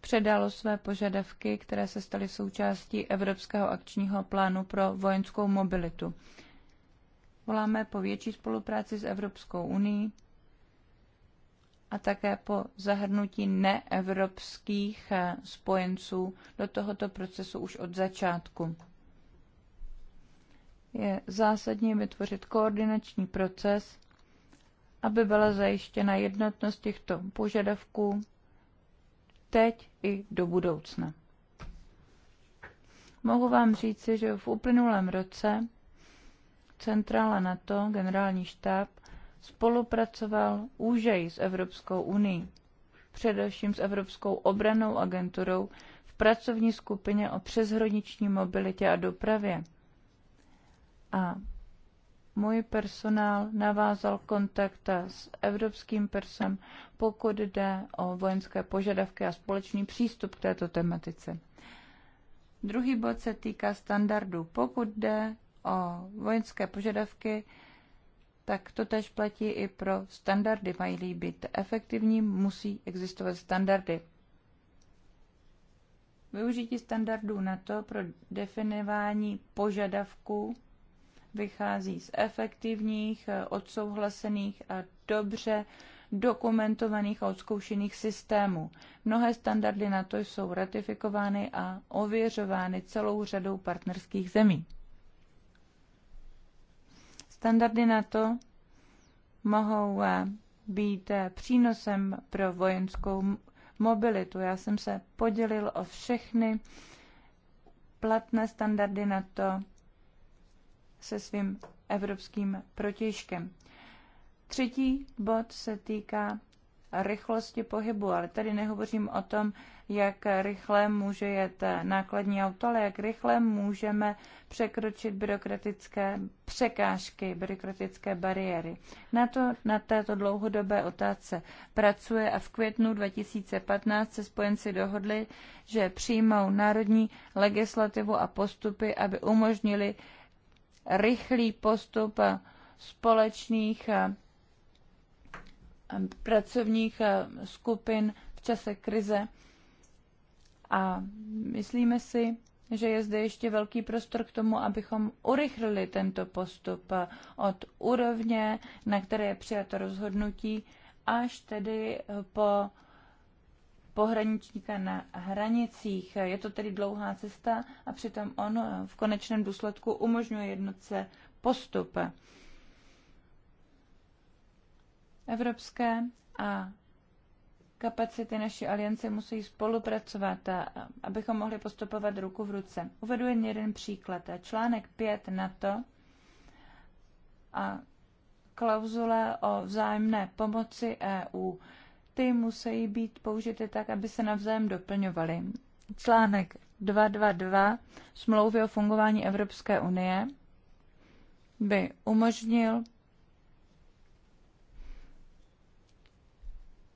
předalo své požadavky, které se staly součástí Evropského akčního plánu pro vojenskou mobilitu. Voláme po větší spolupráci s Evropskou uní a také po zahrnutí neevropských eh, spojenců do tohoto procesu už od začátku. Je zásadní vytvořit koordinační proces, aby byla zajištěna jednotnost těchto požadavků teď i do budoucna. Mohu vám říci, že v uplynulém roce centrála NATO, generální štáb, spolupracoval úžej s Evropskou unii, především s Evropskou obranou agenturou v pracovní skupině o přeshraniční mobilitě a dopravě. A můj personál navázal kontakta s evropským persem, pokud jde o vojenské požadavky a společný přístup k této tematice. Druhý bod se týká standardů. Pokud jde o vojenské požadavky, tak to tež platí i pro standardy. Mají-li být efektivní, musí existovat standardy. Využití standardů na to pro definování požadavků vychází z efektivních, eh, odsouhlasených a dobře dokumentovaných a odzkoušených systémů. Mnohé standardy na to jsou ratifikovány a ověřovány celou řadou partnerských zemí. Standardy NATO mohou eh, být eh, přínosem pro vojenskou mobilitu. Já jsem se podělil o všechny platné standardy NATO se svým evropským protěžkem. Třetí bod se týká rychlosti pohybu, ale tady nehovořím o tom, jak rychle může jet nákladní auto, ale jak rychle můžeme překročit byrokratické překážky, byrokratické bariéry. Na, to, na této dlouhodobé otázce pracuje a v květnu 2015 se spojenci dohodli, že přijmou národní legislativu a postupy, aby umožnili rychlý postup společných pracovních eh, skupin v čase krize. A myslíme si, že je zde ještě velký prostor k tomu, abychom urychlili tento postup eh, od úrovně, na které je přijato rozhodnutí, až tedy eh, po pohraničníka na hranicích. Je to tedy dlouhá cesta a přitom on v konečném důsledku umožňuje jednotce postup evropské a kapacity naší aliance musí spolupracovat, a abychom mohli postupovat ruku v ruce. Uvedu jen jeden příklad. Článek 5 NATO a klauzule o vzájemné pomoci EU. Ty musí být použity tak, aby se navzájem doplňovaly. Článek 222 smlouvy o fungování Evropské unie by umožnil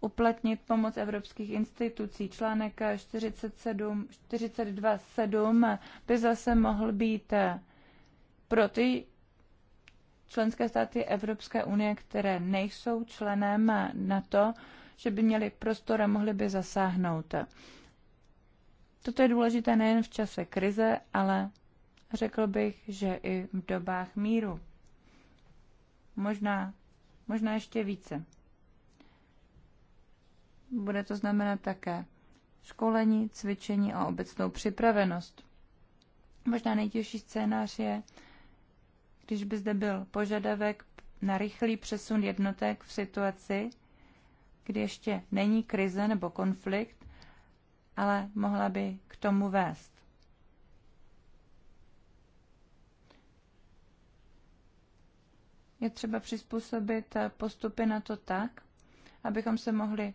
uplatnit pomoc evropských institucí. Článek 47, 42.7 by zase mohl být pro ty členské státy Evropské unie, které nejsou členem na to, že by měli prostor a mohli by zasáhnout. Toto je důležité nejen v čase krize, ale řekl bych, že i v dobách míru. Možná, možná ještě více. Bude to znamenat také školení, cvičení a obecnou připravenost. Možná nejtěžší scénář je, když by zde byl požadavek na rychlý přesun jednotek v situaci, kdy ještě není krize nebo konflikt, ale mohla by k tomu vést. Je třeba přizpůsobit postupy na to tak, abychom se mohli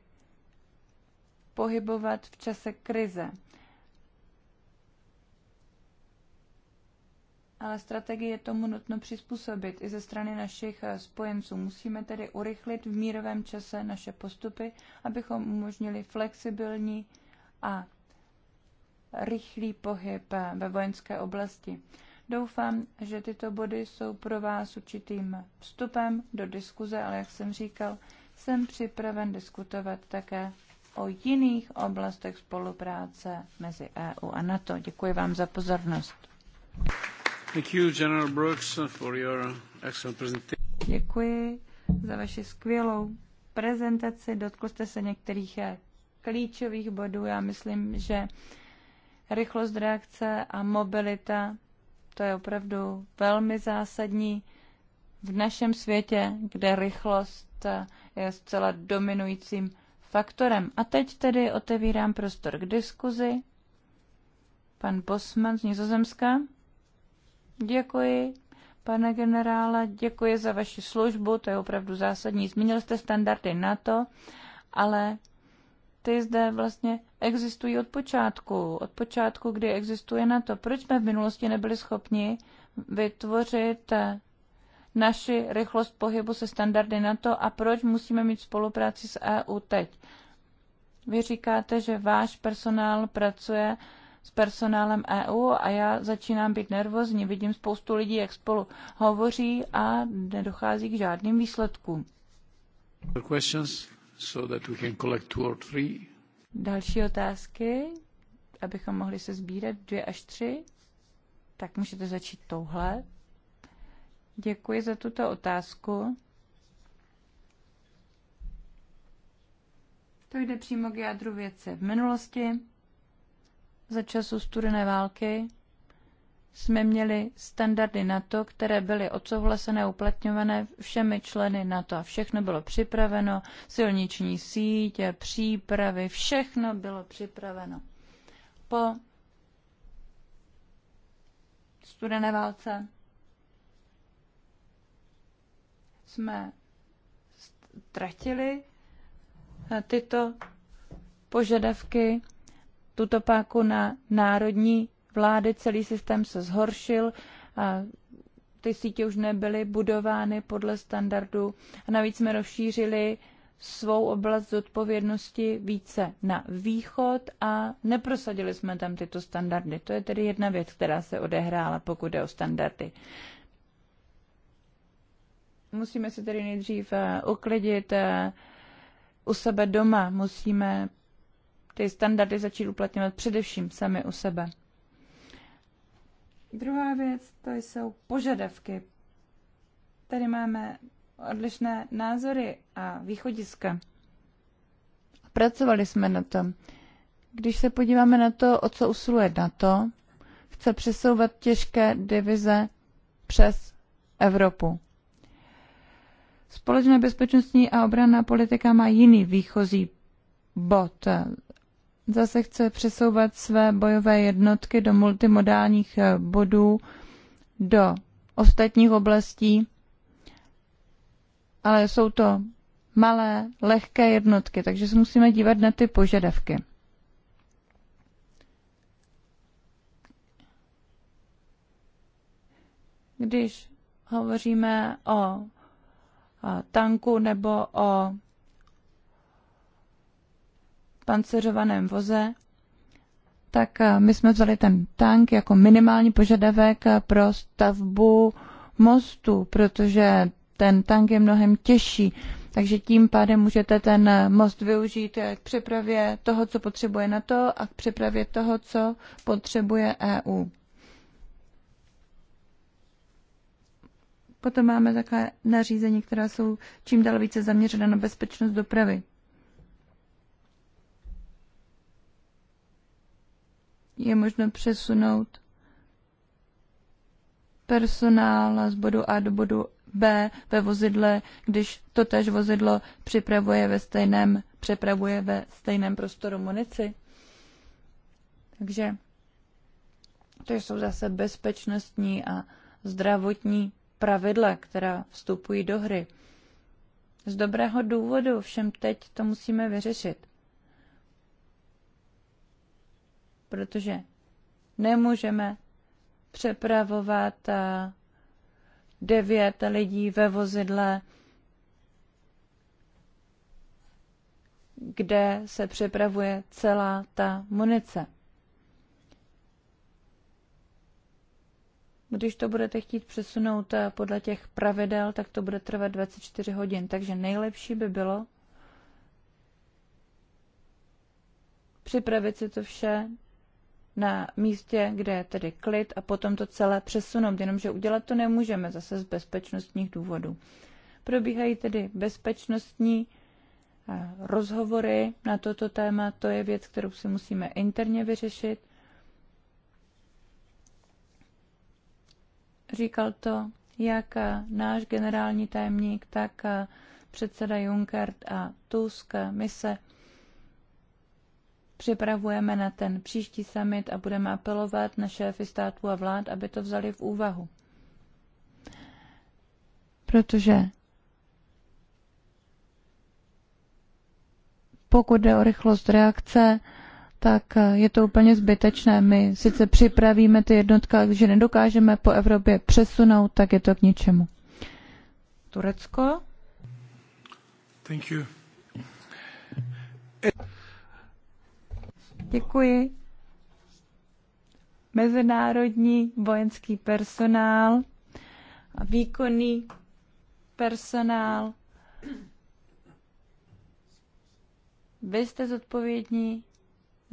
pohybovat v čase krize. ale strategii je tomu nutno přizpůsobit i ze strany našich eh, spojenců. Musíme tedy urychlit v mírovém čase naše postupy, abychom umožnili flexibilní a rychlý pohyb eh, ve vojenské oblasti. Doufám, že tyto body jsou pro vás určitým vstupem do diskuze, ale jak jsem říkal, jsem připraven diskutovat také o jiných oblastech spolupráce mezi EU a NATO. Děkuji vám za pozornost. Thank you, General Brooks, for your excellent presentation. Děkuji za vaši skvělou prezentaci. Dotkl jste se některých klíčových bodů. Já myslím, že rychlost reakce a mobilita, to je opravdu velmi zásadní v našem světě, kde rychlost je zcela dominujícím faktorem. A teď tedy otevírám prostor k diskuzi. Pan Bosman z Nizozemska. Děkuji, pane generále, děkuji za vaši službu, to je opravdu zásadní. Zmínil jste standardy NATO, ale ty zde vlastně existují od počátku, od počátku, kdy existuje na to. Proč jsme v minulosti nebyli schopni vytvořit naši rychlost pohybu se standardy NATO a proč musíme mít spolupráci s EU teď. Vy říkáte, že váš personál pracuje s personálem EU a já začínám být nervózní. Vidím spoustu lidí, jak spolu hovoří a nedochází k žádným výsledkům. So Další otázky, abychom mohli se sbírat dvě až tři. Tak můžete začít touhle. Děkuji za tuto otázku. To jde přímo k jádru věce. V minulosti, za času studené války, jsme měli standardy NATO, které byly odsouhlasené, uplatňované všemi členy NATO a všechno bylo připraveno, silniční sítě, přípravy, všechno bylo připraveno. Po studené válce jsme ztratili eh, tyto požadavky, tuto páku na národní vlády, celý systém se zhoršil, a ty sítě už nebyly budovány podle standardu a navíc jsme rozšířili svou oblast zodpovědnosti více na východ a neprosadili jsme tam tyto standardy. To je tedy jedna věc, která se odehrála, pokud jde o standardy. Musíme se tedy nejdřív eh, uklidit eh, u sebe doma. Musíme ty standardy začít uplatňovat především sami u sebe. Druhá věc, to jsou požadavky. Tady máme odlišné názory a východiska. Pracovali jsme na tom. Když se podíváme na to, o co usiluje NATO, chce přesouvat těžké divize přes Evropu. Společná bezpečnostní a obranná politika má jiný výchozí bod. Zase chce přesouvat své bojové jednotky do multimodálních eh, bodů, do ostatních oblastí, ale jsou to malé, lehké jednotky, takže se musíme dívat na ty požadavky. Když hovoříme o tanku nebo o pancerovaném voze, tak eh, my jsme vzali ten tank jako minimální požadavek eh, pro stavbu mostu, protože ten tank je mnohem těžší, takže tím pádem můžete ten eh, most využít k přepravě toho, co potřebuje na to a k přepravě toho, co potřebuje EU. Potom máme také nařízení, která jsou čím dál více zaměřena na bezpečnost dopravy. Je možno přesunout personál z bodu A do bodu B ve vozidle, když totež vozidlo připravuje ve stejném, přepravuje ve stejném prostoru munici. Takže to jsou zase bezpečnostní a zdravotní pravidla, která vstupují do hry. Z dobrého důvodu všem teď to musíme vyřešit. Protože nemůžeme přepravovat eh, devět lidí ve vozidle, kde se přepravuje celá ta munice. Když to budete chtít přesunout eh, podle těch pravidel, tak to bude trvat 24 hodin. Takže nejlepší by bylo připravit si to vše na místě, kde je tedy klid a potom to celé přesunout, jenomže udělat to nemůžeme zase z bezpečnostních důvodů. Probíhají tedy bezpečnostní eh, rozhovory na toto téma, to je věc, kterou si musíme interně vyřešit. Říkal to jak eh, náš generální tajemník, tak eh, předseda Juncker a Tusk. My se připravujeme na ten příští summit a budeme apelovat na šéfy států a vlád, aby to vzali v úvahu. Protože pokud jde o rychlost reakce, tak eh, je to úplně zbytečné. My sice připravíme ty jednotky, ale když je nedokážeme po Evropě přesunout, tak je to k ničemu. Turecko? Thank you. Děkuji. Mezinárodní vojenský personál a výkonný personál. Vy jste zodpovědní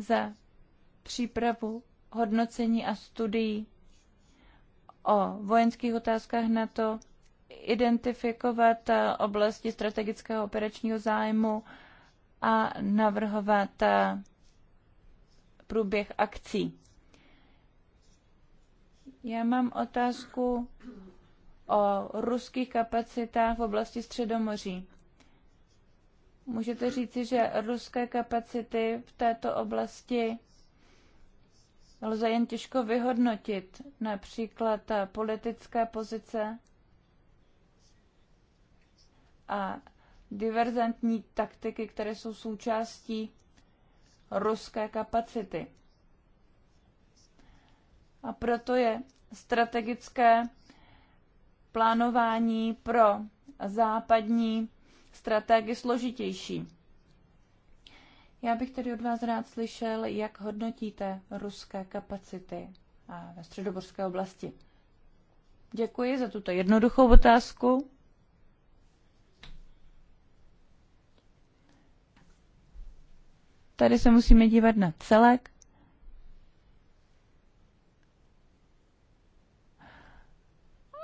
za přípravu hodnocení a studií o vojenských otázkách NATO, identifikovat eh, oblasti strategického operačního zájmu a navrhovat eh, průběh akcí. Já mám otázku o ruských kapacitách v oblasti Středomoří. Můžete říci, že ruské kapacity v této oblasti lze jen těžko vyhodnotit, například ta politická pozice a diverzantní taktiky, které jsou součástí ruské kapacity. A proto je strategické plánování pro západní Strategie složitější. Já bych tedy od vás rád slyšel, jak hodnotíte ruské kapacity ve středoborské oblasti. Děkuji za tuto jednoduchou otázku. Tady se musíme dívat na celek.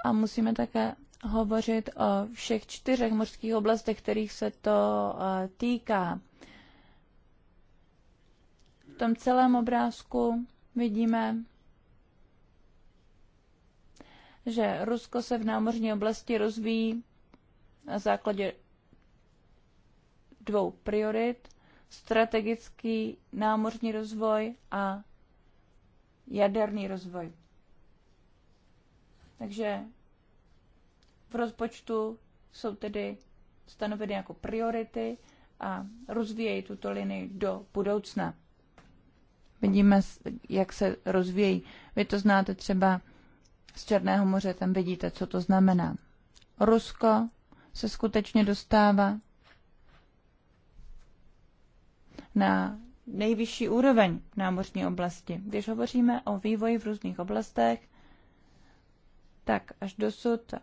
A musíme také hovořit o všech čtyřech mořských oblastech, kterých se to eh, týká. V tom celém obrázku vidíme, že Rusko se v námořní oblasti rozvíjí na základě dvou priorit, strategický námořní rozvoj a jaderný rozvoj. Takže v rozpočtu jsou tedy stanoveny jako priority a rozvíjejí tuto linii do budoucna. Vidíme, jak se rozvíjí. Vy to znáte třeba z Černého moře, tam vidíte, co to znamená. Rusko se skutečně dostává na nejvyšší úroveň námořní oblasti. Když hovoříme o vývoji v různých oblastech, tak až dosud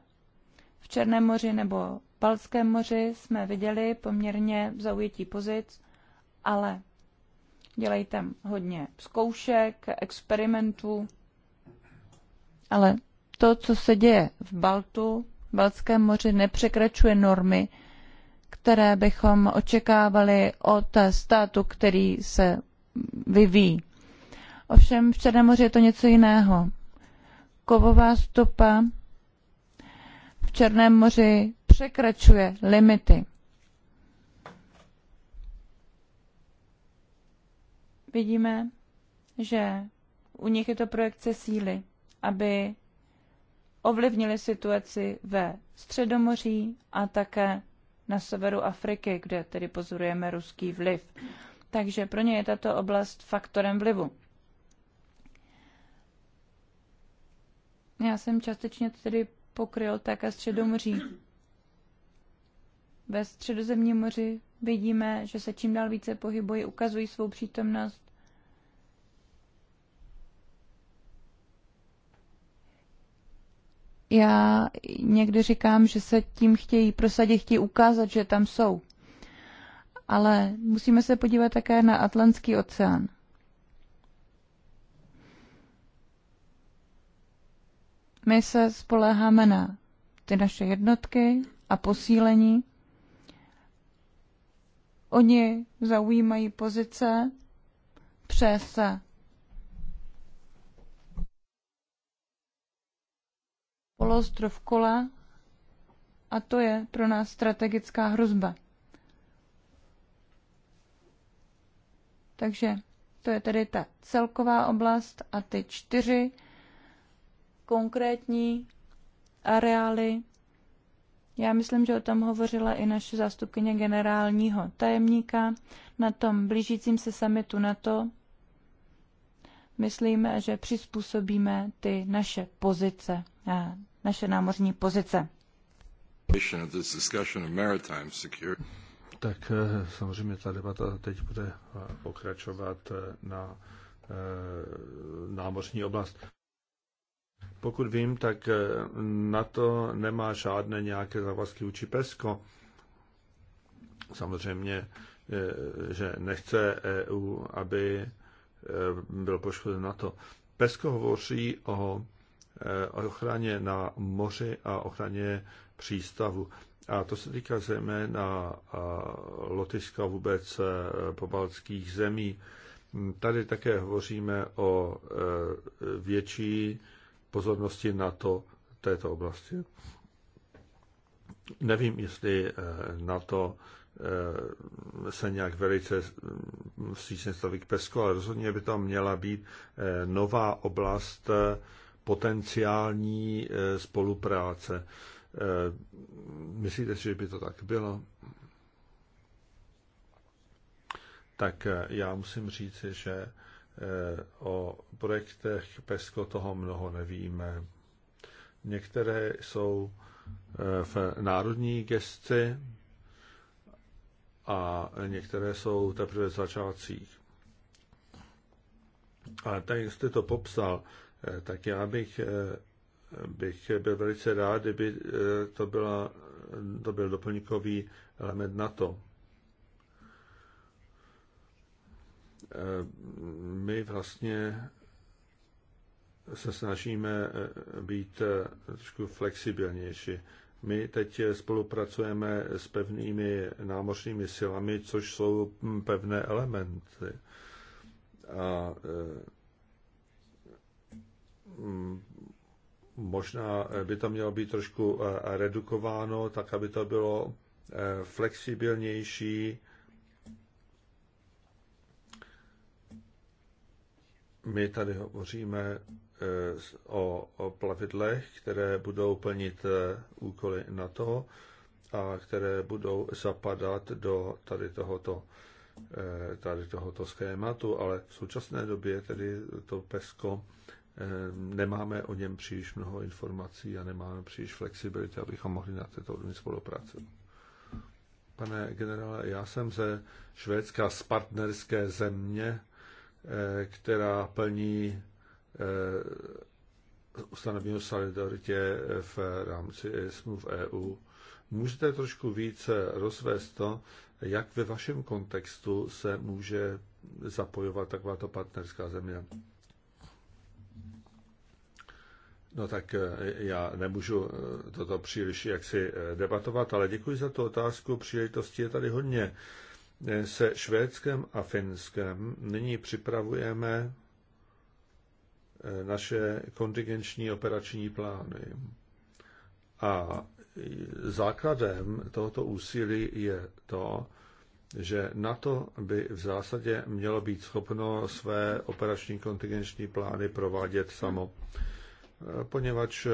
v Černém moři nebo Balském moři jsme viděli poměrně zaujetí pozic, ale dělají tam hodně zkoušek, experimentů, ale to, co se děje v Baltu, v Baltském moři, nepřekračuje normy, které bychom očekávali od státu, který se vyvíjí. Ovšem v Černém moři je to něco jiného. Kovová stopa v Černém moři překračuje limity. Vidíme, že u nich je to projekce síly, aby ovlivnili situaci ve Středomoří a také na severu Afriky, kde tedy pozorujeme ruský vliv. Takže pro ně je tato oblast faktorem vlivu. Já jsem částečně tedy pokryl také středomoří. Ve středozemním moři vidíme, že se čím dál více pohybují, ukazují svou přítomnost. Já někdy říkám, že se tím chtějí prosadit, chtějí ukázat, že tam jsou. Ale musíme se podívat také na Atlantský oceán. My se spoléháme na ty naše jednotky a posílení. Oni zaujímají pozice přes Polostrov Kola a to je pro nás strategická hrozba. Takže to je tedy ta celková oblast a ty čtyři konkrétní areály. Já myslím, že o tom hovořila i naše zástupkyně generálního tajemníka na tom blížícím se samitu NATO. myslíme, že přizpůsobíme ty naše pozice, naše námořní pozice. Tak eh, samozřejmě ta debata teď bude pokračovat eh, na eh, námořní oblast. Pokud vím, tak eh, na to nemá žádné nějaké závazky učí PESCO. Samozřejmě, eh, že nechce EU, aby eh, byl poškozen na to. PESCO hovoří o ochraně na moři a ochraně přístavu. A to se týká zejména Lotyšska vůbec pobaltských zemí. Tady také hovoříme o větší pozornosti na to této oblasti. Nevím, jestli eh, na to eh, se nějak velice hm, vstřícně staví k pesku, ale rozhodně by tam měla být eh, nová oblast potenciální spolupráce. Myslíte si, že by to tak bylo? Tak já musím říct, že Eh, o projektech PESCO toho mnoho nevíme. Některé jsou eh, v národní gesci a některé jsou teprve v začátcích. A tak, jak jste to popsal, eh, tak já bych, bych byl velice rád, kdyby to, byla, to byl doplňkový element na to. Eh, my vlastně se snažíme eh, být eh, trošku flexibilnější. My teď spolupracujeme s pevnými námořními silami, což jsou pevné elementy. A možná by to mělo být trošku redukováno, tak aby to bylo flexibilnější My tady hovoříme eh, o, plavidlech, které budou plnit eh, úkoly NATO a které budou zapadat do tady tohoto, eh, tady tohoto schématu, ale v současné době tedy to PESCO nemáme o něm příliš mnoho informací a nemáme příliš flexibility, abychom mohli na této úrovni spolupracovat. Pane generále, já jsem ze Švédska z partnerské země, Eh, která plní eh, ustanovení o solidaritě v rámci smluv EU. Můžete trošku více rozvést to, jak ve vašem kontextu se může zapojovat takováto partnerská země? No tak eh, já nemůžu toto příliš jaksi debatovat, ale děkuji za tu otázku. Příležitosti je tady hodně se Švédskem a Finskem nyní připravujeme eh, naše kontingenční operační plány. A základem tohoto úsilí je to, že NATO by v zásadě mělo být schopno své operační kontingenční plány provádět samo poněvadž eh,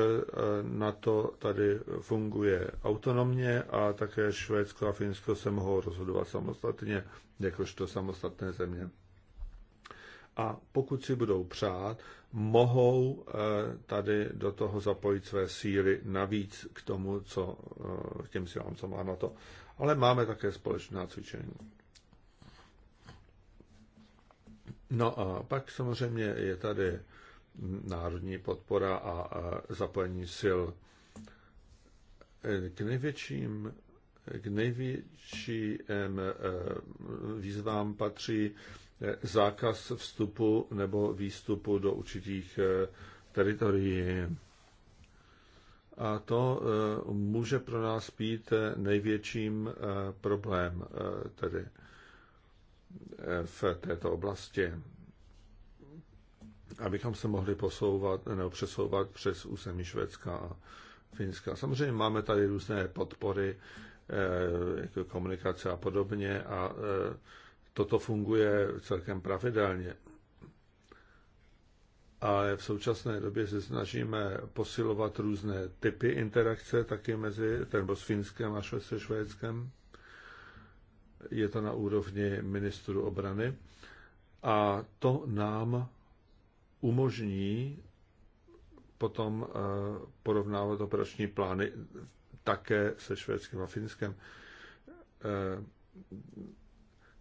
na to tady funguje autonomně a také Švédsko a Finsko se mohou rozhodovat samostatně, jakožto samostatné země. A pokud si budou přát, mohou eh, tady do toho zapojit své síly navíc k tomu, co, eh, k těm silám, co má na to. Ale máme také společná cvičení. No a pak samozřejmě je tady národní podpora a zapojení sil. K největším k největším eh, výzvám patří eh, zákaz vstupu nebo výstupu do určitých eh, teritorií. A to může pro nás být největším problém tedy v této oblasti abychom se mohli posouvat nebo přesouvat přes území Švédska a Finska. Samozřejmě máme tady různé podpory, eh, jako komunikace a podobně a eh, toto funguje celkem pravidelně. Ale v současné době se snažíme posilovat různé typy interakce taky mezi, nebo s Finskem a se Švédskem. Je to na úrovni ministru obrany. A to nám umožní potom eh, porovnávat operační plány také se švédským a finským. Eh,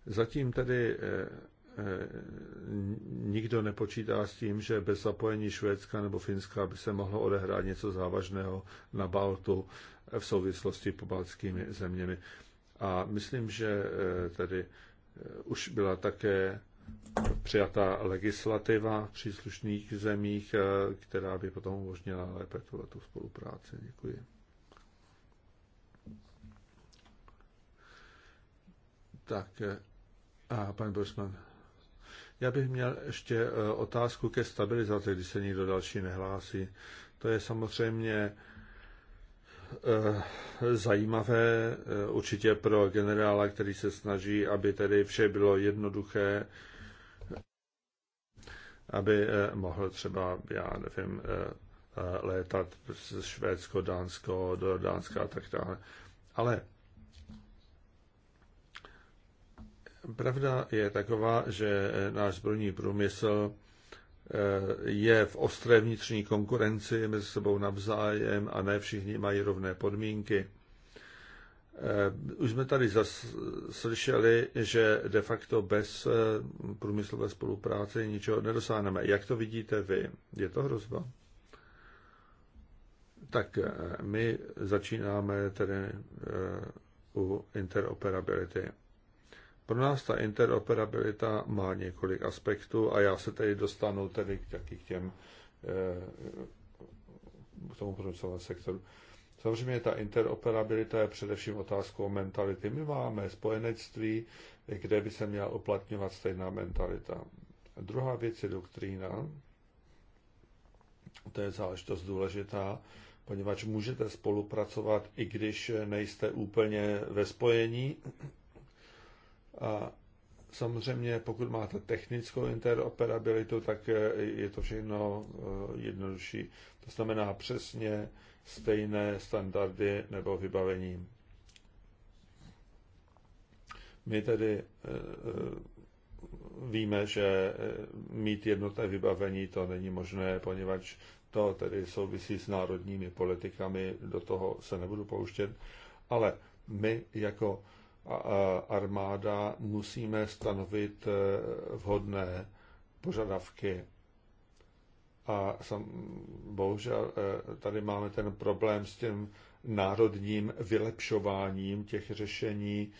zatím tedy eh, nikdo nepočítá s tím, že bez zapojení Švédska nebo Finska by se mohlo odehrát něco závažného na Baltu v souvislosti po baltskými zeměmi. A myslím, že tedy už byla také přijatá legislativa v příslušných zemích, eh, která by potom umožnila lépe tu spolupráci. Děkuji. Tak, eh, a pan Bosman, Já bych měl ještě eh, otázku ke stabilizaci, když se nikdo další nehlásí. To je samozřejmě zajímavé určitě pro generála, který se snaží, aby tedy vše bylo jednoduché, aby eh, mohl třeba, já nevím, eh, eh, létat z Švédsko, Dánsko, do Dánska a tak dále. Ale pravda je taková, že náš zbrojní průmysl je v ostré vnitřní konkurenci mezi sebou navzájem a ne všichni mají rovné podmínky. Eh, už jsme tady slyšeli, že de facto bez eh, průmyslové spolupráce ničeho nedosáhneme. Jak to vidíte vy? Je to hrozba? Tak eh, my začínáme tedy u interoperability. Pro nás ta interoperabilita má několik aspektů a já se tedy dostanu tedy k, těm, k tomu průmyslovému sektoru. Samozřejmě ta interoperabilita je především otázkou mentality. My máme spojenectví, kde by se měla uplatňovat stejná mentalita. Druhá věc je doktrína. To je záležitost důležitá, poněvadž můžete spolupracovat, i když nejste úplně ve spojení. A samozřejmě, pokud máte technickou interoperabilitu, tak je to všechno eh, jednodušší. To znamená přesně, stejné standardy nebo vybavení. My tedy eh, eh, víme, že eh, mít jednotné vybavení to není možné, poněvadž to tedy souvisí s národními politikami, do toho se nebudu pouštět, ale my jako armáda musíme stanovit vhodné požadavky a sam, bohužel eh, tady máme ten problém s tím národním vylepšováním těch řešení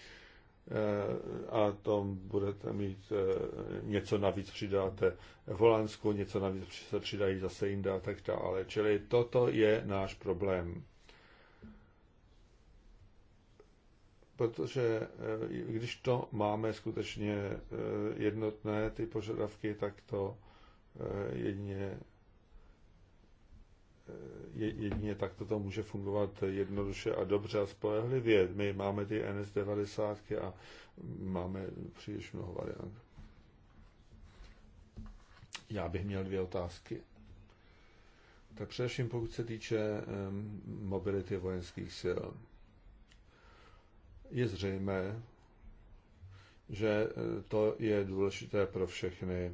eh, a tom budete mít eh, něco navíc přidáte v Holandsku, něco navíc se přidají zase jinde a tak dále. Čili toto je náš problém. protože když to máme skutečně jednotné, ty požadavky, tak to jedině jedině takto to může fungovat jednoduše a dobře a spolehlivě. My máme ty NS90 a máme příliš mnoho variant. Já bych měl dvě otázky. Tak především pokud se týče mobility vojenských sil. Je zřejmé, že e, to je důležité pro všechny.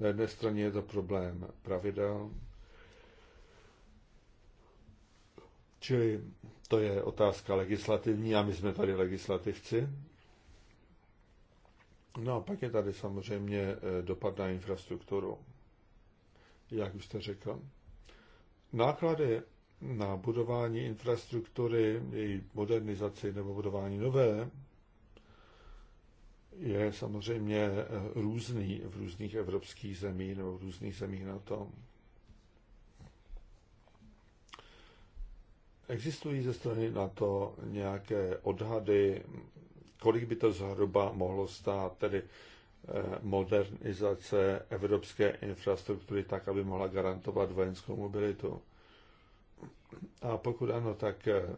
Na jedné straně je to problém pravidel, Čili to je otázka legislativní a my jsme tady legislativci. No a pak je tady samozřejmě eh, dopad na infrastrukturu. Jak už jste řekl. Náklady na budování infrastruktury, její modernizaci nebo budování nové je samozřejmě eh, různý v různých evropských zemích nebo v různých zemích na tom. Existují ze strany na to nějaké odhady, kolik by to zhruba mohlo stát, tedy eh, modernizace evropské infrastruktury tak, aby mohla garantovat vojenskou mobilitu? A pokud ano, tak eh,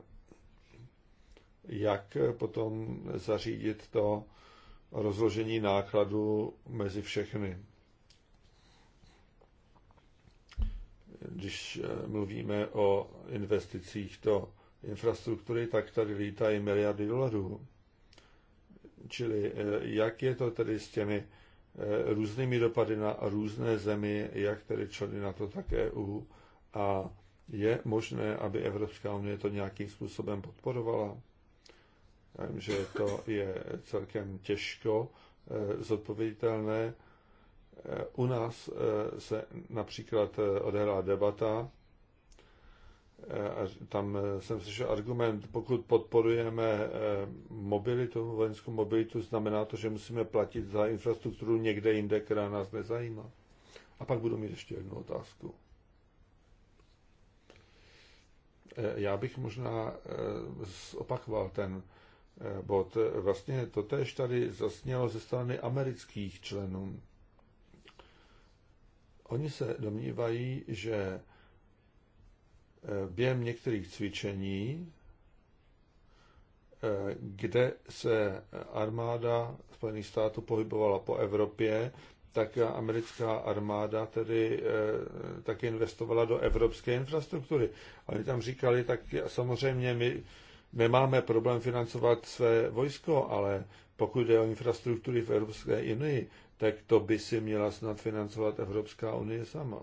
jak potom zařídit to rozložení nákladů mezi všechny? když eh, mluvíme o investicích do infrastruktury, tak tady lítají miliardy dolarů. Čili eh, jak je to tedy s těmi eh, různými dopady na různé zemi, jak tedy členy na to tak EU a je možné, aby Evropská unie to nějakým způsobem podporovala? Já vím, že to je celkem těžko zodpověditelné, u nás eh, se například eh, odehrála debata, eh, tam jsem slyšel argument, pokud podporujeme mobilitu, vojenskou mobilitu, znamená to, že musíme platit za infrastrukturu někde jinde, která nás nezajímá. A pak budu mít ještě jednu otázku. Já bych možná zopakoval ten bod. Vlastně to tež tady zasnělo ze strany amerických členů. Oni se domnívají, že eh, během některých cvičení, eh, kde se armáda Spojených států pohybovala po Evropě, tak americká armáda tedy eh, taky investovala do evropské infrastruktury. Oni tam říkali, tak samozřejmě my nemáme problém financovat své vojsko, ale pokud je o infrastruktury v Evropské unii, tak to by si měla snad financovat Evropská unie sama.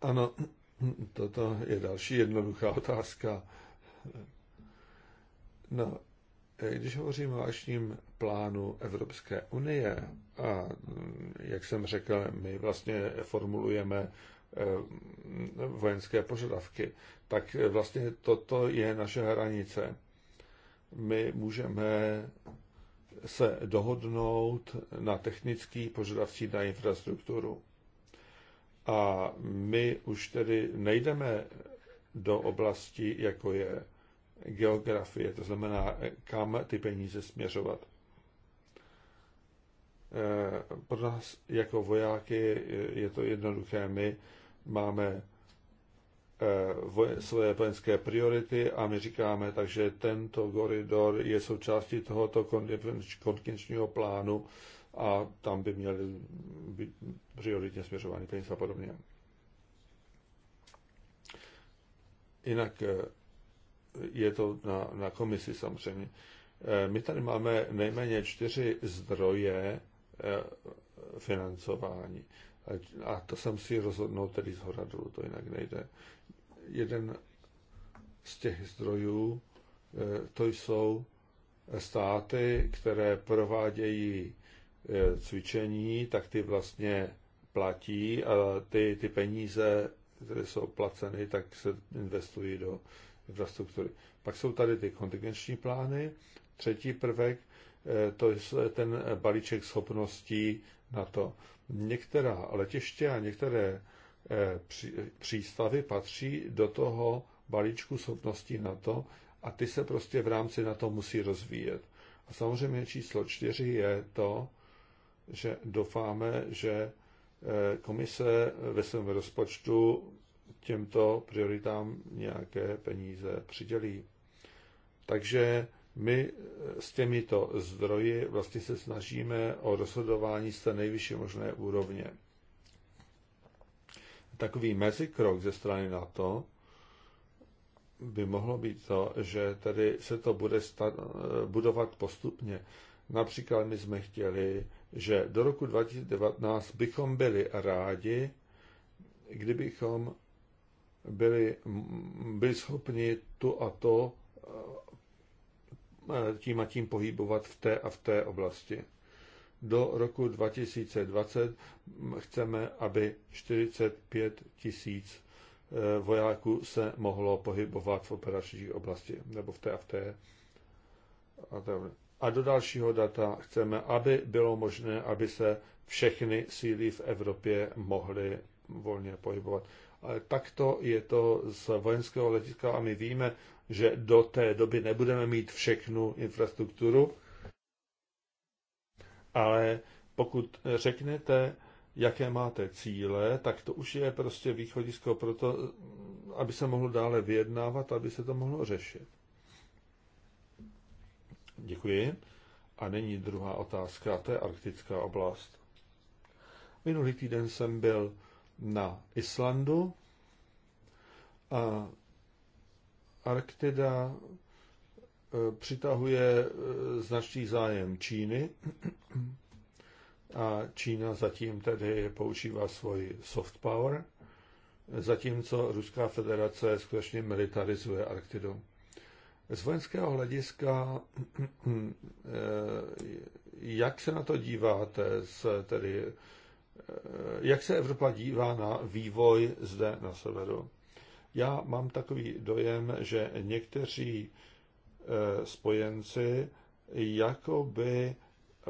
Ano, toto je další jednoduchá otázka. No, když hovořím o vášním plánu Evropské unie, a jak jsem řekl, my vlastně formulujeme eh, vojenské požadavky, tak vlastně toto je naše hranice my můžeme se dohodnout na technický požadavcí na infrastrukturu. A my už tedy nejdeme do oblasti, jako je geografie, to znamená, kam ty peníze směřovat. Eh, pro nás jako vojáky je to jednoduché. My máme Eh, své vojenské priority a my říkáme, takže tento koridor je součástí tohoto kontinčního plánu a tam by měly být prioritně směřovány peníze a podobně. Jinak eh, je to na, na komisi samozřejmě. Eh, my tady máme nejméně čtyři zdroje financování. A to jsem si rozhodnul tedy z hora dolů, to jinak nejde jeden z těch zdrojů eh, to jsou státy, které provádějí eh, cvičení, tak ty vlastně platí a ty, ty peníze, které jsou placeny, tak se investují do infrastruktury. Pak jsou tady ty kontingenční plány. Třetí prvek, eh, to je ten balíček schopností na to. Některá letiště a některé Eh, přístavy patří do toho balíčku schopností na to, a ty se prostě v rámci na to musí rozvíjet. A samozřejmě číslo čtyři je to, že doufáme, že eh, komise ve svém rozpočtu těmto prioritám nějaké peníze přidělí. Takže my eh, s těmito zdroji vlastně se snažíme o rozhodování z té nejvyšší možné úrovně takový mezikrok ze strany NATO by mohlo být to, že tady se to bude stav budovat postupně. Například my jsme chtěli, že do roku 2019 bychom byli rádi, kdybychom byli, byli schopni tu a to eh, tím a tím pohybovat v té a v té oblasti do roku 2020 chceme, aby 45 tisíc eh, vojáků se mohlo pohybovat v operační oblasti, nebo v té a v té. A do dalšího data chceme, aby bylo možné, aby se všechny síly v Evropě mohly volně pohybovat. Ale takto je to z vojenského letiska a my víme, že do té doby nebudeme mít všechnu infrastrukturu, ale pokud řeknete, jaké máte cíle, tak to už je prostě východisko pro to, aby se mohlo dále vyjednávat, aby se to mohlo řešit. Děkuji. A není druhá otázka, to je arktická oblast. Minulý týden jsem byl na Islandu a Arktida Eh, přitahuje eh, značný zájem Číny a Čína zatím tedy používá svoji soft power, zatímco Ruská federace skutečně militarizuje Arktidu. Z vojenského hlediska, eh, jak se na to díváte, s, tedy, jak se Evropa dívá na vývoj zde na severu? Já mám takový dojem, že někteří Eh, spojenci jakoby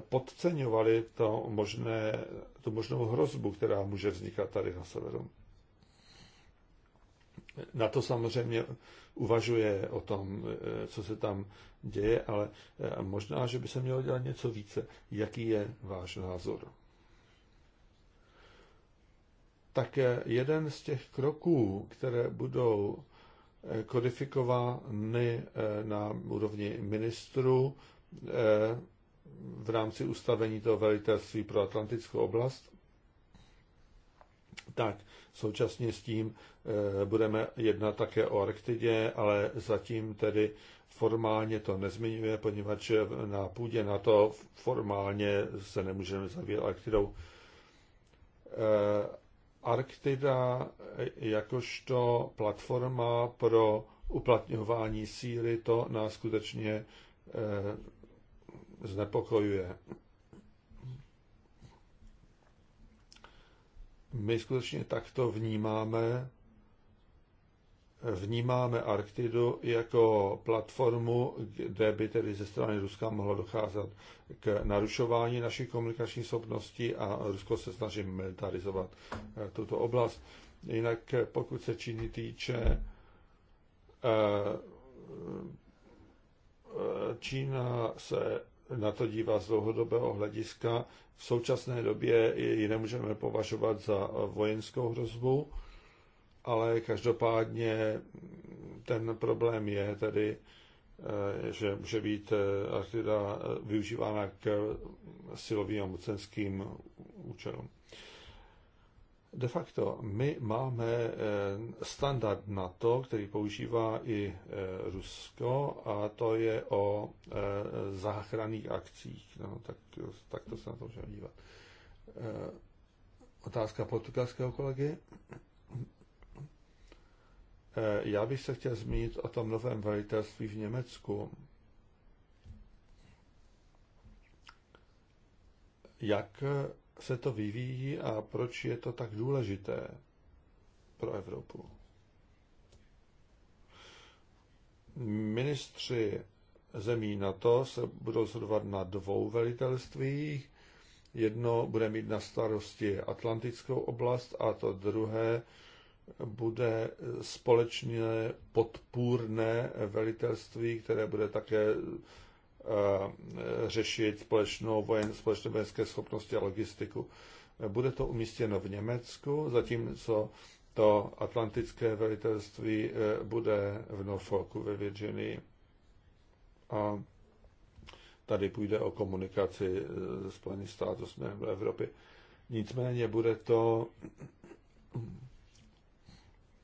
podceňovali to možné, tu možnou hrozbu, která může vznikat tady na severu. Na to samozřejmě uvažuje o tom, eh, co se tam děje, ale eh, možná, že by se mělo dělat něco více. Jaký je váš názor? Tak jeden z těch kroků, které budou kodifikovány eh, na úrovni ministru eh, v rámci ustavení toho velitelství pro Atlantickou oblast, tak současně s tím eh, budeme jednat také o Arktidě, ale zatím tedy formálně to nezmiňuje, poněvadž na půdě na to formálně se nemůžeme zabývat Arktidou. Arktida jakožto platforma pro uplatňování síly, to nás skutečně eh, znepokojuje. My skutečně takto vnímáme vnímáme Arktidu jako platformu, kde by tedy ze strany Ruska mohlo docházet k narušování našich komunikačních schopností a Rusko se snaží militarizovat eh, tuto oblast. Jinak eh, pokud se Číny týče, eh, Čína se na to dívá z dlouhodobého hlediska. V současné době ji nemůžeme považovat za vojenskou hrozbu ale každopádně ten problém je tedy, eh, že může být eh, artida eh, využívána k silovým a mocenským účelům. De facto my máme standard NATO, který používá i Rusko, a to je o záchranných akcích. No, tak, tak to se na to můžeme dívat. Otázka portugalského kolegy. Eh, já bych se chtěl zmínit o tom novém velitelství v Německu. Jak eh, se to vyvíjí a proč je to tak důležité pro Evropu? Ministři zemí NATO se budou shodovat na dvou velitelstvích. Jedno bude mít na starosti Atlantickou oblast a to druhé bude společně podpůrné velitelství, které bude také eh, řešit společnou vojen, společné vojenské schopnosti a logistiku. Bude to umístěno v Německu, zatímco to atlantické velitelství eh, bude v Norfolku ve Virginii. A tady půjde o komunikaci ze eh, Spojených států směrem do Evropy. Nicméně bude to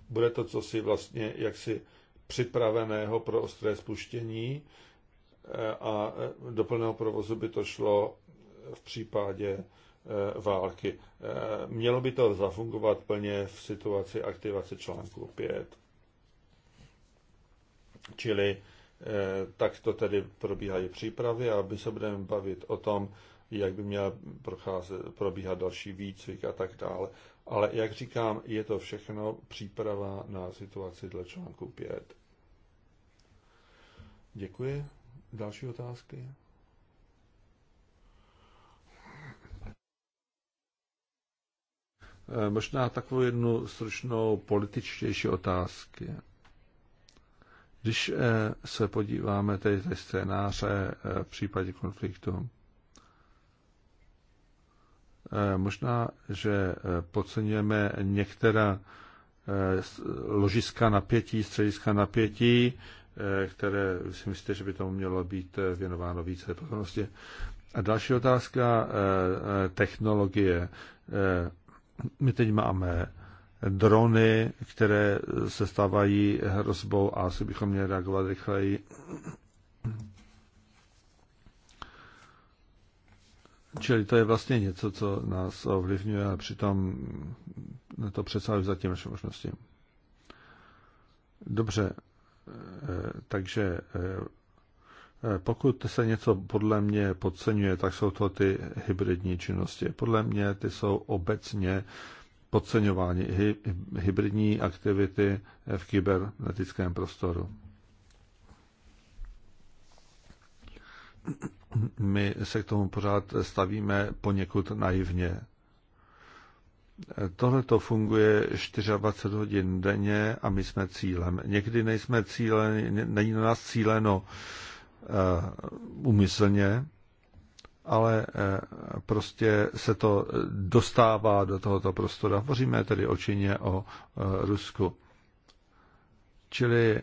bude to co si vlastně jaksi připraveného pro ostré spuštění eh, a eh, do plného provozu by to šlo v případě eh, války. Mělo by to zafungovat plně v situaci aktivace článku 5. Čili tak to tedy probíhají přípravy a my se budeme bavit o tom, jak by měl probíhat další výcvik a tak dále. Ale jak říkám, je to všechno příprava na situaci dle článku 5. Děkuji. Další otázky? Eh, možná takovou jednu stručnou političtější otázky. Když eh, se podíváme tady té scénáře eh, v případě konfliktu, Eh, možná, že eh, podceňujeme některá eh, ložiska napětí, střediska napětí, které si myslíte, že by tomu mělo být věnováno více pozornosti. A další otázka technologie. My teď máme drony, které se stávají hrozbou a asi bychom měli reagovat rychleji. Čili to je vlastně něco, co nás ovlivňuje, ale přitom to představuje za tím naše možnosti. Dobře, eh, takže eh, eh, pokud se něco podle mě podceňuje, tak jsou to ty hybridní činnosti. Podle mě ty jsou obecně podceňovány hybridní aktivity v kybernetickém prostoru. my se k tomu pořád stavíme poněkud naivně. Tohle to funguje 24 hodin denně a my jsme cílem. Někdy nejsme cíleni, není na nás cíleno uh, eh, umyslně, ale uh, prostě se to dostává do tohoto prostoru. Hovoříme tedy očině o uh, Rusku. Čili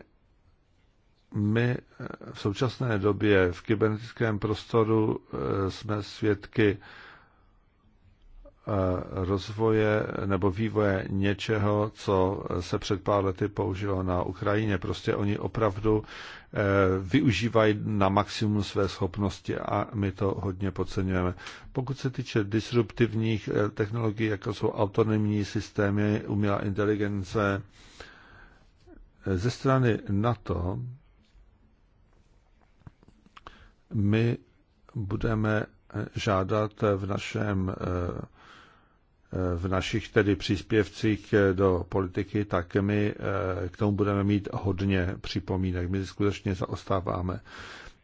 my eh, v současné době v kybernetickém prostoru eh, jsme svědky eh, rozvoje nebo vývoje něčeho, co se před pár lety použilo na Ukrajině. Prostě oni opravdu využívají na maximum své schopnosti a my to hodně podceňujeme. Pokud se týče disruptivních technologií, jako jsou autonomní systémy, umělá inteligence, ze strany NATO my budeme žádat v našem v našich tedy příspěvcích do politiky, tak my k tomu budeme mít hodně připomínek. My skutečně zaostáváme.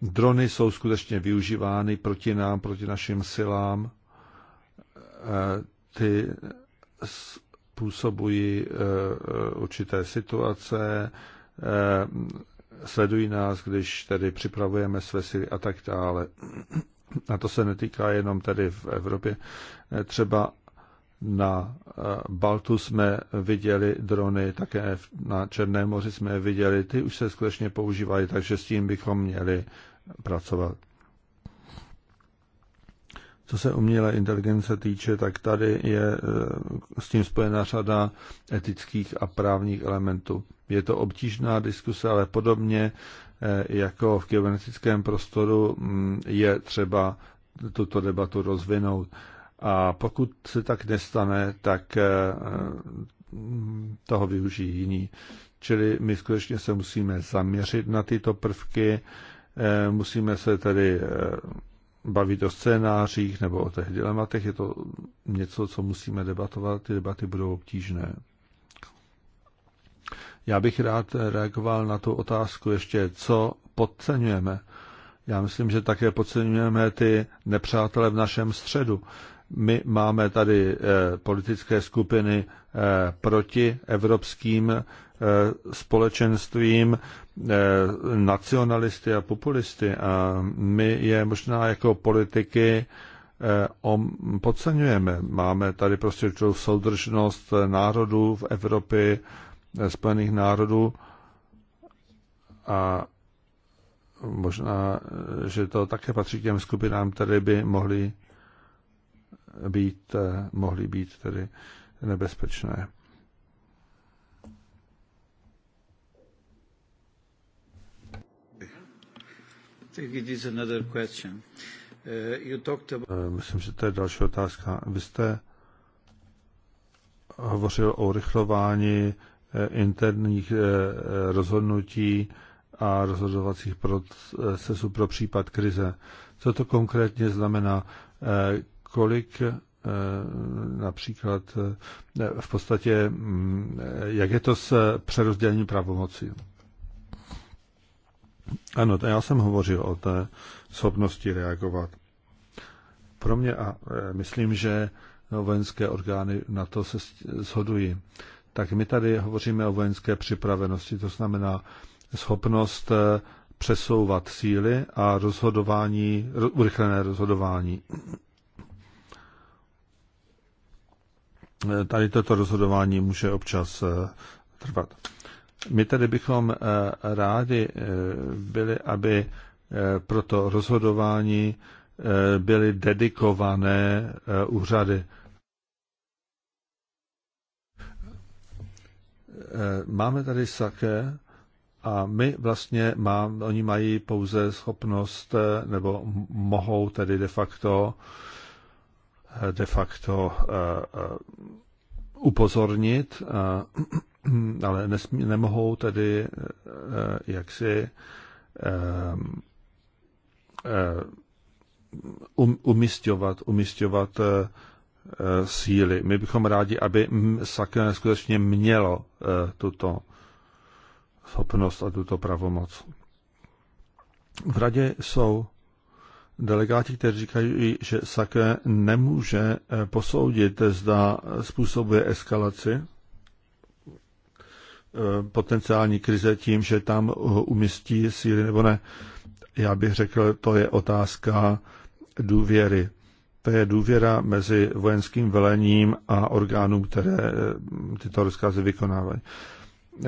Drony jsou skutečně využívány proti nám, proti našim silám. Ty způsobují eh, určité situace, eh, sledují nás, když tedy připravujeme své síly a tak dále. A to se netýká jenom tady v Evropě. Třeba na eh, Baltu jsme viděli drony, také na Černé moři jsme viděli, ty už se skutečně používají, takže s tím bychom měli pracovat. Co se umělé inteligence týče, tak tady je eh, s tím spojena řada etických a právních elementů. Je to obtížná diskuse, ale podobně eh, jako v kybernetickém prostoru mm, je třeba tuto debatu rozvinout. A pokud se tak nestane, tak eh, toho využijí jiní. Čili my skutečně se musíme zaměřit na tyto prvky, musíme se tedy bavit o scénářích nebo o těch dilematech. Je to něco, co musíme debatovat. Ty debaty budou obtížné. Já bych rád reagoval na tu otázku ještě, co podceňujeme. Já myslím, že také podceňujeme ty nepřátele v našem středu. My máme tady eh, politické skupiny eh, proti evropským eh, společenstvím nacionalisty a populisty a my je možná jako politiky podceňujeme. Máme tady prostě tu soudržnost národů v Evropě, Spojených národů a možná, že to také patří k těm skupinám, které by mohly být, eh, mohly být tedy nebezpečné. Eh, eh, myslím, že to je další otázka. Vy jste hovořil o urychlování interních rozhodnutí a rozhodovacích procesů pro případ krize. Co to konkrétně znamená? kolik eh, například eh, v podstatě, mm, jak je to s přerozdělením pravomocí. Ano, já jsem hovořil o té schopnosti reagovat. Pro mě, a eh, myslím, že no, vojenské orgány na to se shodují, tak my tady hovoříme o vojenské připravenosti, to znamená schopnost přesouvat síly a rozhodování, urychlené rozhodování. tady toto rozhodování může občas eh, trvat. My tedy bychom eh, rádi eh, byli, aby pro to rozhodování byly dedikované úřady. Máme tady saké a my vlastně mám, oni mají pouze schopnost nebo mohou tedy de facto de facto eh, eh, upozornit, eh, ale nesmí, nemohou tedy jaksi um-, umistovat, umistovat síly. My bychom rádi, aby Sakra skutečně mělo tuto schopnost a tuto pravomoc. V radě jsou delegáti, kteří říkají, že Sake nemůže eh, posoudit, zda způsobuje eskalaci eh, potenciální krize tím, že tam umístí síly nebo ne. Já bych řekl, to je otázka důvěry. To je důvěra mezi vojenským velením a orgánům, které eh, tyto rozkazy vykonávají.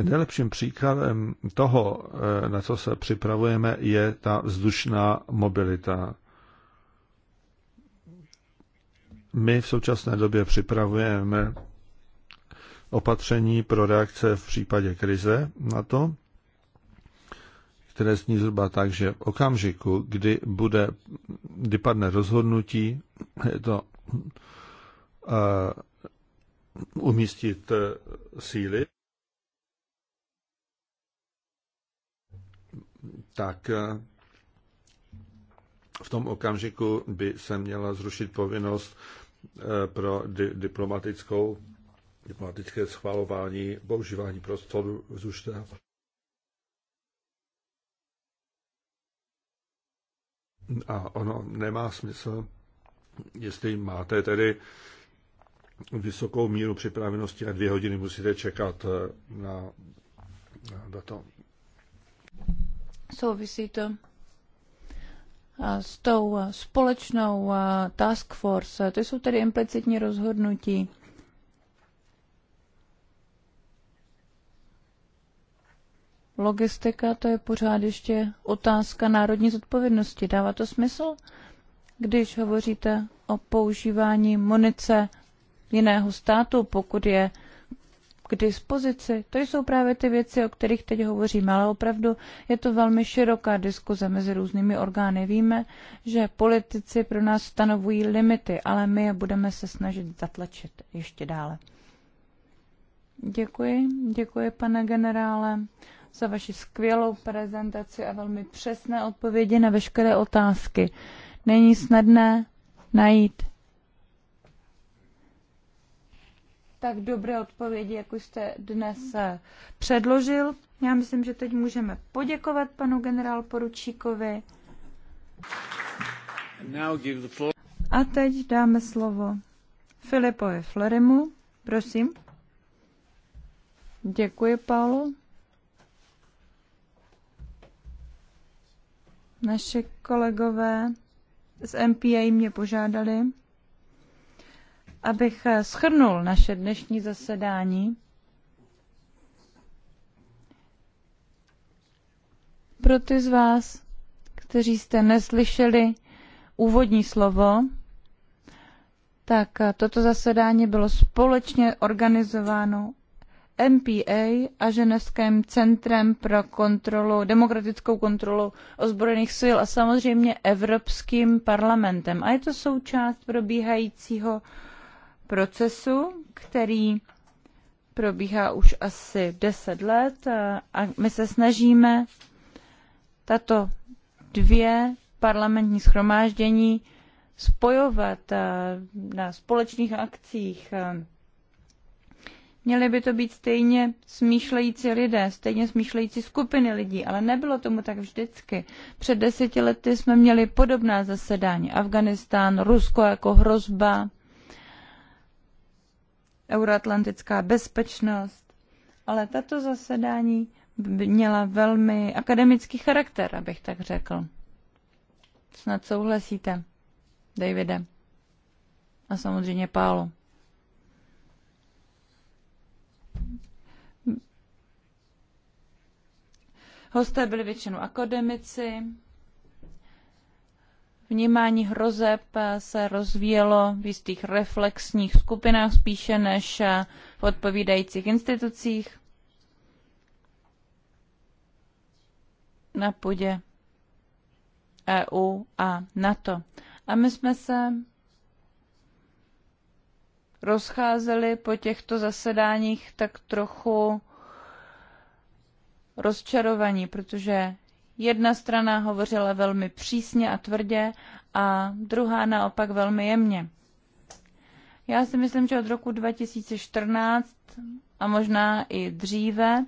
Nejlepším příkladem toho, na co se připravujeme, je ta vzdušná mobilita. My v současné době připravujeme opatření pro reakce v případě krize na to, které zní zhruba tak, že v okamžiku, kdy bude, kdy padne rozhodnutí, je to uh, umístit e, síly, tak e, v tom okamžiku by se měla zrušit povinnost Eh, pro di- diplomatickou, diplomatické schvalování používání prostoru vzdušného. A ono nemá smysl, jestli máte tedy vysokou míru připravenosti a dvě hodiny musíte čekat eh, na, na to. Souvisí to s tou společnou task force. To jsou tedy implicitní rozhodnutí. Logistika to je pořád ještě otázka národní zodpovědnosti. Dává to smysl, když hovoříte o používání munice jiného státu, pokud je k dispozici. To jsou právě ty věci, o kterých teď hovoříme, ale opravdu je to velmi široká diskuze mezi různými orgány. Víme, že politici pro nás stanovují limity, ale my je budeme se snažit zatlačit ještě dále. Děkuji, děkuji pane generále za vaši skvělou prezentaci a velmi přesné odpovědi na veškeré otázky. Není snadné najít tak dobré odpovědi, jak už jste dnes eh, předložil. Já myslím, že teď můžeme poděkovat panu generál poručíkovi. A teď dáme slovo Filipovi Florimu. Prosím. Děkuji, Paolo. Naše kolegové z MPA mě požádali, Abych eh, schrnul naše dnešní zasedání, pro ty z vás, kteří jste neslyšeli úvodní slovo, tak eh, toto zasedání bylo společně organizováno MPA a Ženevském centrem pro kontrolu, demokratickou kontrolu ozbrojených sil a samozřejmě Evropským parlamentem. A je to součást probíhajícího procesu, který probíhá už asi 10 let a my se snažíme tato dvě parlamentní schromáždění spojovat na společných akcích. měly by to být stejně smýšlející lidé, stejně smýšlející skupiny lidí, ale nebylo tomu tak vždycky. Před deseti lety jsme měli podobná zasedání. Afganistán, Rusko jako hrozba, euroatlantická bezpečnost, ale tato zasedání měla velmi akademický charakter, abych tak řekl. Snad souhlasíte, Davide. A samozřejmě Pálo. Hosté byli většinou akademici, vnímání hrozeb se rozvíjelo v jistých reflexních skupinách spíše než v odpovídajících institucích na půdě EU a NATO. A my jsme se rozcházeli po těchto zasedáních tak trochu rozčarovaní, protože Jedna strana hovořila velmi přísně a tvrdě a druhá naopak velmi jemně. Já si myslím, že od roku 2014 a možná i dříve,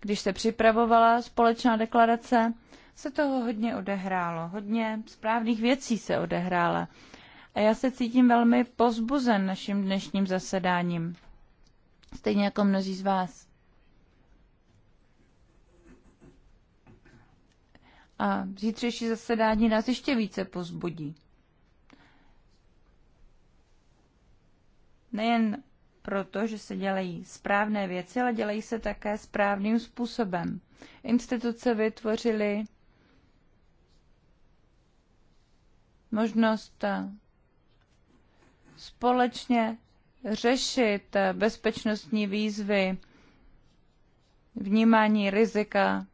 když se připravovala společná deklarace, se toho hodně odehrálo. Hodně správných věcí se odehrála. A já se cítím velmi pozbuzen naším dnešním zasedáním. Stejně jako mnozí z vás. a zítřejší zasedání nás ještě více pozbudí. Nejen proto, že se dělají správné věci, ale dělají se také správným způsobem. Instituce vytvořily možnost eh, společně řešit eh, bezpečnostní výzvy, vnímání rizika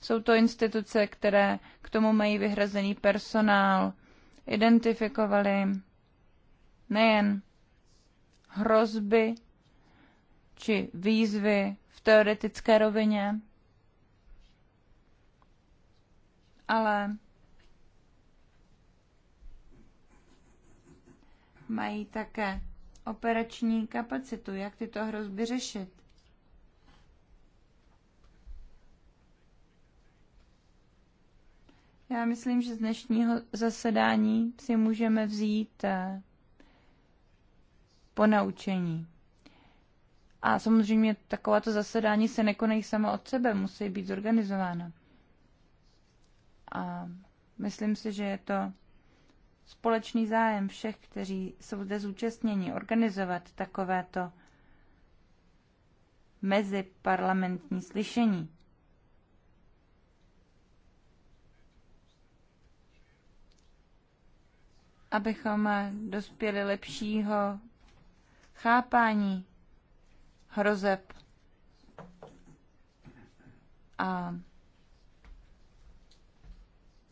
jsou to instituce, které k tomu mají vyhrazený personál, identifikovali nejen hrozby či výzvy v teoretické rovině, ale mají také operační kapacitu, jak tyto hrozby řešit. Já myslím, že z dnešního zasedání si můžeme vzít eh, ponaučení. A samozřejmě takováto zasedání se nekonají sama od sebe, musí být zorganizována. A myslím si, že je to společný zájem všech, kteří jsou zde zúčastněni, organizovat takovéto meziparlamentní slyšení. abychom dospěli lepšího chápání hrozeb a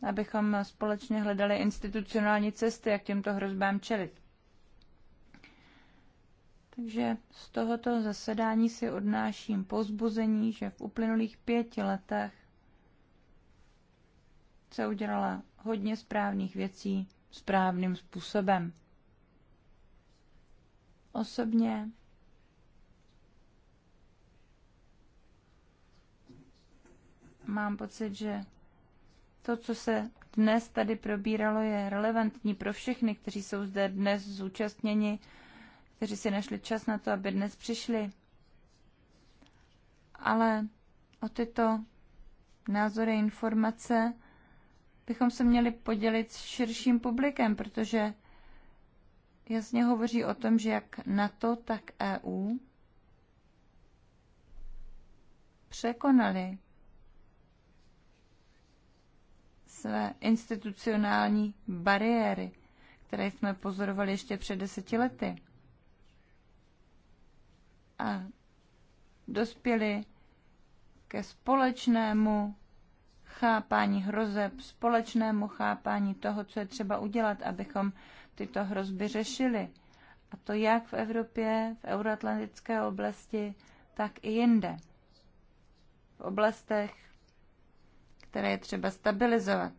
abychom společně hledali institucionální cesty, jak těmto hrozbám čelit. Takže z tohoto zasedání si odnáším pozbuzení, že v uplynulých pěti letech se udělala hodně správných věcí správným způsobem. Osobně mám pocit, že to, co se dnes tady probíralo, je relevantní pro všechny, kteří jsou zde dnes zúčastněni, kteří si našli čas na to, aby dnes přišli. Ale o tyto názory, informace bychom se měli podělit s širším publikem, protože jasně hovoří o tom, že jak NATO, tak EU překonali své institucionální bariéry, které jsme pozorovali ještě před deseti lety. A dospěli ke společnému chápání hrozeb, společnému chápání toho, co je třeba udělat, abychom tyto hrozby řešili. A to jak v Evropě, v euroatlantické oblasti, tak i jinde. V oblastech, které je třeba stabilizovat.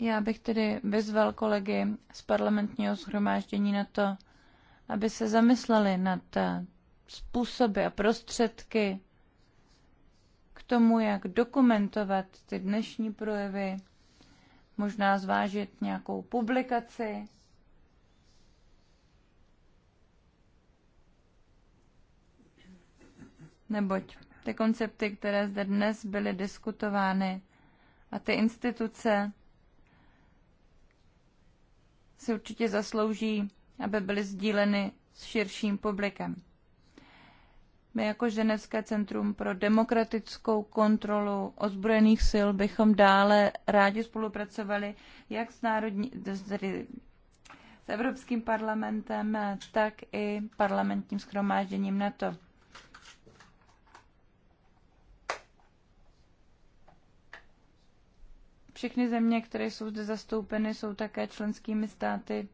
Já bych tedy vyzval kolegy z parlamentního shromáždění na to, aby se zamysleli nad eh, způsoby a prostředky, k tomu, jak dokumentovat ty dnešní projevy, možná zvážit nějakou publikaci. Neboť ty koncepty, které zde dnes byly diskutovány a ty instituce si určitě zaslouží, aby byly sdíleny s širším publikem. My jako Ženevské centrum pro demokratickou kontrolu ozbrojených sil bychom dále rádi spolupracovali jak s, národní, tedy s Evropským parlamentem, tak i parlamentním schromážděním NATO. Všechny země, které jsou zde zastoupeny, jsou také členskými státy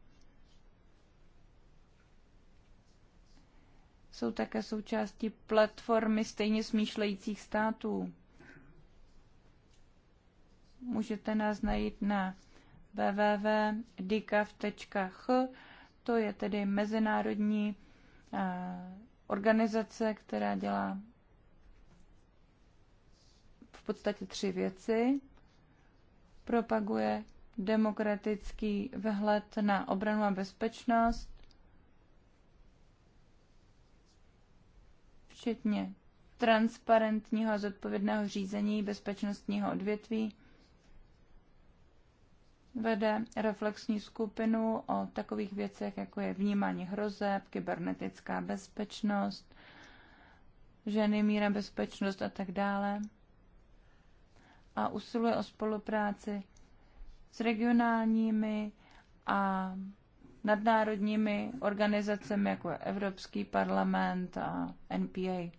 jsou také součástí platformy stejně smýšlejících států. Můžete nás najít na www.dikav.ch, to je tedy mezinárodní eh, organizace, která dělá v podstatě tři věci. Propaguje demokratický vhled na obranu a bezpečnost, včetně transparentního a zodpovědného řízení bezpečnostního odvětví, vede reflexní skupinu o takových věcech, jako je vnímání hrozeb, kybernetická bezpečnost, ženy, míra, bezpečnost a tak dále. A usiluje o spolupráci s regionálními a nadnárodními organizacemi, jako je Evropský parlament a NPA.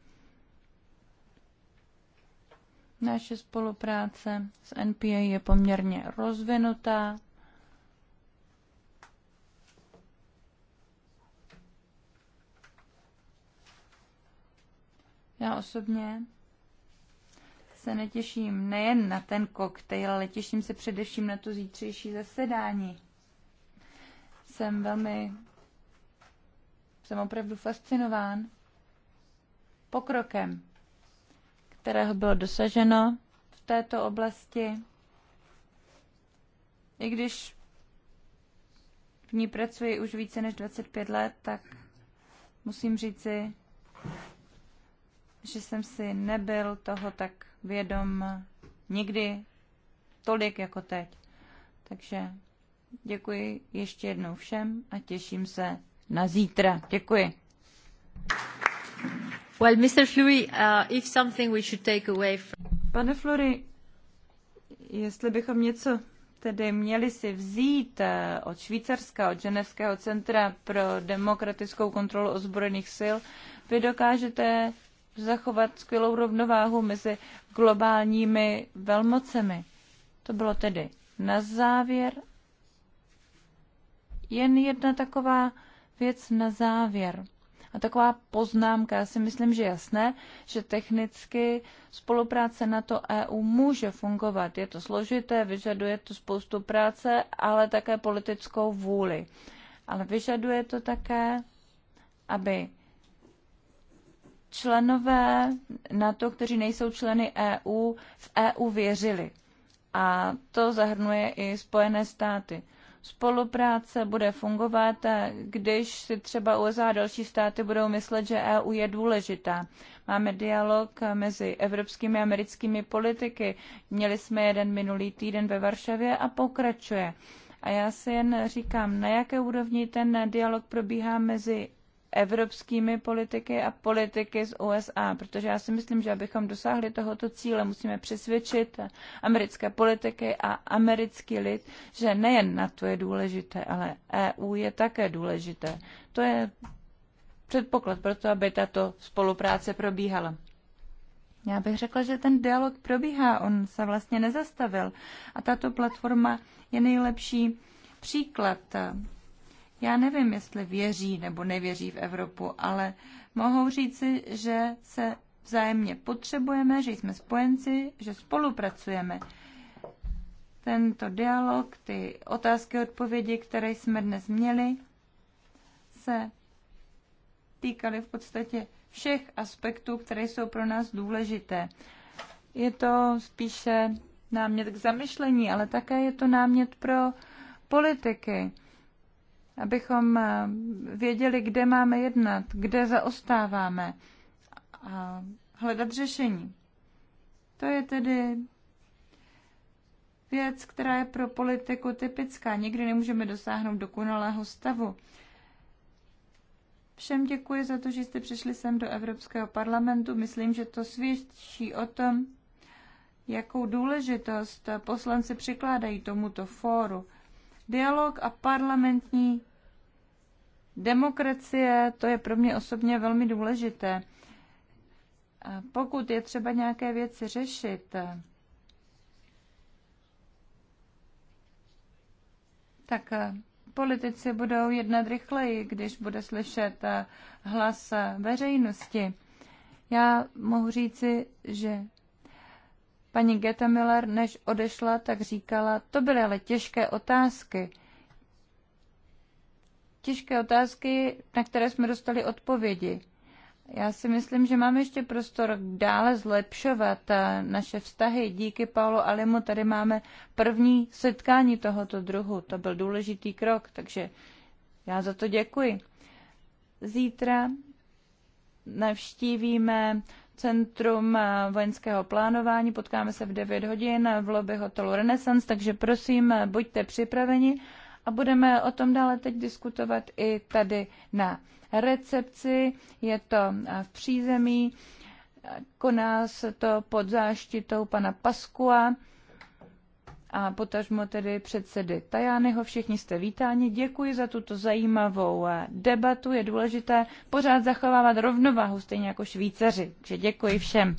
Naše spolupráce s NPA je poměrně rozvinutá. Já osobně se netěším nejen na ten koktejl, ale těším se především na to zítřejší zasedání. Jsem velmi, jsem opravdu fascinován pokrokem, kterého bylo dosaženo v této oblasti, i když v ní pracuji už více než 25 let, tak musím říci, že jsem si nebyl toho tak vědom nikdy tolik jako teď. Takže Děkuji ještě jednou všem a těším se na zítra. Děkuji. Well, Mr. Fleury, uh, if something we should take away from... Pane Flory, jestli bychom něco tedy měli si vzít eh, od Švýcarska, od Ženevského centra pro demokratickou kontrolu ozbrojených sil, vy dokážete zachovat skvělou rovnováhu mezi globálními velmocemi. To bylo tedy na závěr jen jedna taková věc na závěr. A taková poznámka, já si myslím, že jasné, že technicky spolupráce na to EU může fungovat. Je to složité, vyžaduje to spoustu práce, ale také politickou vůli. Ale vyžaduje to také, aby členové na to, kteří nejsou členy EU, v EU věřili. A to zahrnuje i Spojené státy spolupráce bude fungovat, když si třeba USA a další státy budou myslet, že EU je důležitá. Máme dialog mezi evropskými a americkými politiky. Měli jsme jeden minulý týden ve Varšavě a pokračuje. A já si jen říkám, na jaké úrovni ten dialog probíhá mezi evropskými politiky a politiky z USA, protože já si myslím, že abychom dosáhli tohoto cíle, musíme přesvědčit americké politiky a americký lid, že nejen na to je důležité, ale EU je také důležité. To je předpoklad pro to, aby tato spolupráce probíhala. Já bych řekla, že ten dialog probíhá, on se vlastně nezastavil. A tato platforma je nejlepší příklad já nevím, jestli věří nebo nevěří v Evropu, ale mohou říci, že se vzájemně potřebujeme, že jsme spojenci, že spolupracujeme. Tento dialog, ty otázky, odpovědi, které jsme dnes měli, se týkaly v podstatě všech aspektů, které jsou pro nás důležité. Je to spíše námět k zamyšlení, ale také je to námět pro politiky abychom eh, věděli, kde máme jednat, kde zaostáváme a hledat řešení. To je tedy věc, která je pro politiku typická. Nikdy nemůžeme dosáhnout dokonalého stavu. Všem děkuji za to, že jste přišli sem do Evropského parlamentu. Myslím, že to svědčí o tom, jakou důležitost poslanci přikládají tomuto fóru. Dialog a parlamentní Demokracie, to je pro mě osobně velmi důležité. pokud je třeba nějaké věci řešit, tak eh, politici budou jednat rychleji, když bude slyšet eh, hlas eh, veřejnosti. Já mohu říci, že paní Geta Miller, než odešla, tak říkala, to byly ale těžké otázky těžké otázky, na které jsme dostali odpovědi. Já si myslím, že máme ještě prostor dále zlepšovat eh, naše vztahy. Díky Paulu Alimu tady máme první setkání tohoto druhu. To byl důležitý krok, takže já za to děkuji. Zítra navštívíme Centrum eh, vojenského plánování. Potkáme se v 9 hodin v lobby hotelu Renaissance, takže prosím, eh, buďte připraveni a budeme o tom dále teď diskutovat i tady na recepci. Je to eh, v přízemí, koná se to pod záštitou pana Paskua a potažmo tedy předsedy Tajányho. Všichni jste vítáni. Děkuji za tuto zajímavou eh, debatu. Je důležité pořád zachovávat rovnováhu, stejně jako švýceři. Takže děkuji všem.